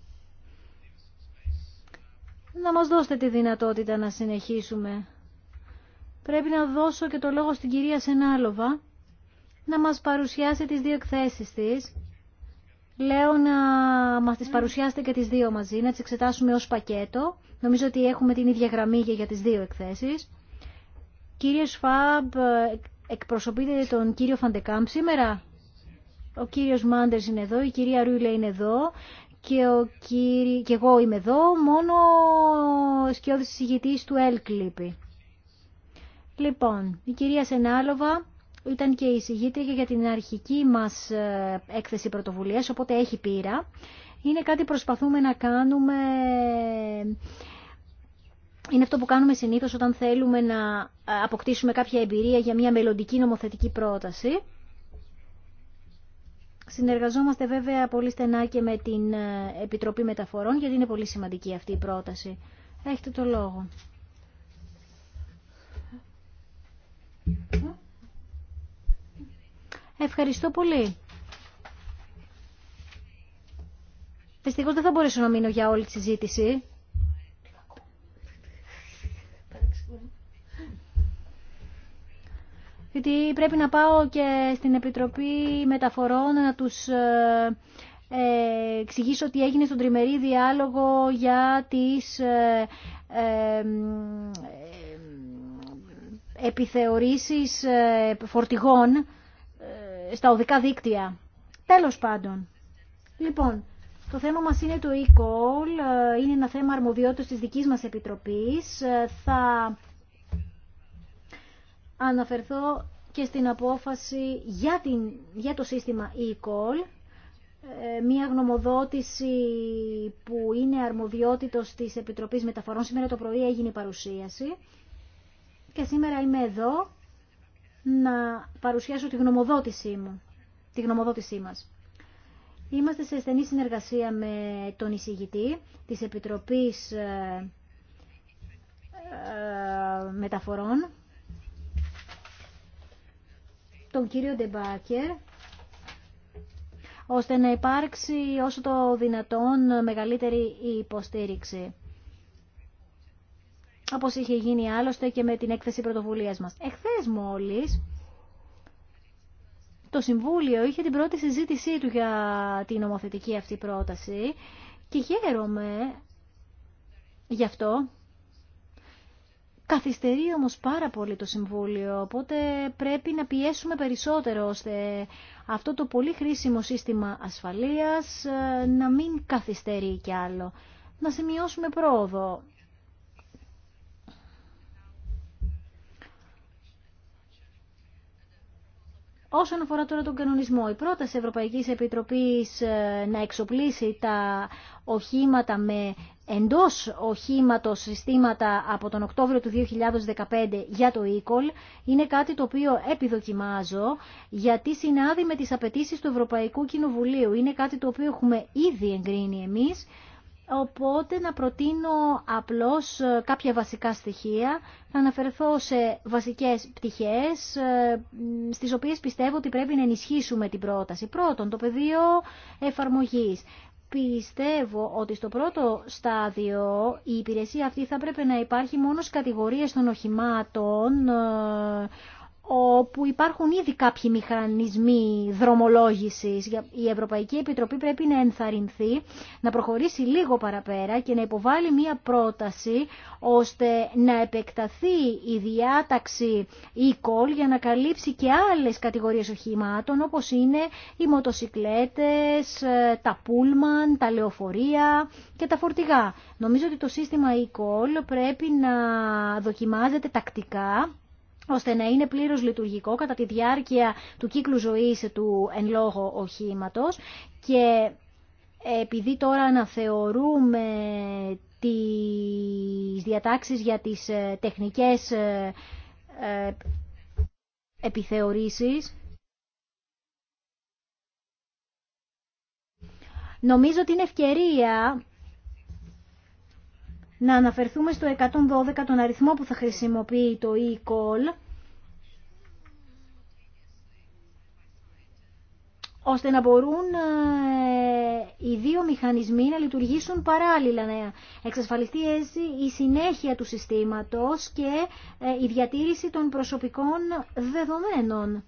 να μας δώσετε τη δυνατότητα να συνεχίσουμε. Πρέπει να δώσω και το λόγο στην κυρία Σενάλοβα να μας παρουσιάσει τις δύο εκθέσεις της. Λέω να μας τις παρουσιάσετε και τις δύο μαζί, να τις εξετάσουμε ως πακέτο. Νομίζω ότι έχουμε την ίδια γραμμή για τις δύο εκθέσεις. Κύριε Σφάμπ, ε, εκπροσωπείτε τον κύριο Φαντεκάμπ σήμερα. Ο κύριος Μάντερς είναι εδώ, η κυρία Ρούλε είναι εδώ και, ο κύρι... και εγώ είμαι εδώ, μόνο ο σκιώδης συγητής του ΕΛΚ Λοιπόν, η κυρία Σενάλοβα ήταν και η συγγήτρια για την αρχική μας ε, έκθεση πρωτοβουλίας, οπότε έχει πείρα. Είναι κάτι που προσπαθούμε να κάνουμε είναι αυτό που κάνουμε συνήθως όταν θέλουμε να ε, αποκτήσουμε κάποια εμπειρία για μια μελλοντική νομοθετική πρόταση. Συνεργαζόμαστε βέβαια πολύ στενά και με την ε, Επιτροπή Μεταφορών γιατί είναι πολύ σημαντική αυτή η πρόταση. Έχετε το λόγο. Ευχαριστώ πολύ. Δυστυχώς δεν θα μπορέσω να μείνω για όλη τη συζήτηση. γιατί πρέπει να πάω και στην Επιτροπή Μεταφορών να τους ε, ε, εξηγήσω τι έγινε στον τριμερή διάλογο για τις ε, επιθεωρήσεις φορτηγών στα οδικά δίκτυα. Τέλος πάντων. Λοιπόν, το θέμα μας είναι το e-call, είναι ένα θέμα αρμοδιότητας της δικής μας επιτροπής. Θα αναφερθώ και στην απόφαση για, την, για το σύστημα e-call, ε, μια γνωμοδότηση που είναι αρμοδιότητος της Επιτροπής Μεταφορών. Σήμερα το πρωί έγινε η παρουσίαση και σήμερα είμαι εδώ να παρουσιάσω τη γνωμοδότησή μου, τη γνωμοδότησή μας. Είμαστε σε στενή συνεργασία με τον εισηγητή της Επιτροπής ε, ε, Μεταφορών τον κύριο Ντεμπάκερ ώστε να υπάρξει όσο το δυνατόν μεγαλύτερη υποστήριξη. Όπως είχε γίνει άλλωστε και με την έκθεση πρωτοβουλίας μας. Εχθές μόλις το Συμβούλιο είχε την πρώτη συζήτησή του για την νομοθετική αυτή πρόταση και χαίρομαι γι' αυτό Καθυστερεί όμως πάρα πολύ το Συμβούλιο, οπότε πρέπει να πιέσουμε περισσότερο ώστε αυτό το πολύ χρήσιμο σύστημα ασφαλείας ε, να μην καθυστερεί κι άλλο. Να σημειώσουμε πρόοδο. Όσον αφορά τώρα τον κανονισμό, η πρόταση Ευρωπαϊκής Επιτροπής ε, να εξοπλίσει τα οχήματα με εντός οχήματος συστήματα από τον Οκτώβριο του 2015 για το e είναι κάτι το οποίο επιδοκιμάζω γιατί συνάδει με τις απαιτήσεις του Ευρωπαϊκού Κοινοβουλίου. Είναι κάτι το οποίο έχουμε ήδη εγκρίνει εμείς Οπότε να προτείνω απλώς ε, κάποια βασικά στοιχεία. Θα αναφερθώ σε βασικές πτυχές, ε, στις οποίες πιστεύω ότι πρέπει να ενισχύσουμε την πρόταση. Πρώτον, το πεδίο εφαρμογής. Πιστεύω ότι στο πρώτο στάδιο η υπηρεσία αυτή θα πρέπει να υπάρχει μόνο στις κατηγορίες των οχημάτων ε, όπου υπάρχουν ήδη κάποιοι μηχανισμοί δρομολόγησης. Η Ευρωπαϊκή Επιτροπή πρέπει να ενθαρρυνθεί, να προχωρήσει λίγο παραπέρα και να υποβάλει μία πρόταση ώστε να επεκταθεί η διάταξη e-call για να καλύψει και άλλες κατηγορίες οχημάτων όπως είναι οι μοτοσικλέτες, ε, τα πούλμαν, τα λεωφορεία και τα φορτηγά. Νομίζω ότι το σύστημα e-call πρέπει να δοκιμάζεται τακτικά ώστε να είναι πλήρως λειτουργικό κατά τη διάρκεια του κύκλου ζωής του εν λόγω οχήματος και επειδή τώρα αναθεωρούμε τις διατάξεις για τις ε, τεχνικές ε, ε, επιθεωρήσεις, νομίζω την ευκαιρία να αναφερθούμε στο 112 τον αριθμό που θα χρησιμοποιεί το e-call ώστε να μπορούν ε, οι δύο μηχανισμοί να λειτουργήσουν παράλληλα, νέα. εξασφαλιστεί η συνέχεια του συστήματος και ε, η διατήρηση των προσωπικών δεδομένων.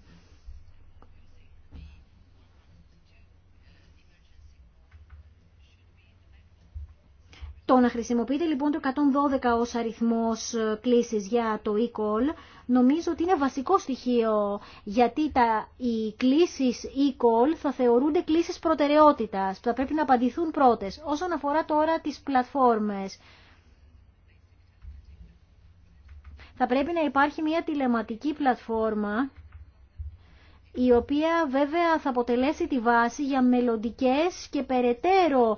Το να χρησιμοποιείτε λοιπόν το 112 ως αριθμός ε, κλήσης για το e-call νομίζω ότι είναι βασικό στοιχείο γιατί τα, οι κλήσεις e-call θα θεωρούνται κλήσεις προτεραιότητας που θα πρέπει να απαντηθούν πρώτες. Όσον αφορά τώρα τις πλατφόρμες, θα πρέπει να υπάρχει μια τηλεματική πλατφόρμα η οποία βέβαια θα αποτελέσει τη βάση για μελλοντικές και περαιτέρω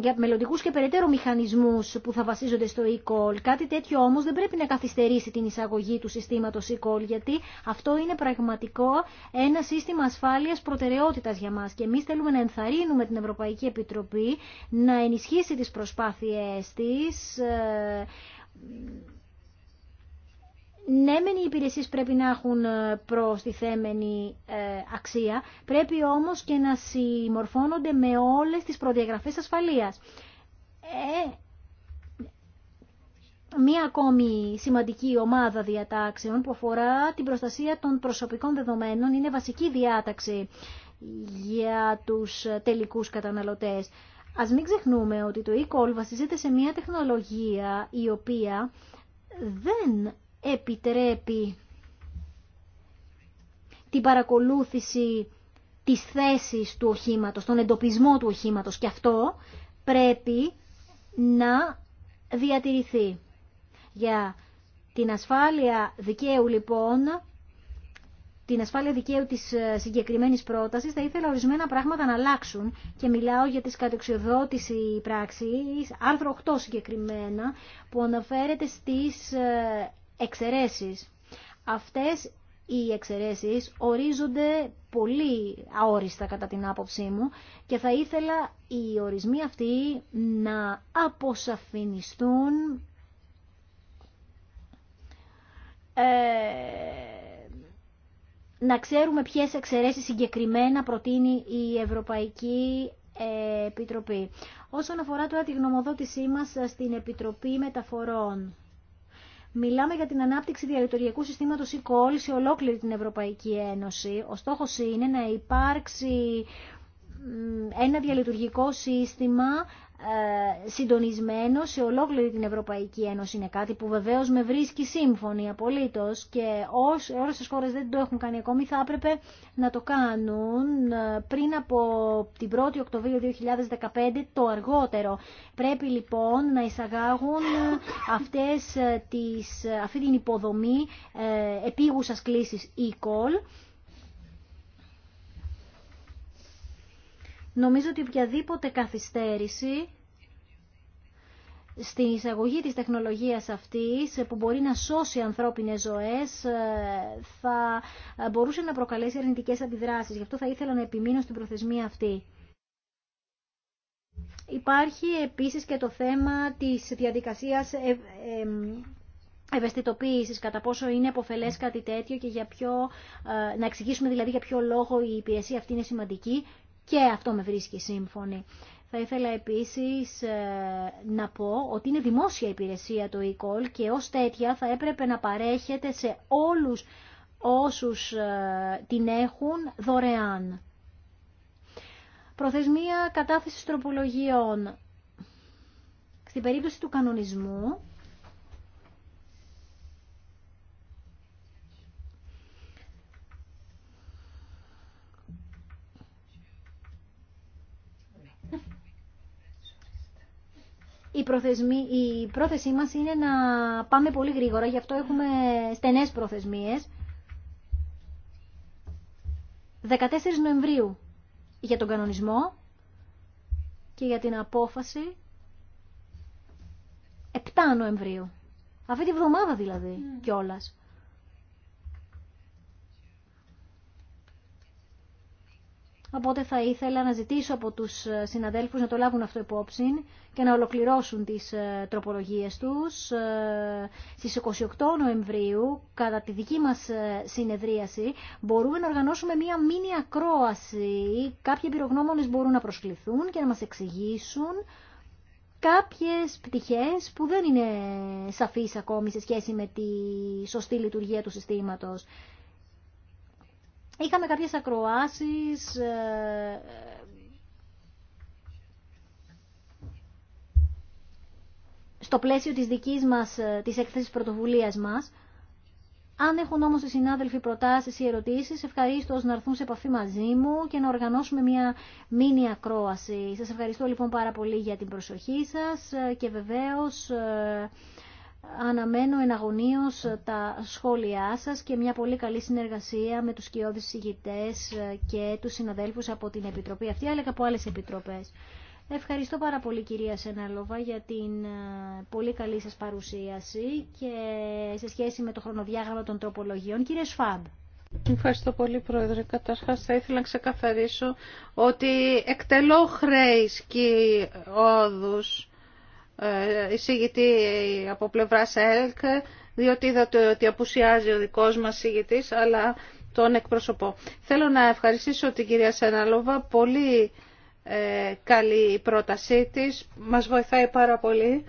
για μελλοντικού και περαιτέρω μηχανισμού που θα βασίζονται στο e-call. Κάτι τέτοιο όμω δεν πρέπει να καθυστερήσει την εισαγωγή του συστήματο e e-call, γιατί αυτό είναι πραγματικό ένα σύστημα ασφάλεια προτεραιότητα για μα. Και εμεί θέλουμε να ενθαρρύνουμε την Ευρωπαϊκή Επιτροπή να ενισχύσει τις προσπάθειές της ε, ναι μεν οι υπηρεσίε πρέπει να έχουν ε, προστιθέμενη ε, αξία, πρέπει όμως και να συμμορφώνονται με όλες τις προδιαγραφές ασφαλείας. Ε, μία ακόμη σημαντική ομάδα διατάξεων που αφορά την προστασία των προσωπικών δεδομένων είναι βασική διάταξη για τους ε, τελικούς καταναλωτές. Ας μην ξεχνούμε ότι το e-call βασίζεται σε μία τεχνολογία η οποία δεν επιτρέπει την παρακολούθηση της θέσης του οχήματος, τον εντοπισμό του οχήματος και αυτό πρέπει να διατηρηθεί. Για την ασφάλεια δικαίου λοιπόν, την ασφάλεια δικαίου της ε, συγκεκριμένης πρότασης θα ήθελα ορισμένα πράγματα να αλλάξουν και μιλάω για τις κατεξιοδότηση πράξης, άρθρο 8 συγκεκριμένα, που αναφέρεται στις ε, Εξαιρέσει. Αυτές οι εξαιρέσεις ορίζονται πολύ αόριστα κατά την άποψή μου και θα ήθελα οι ορισμοί αυτοί να αποσαφινιστούν ε, να ξέρουμε ποιες εξαιρέσεις συγκεκριμένα προτείνει η Ευρωπαϊκή ε, Επιτροπή. Όσον αφορά τώρα τη γνωμοδότησή μας στην Επιτροπή Μεταφορών, Μιλάμε για την ανάπτυξη διαλειτουργικού συστήματος e-call σε ολόκληρη την Ευρωπαϊκή Ένωση. Ο στόχος είναι να υπάρξει ένα διαλειτουργικό σύστημα ε, συντονισμένο σε ολόκληρη την Ευρωπαϊκή Ένωση. Είναι κάτι που βεβαίως με βρίσκει σύμφωνη απολύτως και όσες τι χώρες δεν το έχουν κάνει ακόμη θα έπρεπε να το κάνουν ε, πριν από την 1η Οκτωβρίου 2015 το αργότερο. Πρέπει λοιπόν να εισαγάγουν ε, αυτές τις, αυτή την υποδομή ε, επιγουσας κλήσης e-call Νομίζω ότι οποιαδήποτε καθυστέρηση στην εισαγωγή της τεχνολογίας αυτής που μπορεί να σώσει ανθρώπινες ζωές ε, θα μπορούσε να προκαλέσει αρνητικές αντιδράσεις. Γι' αυτό θα ήθελα να επιμείνω στην προθεσμία αυτή. Υπάρχει επίσης και το θέμα της διαδικασίας ε, ε, κατά πόσο είναι αποφελές κάτι τέτοιο και για ποιο, ε, να εξηγήσουμε δηλαδή για ποιο λόγο η υπηρεσία αυτή είναι σημαντική και αυτό με βρίσκει σύμφωνη. Θα ήθελα επίσης ε, να πω ότι είναι δημόσια υπηρεσία το e και ως τέτοια θα έπρεπε να παρέχεται σε όλους όσους ε, την έχουν δωρεάν. Προθεσμία κατάθεσης τροπολογιών. Στην περίπτωση του κανονισμού η, η πρόθεσή μας είναι να πάμε πολύ γρήγορα, γι' αυτό έχουμε στενές προθεσμίες. 14 Νοεμβρίου για τον κανονισμό και για την απόφαση 7 Νοεμβρίου. Αυτή τη βδομάδα δηλαδή mm. κιόλας. Οπότε θα ήθελα να ζητήσω από τους ε, συναδέλφους να το λάβουν αυτό υπόψη και να ολοκληρώσουν τις ε, τροπολογίες τους. Ε, στις 28 Νοεμβρίου, κατά τη δική μας συνεδρίαση, μπορούμε να οργανώσουμε μία μήνυα ακρόαση. Κάποιοι πυρογνώμονες μπορούν να προσκληθούν και να μας εξηγήσουν κάποιες πτυχές που δεν είναι σαφείς ακόμη σε σχέση με τη σωστή λειτουργία του συστήματος. Είχαμε κάποιες ακροάσεις ε, ε, στο πλαίσιο της δικής μας, ε, της έκθεσης πρωτοβουλίας μας. Αν έχουν όμως οι συνάδελφοι προτάσεις ή ερωτήσεις, ευχαρίστω να έρθουν σε επαφή μαζί μου και να οργανώσουμε μια μίνι ακρόαση. Σας ευχαριστώ λοιπόν πάρα πολύ για την προσοχή σας και βεβαίως Αναμένω εναγωνίως τα σχόλιά σας και μια πολύ καλή συνεργασία με τους κοιόδης συγητές και τους συναδέλφους από την Επιτροπή αυτή, αλλά και από άλλες επιτροπές. Ευχαριστώ πάρα πολύ κυρία Σενάλοβα για την ε, πολύ καλή σας παρουσίαση και σε σχέση
με το χρονοδιάγραμμα των τροπολογιών. Κύριε Σφάμπ. Ευχαριστώ πολύ Πρόεδρε. Καταρχάς θα ήθελα να ξεκαθαρίσω ότι εκτελώ χρέη και όδους ε, εισηγητή από πλευράς ΕΛΚ, διότι είδατε ότι απουσιάζει ο δικός μας εισηγητής, αλλά τον εκπροσωπώ. Θέλω να ευχαριστήσω την κυρία Σενάλοβα, πολύ ε, καλή η πρότασή της, μας βοηθάει πάρα πολύ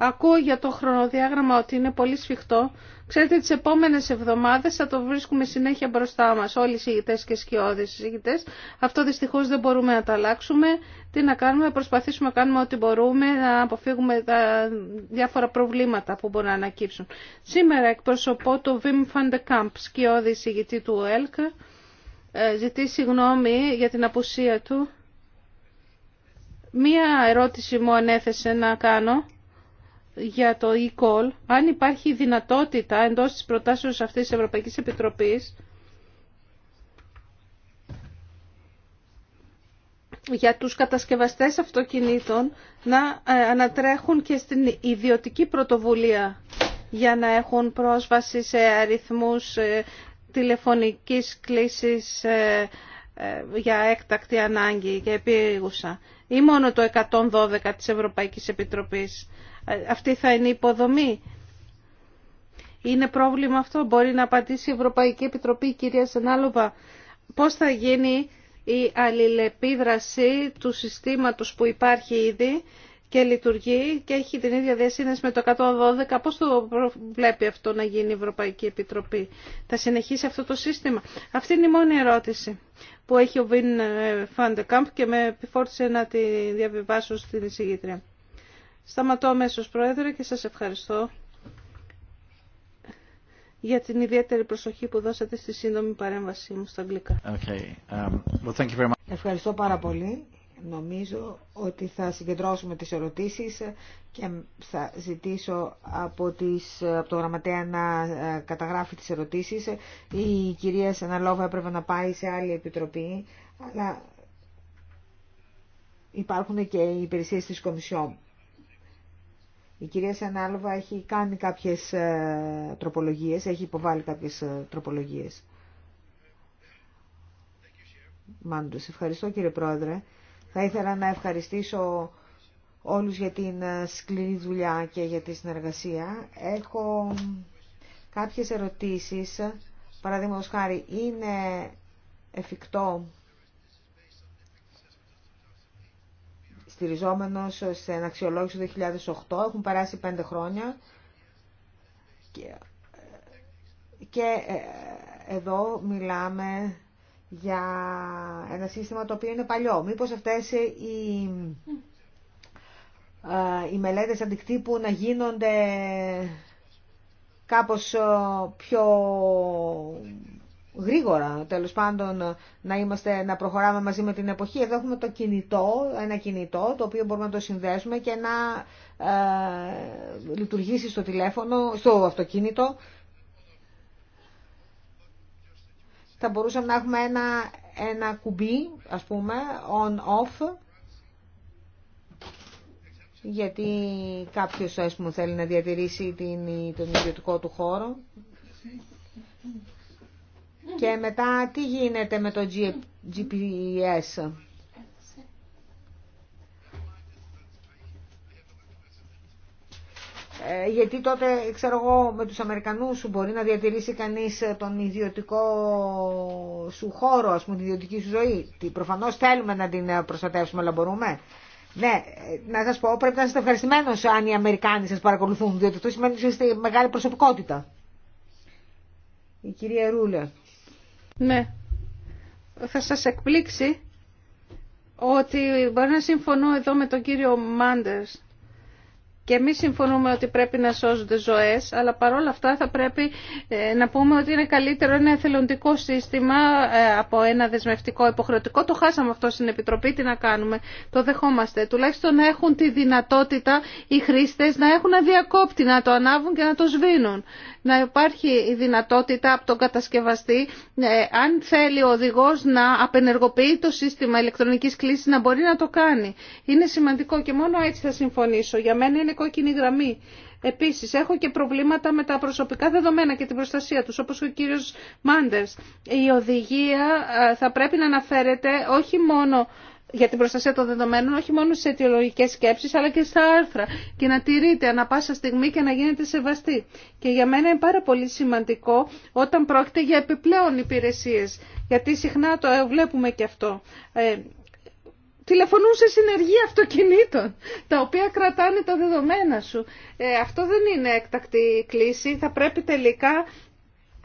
Ακούω για το χρονοδιάγραμμα ότι είναι πολύ σφιχτό. Ξέρετε, τις επόμενες εβδομάδες θα το βρίσκουμε συνέχεια μπροστά μας, όλοι οι συγητές και σκιώδες συγητές. Αυτό δυστυχώς δεν μπορούμε να τα αλλάξουμε. Τι να κάνουμε, να προσπαθήσουμε να κάνουμε ό,τι μπορούμε, να αποφύγουμε τα διάφορα προβλήματα που μπορούν να ανακύψουν. Σήμερα εκπροσωπώ το Wim van de σκιώδη συγητή του ΕΛΚ. Ε, Ζητεί συγγνώμη για την απουσία του. Μία ερώτηση μου ανέθεσε να κάνω για το e-call, αν υπάρχει δυνατότητα εντός της προτάσεως αυτής της Ευρωπαϊκής Επιτροπής για τους κατασκευαστές αυτοκινήτων να ε, ανατρέχουν και στην ιδιωτική πρωτοβουλία για να έχουν πρόσβαση σε αριθμούς ε, τηλεφωνικής κλήσης ε, για έκτακτη ανάγκη και επίγουσα ή μόνο το 112 της Ευρωπαϊκής Επιτροπής αυτή θα είναι η υποδομή. Είναι πρόβλημα αυτό. Μπορεί να απαντήσει η Ευρωπαϊκή Επιτροπή, η κυρία Σενάλοβα, πώς θα γίνει η αλληλεπίδραση του συστήματος που υπάρχει ήδη και λειτουργεί και έχει την ίδια διασύνδεση με το 112. Πώς το βλέπει αυτό να γίνει η Ευρωπαϊκή Επιτροπή. Θα συνεχίσει αυτό το σύστημα. Αυτή είναι η μόνη ερώτηση που έχει ο Βιν ε, Φαντεκάμπ και με επιφόρτησε να τη διαβιβάσω στην εισηγήτρια. Σταματώ αμέσω, Πρόεδρε, και σας ευχαριστώ για την ιδιαίτερη προσοχή που δώσατε στη σύντομη παρέμβασή μου στα αγγλικά. Okay. Um, well, thank you very much.
Ευχαριστώ πάρα πολύ. Νομίζω ότι θα συγκεντρώσουμε τις ερωτήσεις και θα ζητήσω από, τις, από το γραμματέα να ε, καταγράφει τις ερωτήσεις. Η κυρία Σαναλόβα έπρεπε να πάει σε άλλη επιτροπή, αλλά υπάρχουν και οι υπηρεσίες της Κομισιόν. Η κυρία Σανάλοβα έχει κάνει κάποιες ε, τροπολογίες, έχει υποβάλει κάποιες ε, τροπολογίες. Μάντους, ευχαριστώ κύριε Πρόεδρε. Θα ήθελα να ευχαριστήσω όλους για την ε, σκληρή δουλειά και για τη συνεργασία. Έχω κάποιες ερωτήσεις. Παραδείγματος χάρη, είναι εφικτό στηριζόμενος σε αξιολόγηση του 2008, έχουν περάσει πέντε χρόνια και, και ε, εδώ μιλάμε για ένα σύστημα το οποίο είναι παλιό. Μήπως αυτές οι, ε, οι μελέτες αντικτύπου να γίνονται κάπως ε, πιο γρήγορα, τέλος πάντων, να, είμαστε, να προχωράμε μαζί με την εποχή. Εδώ έχουμε το κινητό, ένα κινητό, το οποίο μπορούμε να το συνδέσουμε και να ε, λειτουργήσει στο τηλέφωνο, στο αυτοκίνητο. Θα μπορούσαμε να έχουμε ένα, ένα κουμπί, ας πούμε, on-off, γιατί κάποιος, ας πούμε, θέλει να διατηρήσει την, τον ιδιωτικό του χώρο. Και μετά τι γίνεται με το GPS. Ε, γιατί τότε, ξέρω εγώ, με τους Αμερικανούς σου μπορεί να διατηρήσει κανείς τον ιδιωτικό σου χώρο, ας πούμε, την ιδιωτική σου ζωή. Τι, προφανώς θέλουμε να την ε, προστατεύσουμε, αλλά μπορούμε. Ναι, ε, να σας πω, πρέπει να είστε ευχαριστημένος αν οι Αμερικάνοι σας παρακολουθούν, διότι αυτό σημαίνει ότι είστε μεγάλη προσωπικότητα. Η κυρία Ρούλε.
Ναι. Θα σας εκπλήξει ότι μπορεί να συμφωνώ εδώ με τον κύριο Μάντερς. Και εμείς συμφωνούμε ότι πρέπει να σώζονται ζωές, αλλά παρόλα αυτά θα πρέπει ε, να πούμε ότι είναι καλύτερο ένα εθελοντικό σύστημα ε, από ένα δεσμευτικό υποχρεωτικό. Το χάσαμε αυτό στην Επιτροπή, τι να κάνουμε, το δεχόμαστε. Τουλάχιστον να έχουν τη δυνατότητα οι χρήστες να έχουν αδιακόπτη, να το ανάβουν και να το σβήνουν να υπάρχει η δυνατότητα από τον κατασκευαστή, ε, αν θέλει ο οδηγός να απενεργοποιεί το σύστημα ηλεκτρονικής κλίσης, να μπορεί να το κάνει. Είναι σημαντικό και μόνο έτσι θα συμφωνήσω. Για μένα είναι κόκκινη γραμμή. Επίσης, έχω και προβλήματα με τα προσωπικά δεδομένα και την προστασία τους, όπως ο κύριος Μάντερς. Η οδηγία ε, θα πρέπει να αναφέρεται όχι μόνο για την προστασία των δεδομένων όχι μόνο σε αιτιολογικές σκέψεις αλλά και στα άρθρα και να τηρείται ανα πάσα στιγμή και να γίνεται σεβαστή. Και για μένα είναι πάρα πολύ σημαντικό όταν πρόκειται για επιπλέον υπηρεσίες γιατί συχνά το βλέπουμε και αυτό. Ε, τηλεφωνούν σε συνεργεία αυτοκινήτων τα οποία κρατάνε τα δεδομένα σου. Ε, αυτό δεν είναι έκτακτη κλίση. Θα πρέπει τελικά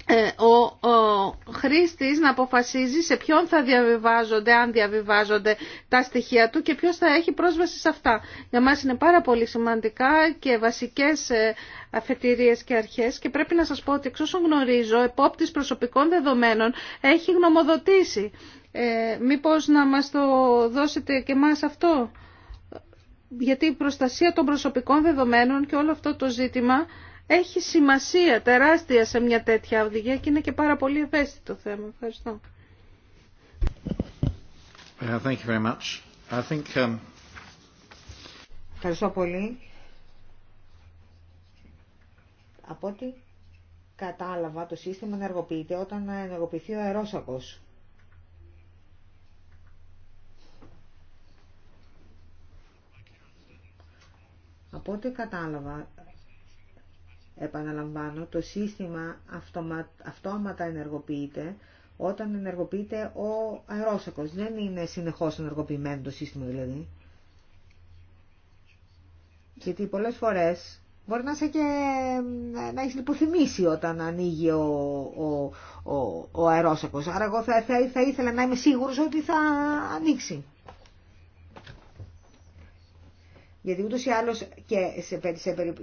ε, ο, ο χρήστης να αποφασίζει σε ποιον θα διαβιβάζονται, αν διαβιβάζονται τα στοιχεία του και ποιος θα έχει πρόσβαση σε αυτά. Για μας είναι πάρα πολύ σημαντικά και βασικές ε, αφετηρίες και αρχές και πρέπει να σας πω ότι εξ όσων γνωρίζω, επόπτης προσωπικών δεδομένων έχει γνωμοδοτήσει. Ε, μήπως να μας το δώσετε και μας αυτό. Γιατί η προστασία των προσωπικών δεδομένων και όλο αυτό το ζήτημα έχει σημασία τεράστια σε μια τέτοια οδηγία και είναι και πάρα πολύ ευαίσθητο θέμα. Ευχαριστώ.
Thank you very much. I think, um...
Ευχαριστώ πολύ. Από ό,τι κατάλαβα το σύστημα ενεργοποιείται όταν ενεργοποιηθεί ο αερόσακος. Από ό,τι κατάλαβα, Επαναλαμβάνω, το σύστημα αυτόματα ενεργοποιείται όταν ενεργοποιείται ο αερόσακος. Δεν είναι συνεχώς ενεργοποιημένο το σύστημα δηλαδή. Γιατί πολλές φορές μπορεί να είσαι και να έχει λιποθυμίσει όταν ανοίγει ο, ο, ο, αερόσακος. Άρα εγώ θα, θα ήθελα να είμαι σίγουρος ότι θα ανοίξει. Γιατί ούτω ή άλλω και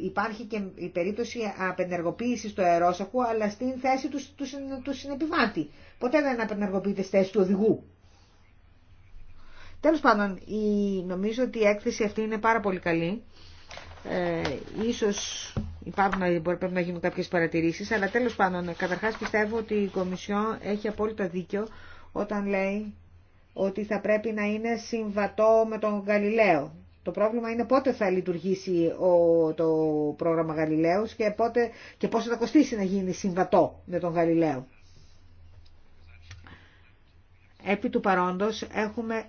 υπάρχει και η περίπτωση απενεργοποίηση του αερόσακου, αλλά στην θέση του, του, του συνεπιβάτη. Ποτέ δεν απενεργοποιείται στη θέση του οδηγού. Τέλο πάντων, νομίζω ότι η έκθεση αυτή είναι πάρα πολύ καλή. Ε, ίσως υπάρχουν, μπορεί, πρέπει να γίνουν κάποιες παρατηρήσεις, αλλά τέλος πάντων, καταρχάς πιστεύω ότι η Κομισιόν έχει απόλυτα δίκιο όταν λέει ότι θα πρέπει να είναι συμβατό με τον Γαλιλαίο. Το πρόβλημα είναι πότε θα λειτουργήσει το πρόγραμμα Γαλιλαίους και, πότε, και πόσο θα κοστίσει να γίνει συμβατό με τον Γαλιλαίο. Επί του παρόντος έχουμε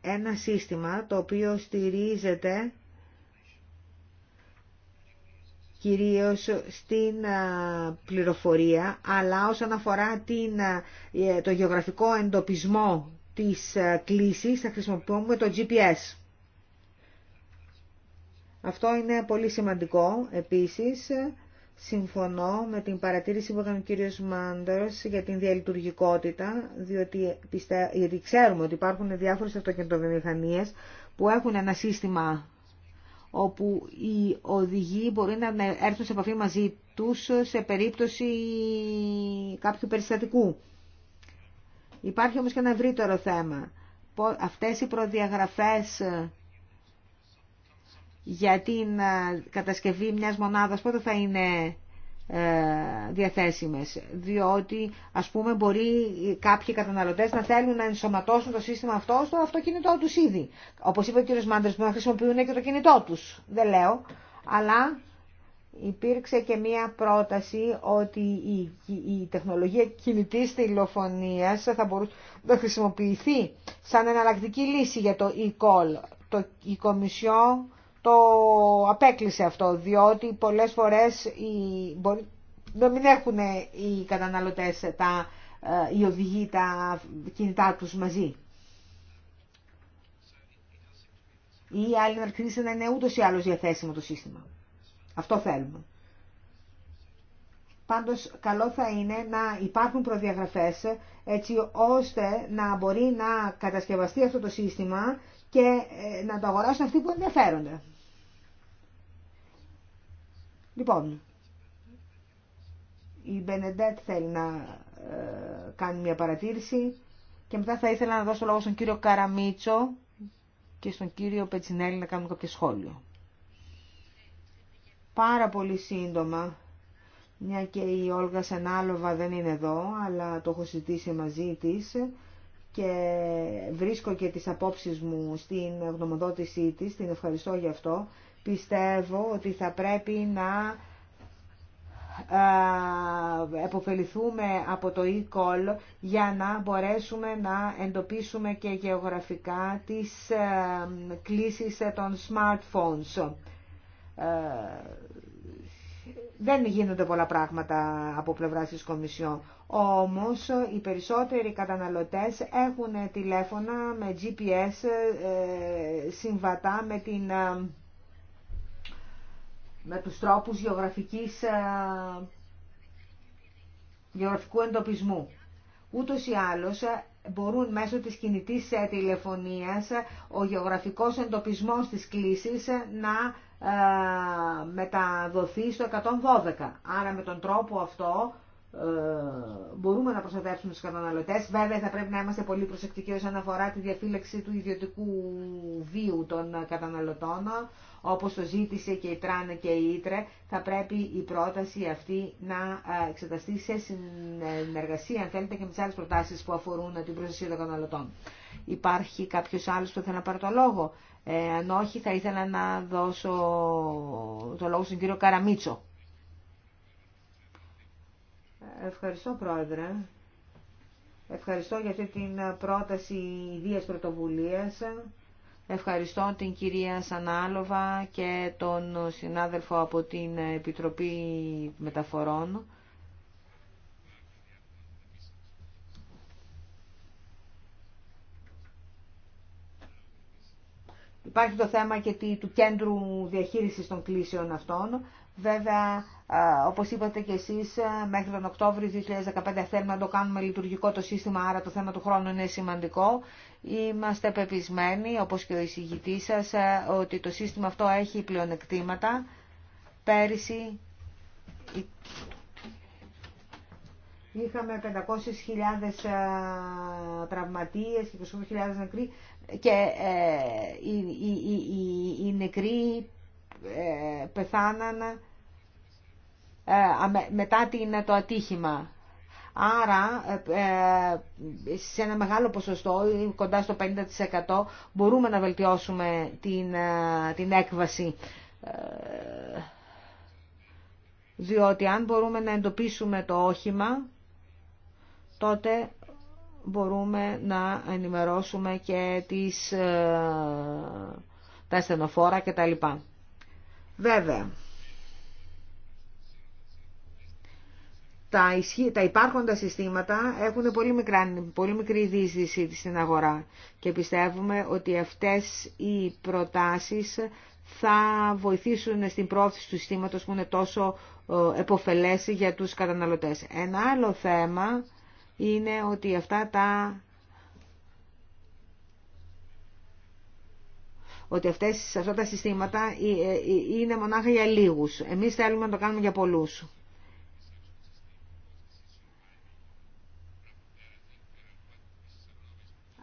ένα σύστημα το οποίο στηρίζεται κυρίως στην πληροφορία, αλλά όσον αφορά την, ε, το γεωγραφικό εντοπισμό της κλίσης θα χρησιμοποιούμε το GPS. Αυτό είναι πολύ σημαντικό. Επίσης, συμφωνώ με την παρατήρηση που έκανε ο κύριος για την διαλειτουργικότητα, διότι, πιστε... ξέρουμε ότι υπάρχουν διάφορες αυτοκινητοβιομηχανίες που έχουν ένα σύστημα όπου οι οδηγοί μπορεί να έρθουν σε επαφή μαζί τους σε περίπτωση κάποιου περιστατικού. Υπάρχει όμως και ένα ευρύτερο θέμα. Αυτές οι προδιαγραφές για την ε, κατασκευή μιας μονάδας πότε θα είναι ε, διαθέσιμες διότι ας πούμε μπορεί κάποιοι καταναλωτές να θέλουν να ενσωματώσουν το σύστημα αυτό στο αυτοκίνητό τους ήδη όπως είπε ο κ. Μάντρες που να χρησιμοποιούν και το κινητό τους δεν λέω αλλά υπήρξε και μία πρόταση ότι η, η, τεχνολογία κινητής τηλεφωνίας θα μπορούσε να χρησιμοποιηθεί σαν εναλλακτική λύση για το e-call το, e-commission το απέκλεισε αυτό, διότι πολλές φορές οι, έχουν οι καταναλωτές τα, ε, οι οδηγοί τα κινητά τους μαζί. Ή άλλοι να αρχίσει να είναι ούτως ή άλλως διαθέσιμο το σύστημα. Αυτό θέλουμε. Πάντως καλό θα είναι να υπάρχουν προδιαγραφές έτσι ώστε να μπορεί να κατασκευαστεί αυτό το σύστημα και ε, να το αγοράσουν αυτοί που ενδιαφέρονται. Λοιπόν, η Μπενεντέτ θέλει να ε, κάνει μια παρατήρηση και μετά θα ήθελα να δώσω λόγο στον κύριο Καραμίτσο και στον κύριο Πετσινέλη να κάνουν κάποιο σχόλιο. Πάρα πολύ σύντομα, μια και η Όλγα Σενάλοβα δεν είναι εδώ, αλλά το έχω συζητήσει μαζί της και βρίσκω και τις απόψεις μου στην γνωμοδότησή της, την ευχαριστώ για αυτό πιστεύω ότι θα πρέπει να εποφεληθούμε από το e-call για να μπορέσουμε να εντοπίσουμε και γεωγραφικά τις κλήσεις των smartphones. Δεν γίνονται πολλά πράγματα από πλευρά της Κομισιόν. Όμως οι περισσότεροι καταναλωτές έχουν τηλέφωνα με GPS ε, συμβατά με την με τους τρόπους γεωγραφικής, ε, γεωγραφικού εντοπισμού. Ούτως ή άλλως ε, μπορούν μέσω της κινητής ε, τηλεφωνίας ο γεωγραφικός εντοπισμός της κλήσης να μεταδοθεί στο 112. Άρα με τον τρόπο αυτό μπορούμε να προστατεύσουμε τους καταναλωτές. Βέβαια θα πρέπει να είμαστε πολύ προσεκτικοί όσον αφορά τη διαφύλαξη του ιδιωτικού βίου των καταναλωτών όπως το ζήτησε και η Τραν και η Ήτρε, θα πρέπει η πρόταση αυτή να ε, εξεταστεί σε συνεργασία, αν θέλετε, και με τις άλλες προτάσεις που αφορούν την προστασία των καταναλωτών. Υπάρχει κάποιος άλλος που θέλει να πάρει το λόγο. Ε, αν όχι, θα ήθελα να δώσω το λόγο στον κύριο Καραμίτσο. Ευχαριστώ, Πρόεδρε. Ευχαριστώ για αυτή την πρόταση ιδίας πρωτοβουλίας. Ευχαριστώ την κυρία Σανάλοβα και τον συνάδελφο από την Επιτροπή Μεταφορών. Υπάρχει το θέμα και του κέντρου διαχείρισης των κλήσεων αυτών. Βέβαια, όπως είπατε και εσείς, μέχρι τον Οκτώβριο 2015 θέλουμε να το κάνουμε λειτουργικό το σύστημα, άρα το θέμα του χρόνου είναι σημαντικό. Είμαστε πεπισμένοι, όπως και ο εισηγητής σας, ότι το σύστημα αυτό έχει πλεονεκτήματα. Πέρυσι είχαμε 500.000 τραυματίες και 20.000 νεκροί και ε, οι, οι, οι, οι νεκροί ε, πεθάναν ε, μετά την, το ατύχημα. Άρα, ε, σε ένα μεγάλο ποσοστό, κοντά στο 50%, μπορούμε να βελτιώσουμε την, την έκβαση. Διότι αν μπορούμε να εντοπίσουμε το όχημα, τότε μπορούμε να ενημερώσουμε και τις, τα ασθενοφόρα κτλ. Βέβαια, τα, υπάρχοντα συστήματα έχουν πολύ, μικρά, πολύ μικρή δίσδυση στην αγορά και πιστεύουμε ότι αυτές οι προτάσεις θα βοηθήσουν στην πρόθεση του συστήματος που είναι τόσο ε, εποφελές για τους καταναλωτές. Ένα άλλο θέμα είναι ότι αυτά τα ότι αυτές, αυτά τα συστήματα ε, ε, είναι μονάχα για λίγους. Εμείς θέλουμε να το κάνουμε για πολλούς.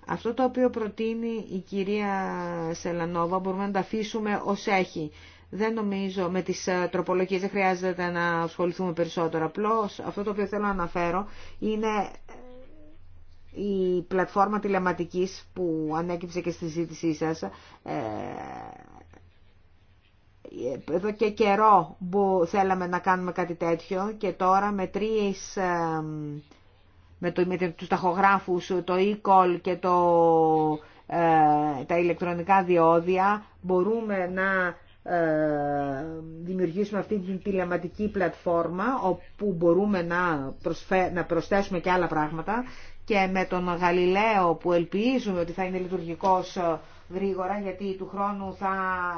Αυτό το οποίο προτείνει η κυρία Σελανόβα μπορούμε να τα αφήσουμε ως έχει. Δεν νομίζω με τις ε, τροπολογίες δεν χρειάζεται να ασχοληθούμε περισσότερο. Απλώς αυτό το οποίο θέλω να αναφέρω είναι η πλατφόρμα τηλεματικής που ανέκυψε και στη ζήτησή σας ε, εδώ και καιρό που θέλαμε να κάνουμε κάτι τέτοιο και τώρα με τρεις ε, με, το, με τους ταχογράφους, το e-call και το, ε, τα ηλεκτρονικά διόδια μπορούμε να δημιουργήσουμε αυτή την τηλεματική πλατφόρμα όπου μπορούμε να, να προσθέσουμε και άλλα πράγματα και με τον Γαλιλαίο που ελπίζουμε ότι θα είναι λειτουργικός ε, γρήγορα γιατί του χρόνου θα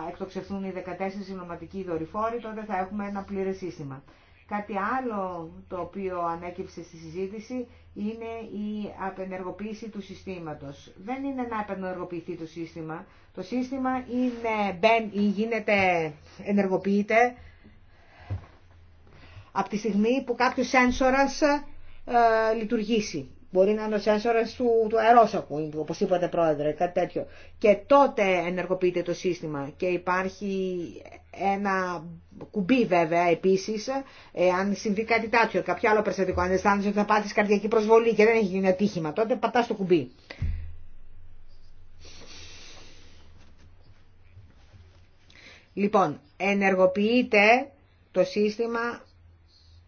εκτοξευθούν οι 14 συνοματικοί δορυφόροι, τότε θα έχουμε ένα πλήρε σύστημα. Κάτι άλλο το οποίο ανέκυψε στη συζήτηση είναι η απενεργοποίηση του συστήματος. Δεν είναι να απενεργοποιηθεί το σύστημα. Το σύστημα είναι, γίνεται, ενεργοποιείται από τη στιγμή που κάποιος σένσορας ε, λειτουργήσει. Μπορεί να είναι ο σένσορα του, του αερόσακου, όπω είπατε πρόεδρε, κάτι τέτοιο. Και τότε ενεργοποιείται το σύστημα. Και υπάρχει ένα κουμπί βέβαια επίση, ε, αν συμβεί κάτι τέτοιο, κάποιο άλλο περιστατικό. Αν αισθάνεσαι ότι θα πάθει καρδιακή προσβολή και δεν έχει γίνει ατύχημα, τότε πατά το κουμπί. Λοιπόν, ενεργοποιείται το σύστημα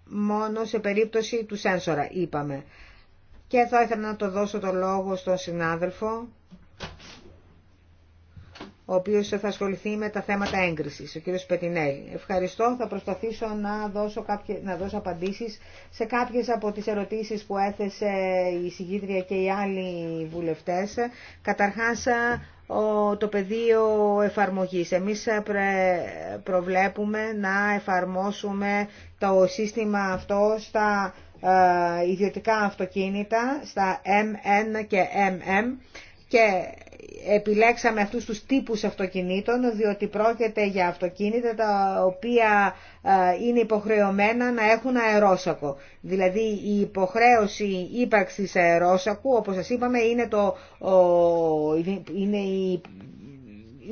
μόνο σε περίπτωση του σένσορα, είπαμε και θα ήθελα να το δώσω το λόγο στον συνάδελφο, ο οποίος θα ασχοληθεί με τα θέματα έγκρισης, ο κύριος Πετινέλη. Ευχαριστώ, θα προσπαθήσω να δώσω, κάποιες, να δώσω απαντήσεις σε κάποιες από τις ερωτήσεις που έθεσε η συγκίτρια και οι άλλοι βουλευτές. Καταρχάς, το πεδίο εφαρμογής. Εμείς ε, προβλέπουμε να εφαρμόσουμε το σύστημα αυτό στα ε, ιδιωτικά αυτοκίνητα, στα M1 και MM και επιλέξαμε αυτούς τους τύπους αυτοκινήτων διότι πρόκειται για αυτοκίνητα τα οποία ε, είναι υποχρεωμένα να έχουν αερόσακο. Δηλαδή η υποχρέωση ύπαρξης αερόσακου όπως σας είπαμε είναι, το, είναι η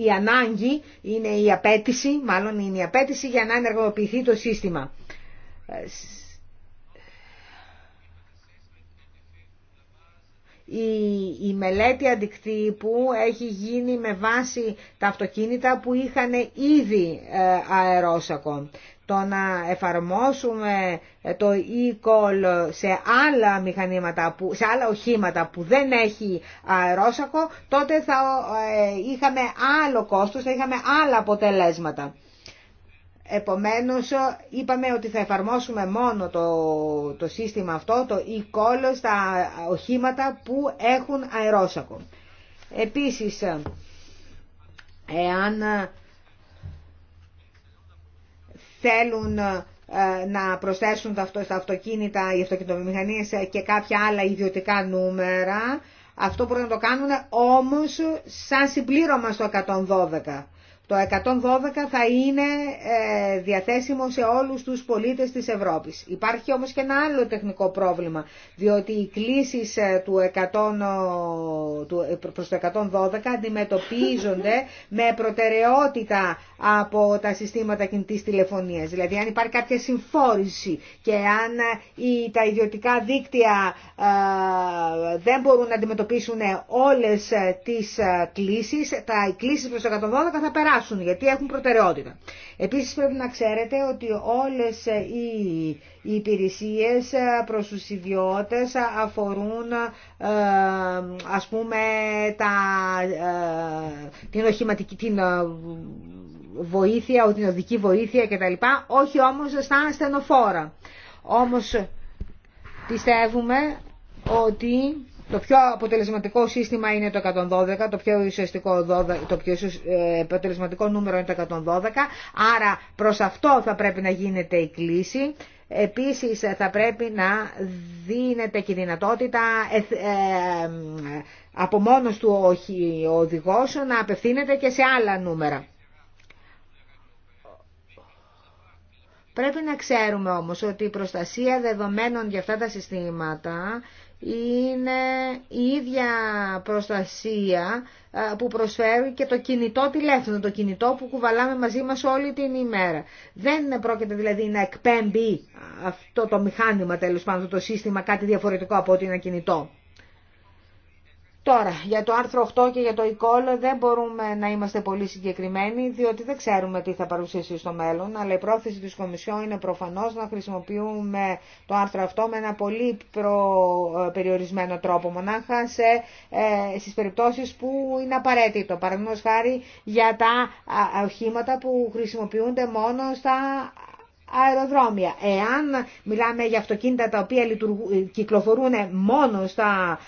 η ανάγκη, είναι η απέτηση, μάλλον είναι η απέτηση για να ενεργοποιηθεί το σύστημα. Ε, η, μελέτη αντικτύπου έχει γίνει με βάση τα αυτοκίνητα που είχαν ήδη ε, αερόσακο. Το να εφαρμόσουμε ε, το e-call σε άλλα μηχανήματα, που, σε άλλα οχήματα που δεν έχει αερόσακο, τότε θα ε, είχαμε άλλο κόστος, θα είχαμε άλλα αποτελέσματα. Επομένως είπαμε ότι θα εφαρμόσουμε μόνο το, σύστημα αυτό, το e-call, στα οχήματα που έχουν αερόσακο. Επίσης, εάν ε, θέλουν ε, να προσθέσουν τα αυτοκίνητα οι αυτοκινητομηχανίες και κάποια άλλα ιδιωτικά νούμερα, αυτό μπορούν να το κάνουν όμως σαν συμπλήρωμα στο 112 το 112 θα είναι ε, διαθέσιμο σε όλους τους πολίτες της Ευρώπης. Υπάρχει όμως και ένα άλλο τεχνικό πρόβλημα, διότι οι κλήσεις ε, του 100, ε, προς το 112 αντιμετωπίζονται <laughs> με προτεραιότητα από τα συστήματα κινητής τηλεφωνίας. Δηλαδή αν υπάρχει κάποια συμφόρηση και αν τα ιδιωτικά δίκτυα δεν μπορούν να αντιμετωπίσουν όλες τις κλήσεις, τα κλήσεις προς το 112 θα περάσουν περάσουν γιατί έχουν προτεραιότητα. Επίσης πρέπει να ξέρετε ότι όλες οι υπηρεσίες προς τους ιδιώτες αφορούν ε, ας πούμε τα, ε, την, οχηματική, την ε, βοήθεια, την οδική βοήθεια κτλ. Όχι όμως στα ασθενοφόρα. Όμως πιστεύουμε ότι το πιο αποτελεσματικό σύστημα είναι το 112, το πιο, ουσιαστικό, το πιο ε, αποτελεσματικό νούμερο είναι το 112, άρα προς αυτό θα πρέπει να γίνεται η κλίση. Επίσης θα πρέπει να δίνεται και η δυνατότητα ε, ε, από μόνος του ο οδηγός να απευθύνεται και σε άλλα νούμερα. Πρέπει να ξέρουμε όμως ότι η προστασία δεδομένων για αυτά τα συστήματα είναι η ίδια προστασία που προσφέρει και το κινητό τηλέφωνο, το κινητό που κουβαλάμε μαζί μας όλη την ημέρα. Δεν πρόκειται δηλαδή να εκπέμπει αυτό το μηχάνημα τέλος πάντων, το σύστημα κάτι διαφορετικό από ότι είναι κινητό. Τώρα, για το άρθρο 8 και για το e δεν μπορούμε να είμαστε πολύ συγκεκριμένοι, διότι δεν ξέρουμε τι θα παρουσιαστεί στο μέλλον, αλλά η πρόθεση της Κομισιόν είναι προφανώς να χρησιμοποιούμε το άρθρο αυτό με ένα πολύ ε, περιορισμένο τρόπο μονάχα σε, ε, στις περιπτώσεις που είναι απαραίτητο. Παραδείγματος χάρη για τα οχήματα που χρησιμοποιούνται μόνο στα αεροδρόμια. Εάν μιλάμε για αυτοκίνητα τα οποία ε, κυκλοφορούν μόνο στα,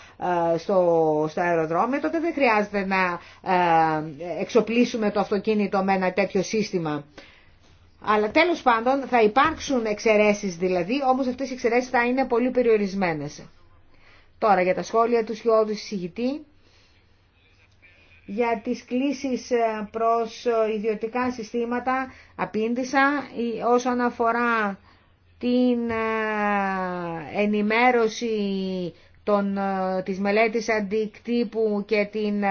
ε, στο, στα αεροδρόμια, τότε δεν χρειάζεται να ε, εξοπλίσουμε το αυτοκίνητο με ένα τέτοιο σύστημα. Αλλά τέλος πάντων θα υπάρξουν εξαιρέσεις δηλαδή, όμως αυτές οι εξαιρέσεις θα είναι πολύ περιορισμένες. Τώρα για τα σχόλια του Σιώδου Συγητή για τις κλήσεις ε, προς ε, ιδιωτικά συστήματα απήντησα όσον αφορά την ε, ενημέρωση των, της μελέτης αντικτύπου και, την,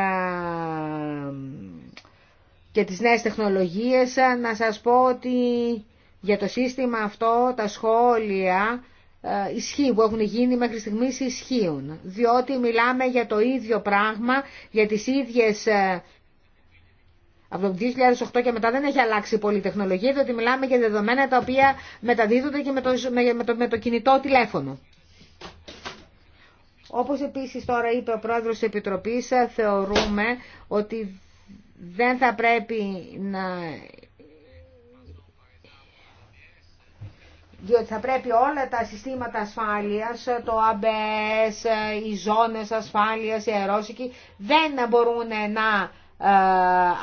και τις νέες τεχνολογίες να σας πω ότι για το σύστημα αυτό τα σχόλια ε, ισχύει, που έχουν γίνει μέχρι στιγμής ισχύουν. Διότι μιλάμε για το ίδιο πράγμα, για τις ίδιες... Ε, από το 2008 και μετά δεν έχει αλλάξει πολύ η τεχνολογία, διότι μιλάμε για δεδομένα τα οποία μεταδίδονται και με το, με με το κινητό τηλέφωνο. Όπως επίσης τώρα είπε ο πρόεδρος της Επιτροπής, ε, θεωρούμε ότι δεν θα πρέπει να διότι θα πρέπει όλα τα συστήματα ασφάλειας, το ABS, οι ζώνες ασφάλειας, οι αερόσικοι, δεν μπορούν να ε,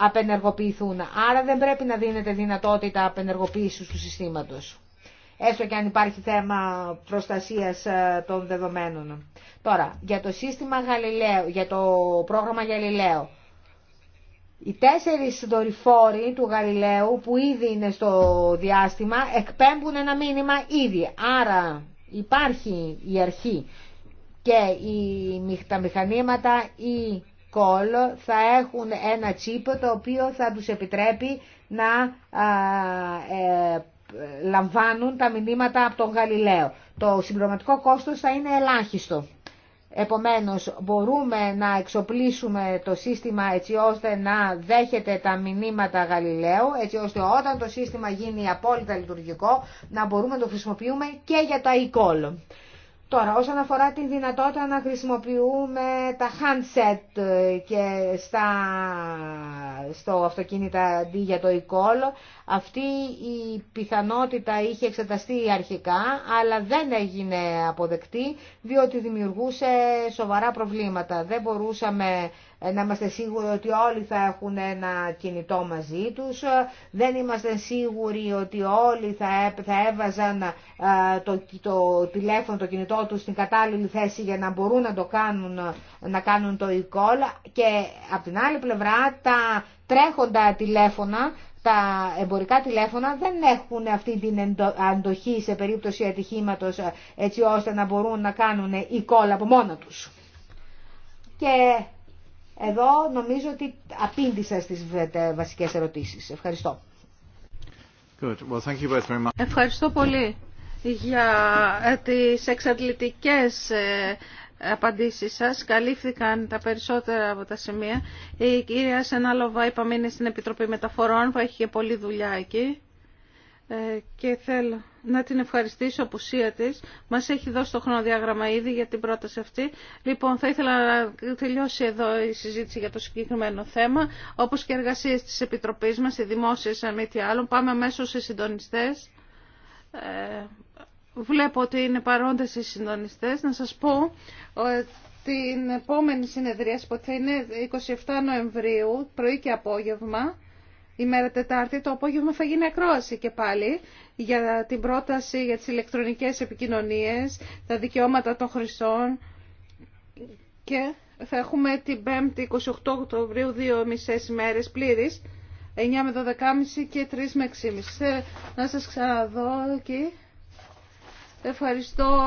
απενεργοποιηθούν. Άρα δεν πρέπει να δίνεται δυνατότητα απενεργοποίησης του συστήματος. Έστω και αν υπάρχει θέμα προστασίας ε, των δεδομένων. Τώρα, για το σύστημα Γαλιλαίου, για το πρόγραμμα Γαλιλαίο. Οι τέσσερις δορυφόροι του Γαλιλαίου που ήδη είναι στο διάστημα εκπέμπουν ένα μήνυμα ήδη. Άρα υπάρχει η αρχή και οι, τα μηχανήματα ή κόλ θα έχουν ένα τσίπ το οποίο θα τους επιτρέπει να ε, λαμβάνουν τα μηνύματα από τον Γαλιλαίο. Το συμπληρωματικό κόστος θα είναι ελάχιστο. Επομένως, μπορούμε να εξοπλίσουμε το σύστημα έτσι ώστε να δέχεται τα μηνύματα Γαλιλαίου, έτσι ώστε όταν το σύστημα γίνει απόλυτα λειτουργικό, να μπορούμε να το χρησιμοποιούμε και για τα e-call. Τώρα, όσον αφορά την δυνατότητα να χρησιμοποιούμε τα handset ε, και στα, στο αυτοκίνητα αντί για το e-call, αυτή η πιθανότητα είχε εξεταστεί αρχικά, αλλά δεν έγινε αποδεκτή, διότι δημιουργούσε σοβαρά προβλήματα. Δεν μπορούσαμε ε, να είμαστε σίγουροι ότι όλοι θα έχουν ένα κινητό μαζί τους, ε, δεν είμαστε σίγουροι ότι όλοι θα, θα έβαζαν ε, το, το τηλέφωνο, το κινητό τους στην κατάλληλη θέση για να μπορούν να το κάνουν, να κάνουν το e-call και από την άλλη πλευρά τα τρέχοντα τηλέφωνα τα εμπορικά τηλέφωνα δεν έχουν αυτή την αντοχή σε περίπτωση ατυχήματος έτσι ώστε να μπορούν να κάνουν e-call από μόνα τους. Εδώ νομίζω ότι απήντησα στις βασικές ερωτήσεις. Ευχαριστώ. Ευχαριστώ πολύ για
ε, τις εξαντλητικές ε, απαντήσεις σας. Καλύφθηκαν τα περισσότερα από τα σημεία. Η κυρία Σενάλοβα είπαμε είναι στην Επιτροπή Μεταφορών που έχει και πολλή δουλειά εκεί. Ε, και θέλω να την ευχαριστήσω απουσία τη, Μας έχει δώσει το χρονοδιάγραμμα ήδη για την πρόταση αυτή. Λοιπόν, θα ήθελα να τελειώσει εδώ η συζήτηση για το συγκεκριμένο θέμα, όπως και εργασίε τη Επιτροπής μας, οι δημόσιε, αν μη τι άλλο. Πάμε αμέσω σε συντονιστέ. Ε, βλέπω ότι είναι παρόντες οι συντονιστέ, Να σας πω ε, την επόμενη συνεδρία που θα είναι 27 Νοεμβρίου, πρωί και απόγευμα, ημέρα Τετάρτη το απόγευμα θα γίνει ακρόαση και πάλι για την πρόταση για τις ηλεκτρονικές επικοινωνίες, τα δικαιώματα των χρυσών και θα έχουμε την 5η 28 Οκτωβρίου δύο μισές ημέρες πλήρης, 9 με 12.30 και 3 με 6.30. Ε, να σας ξαναδώ εκεί. Ευχαριστώ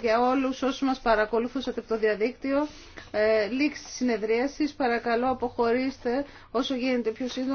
για όλους όσους μας παρακολουθούσατε από το διαδίκτυο. Ε, λήξη της συνεδρίασης. Παρακαλώ αποχωρήστε όσο γίνεται πιο σύντομα.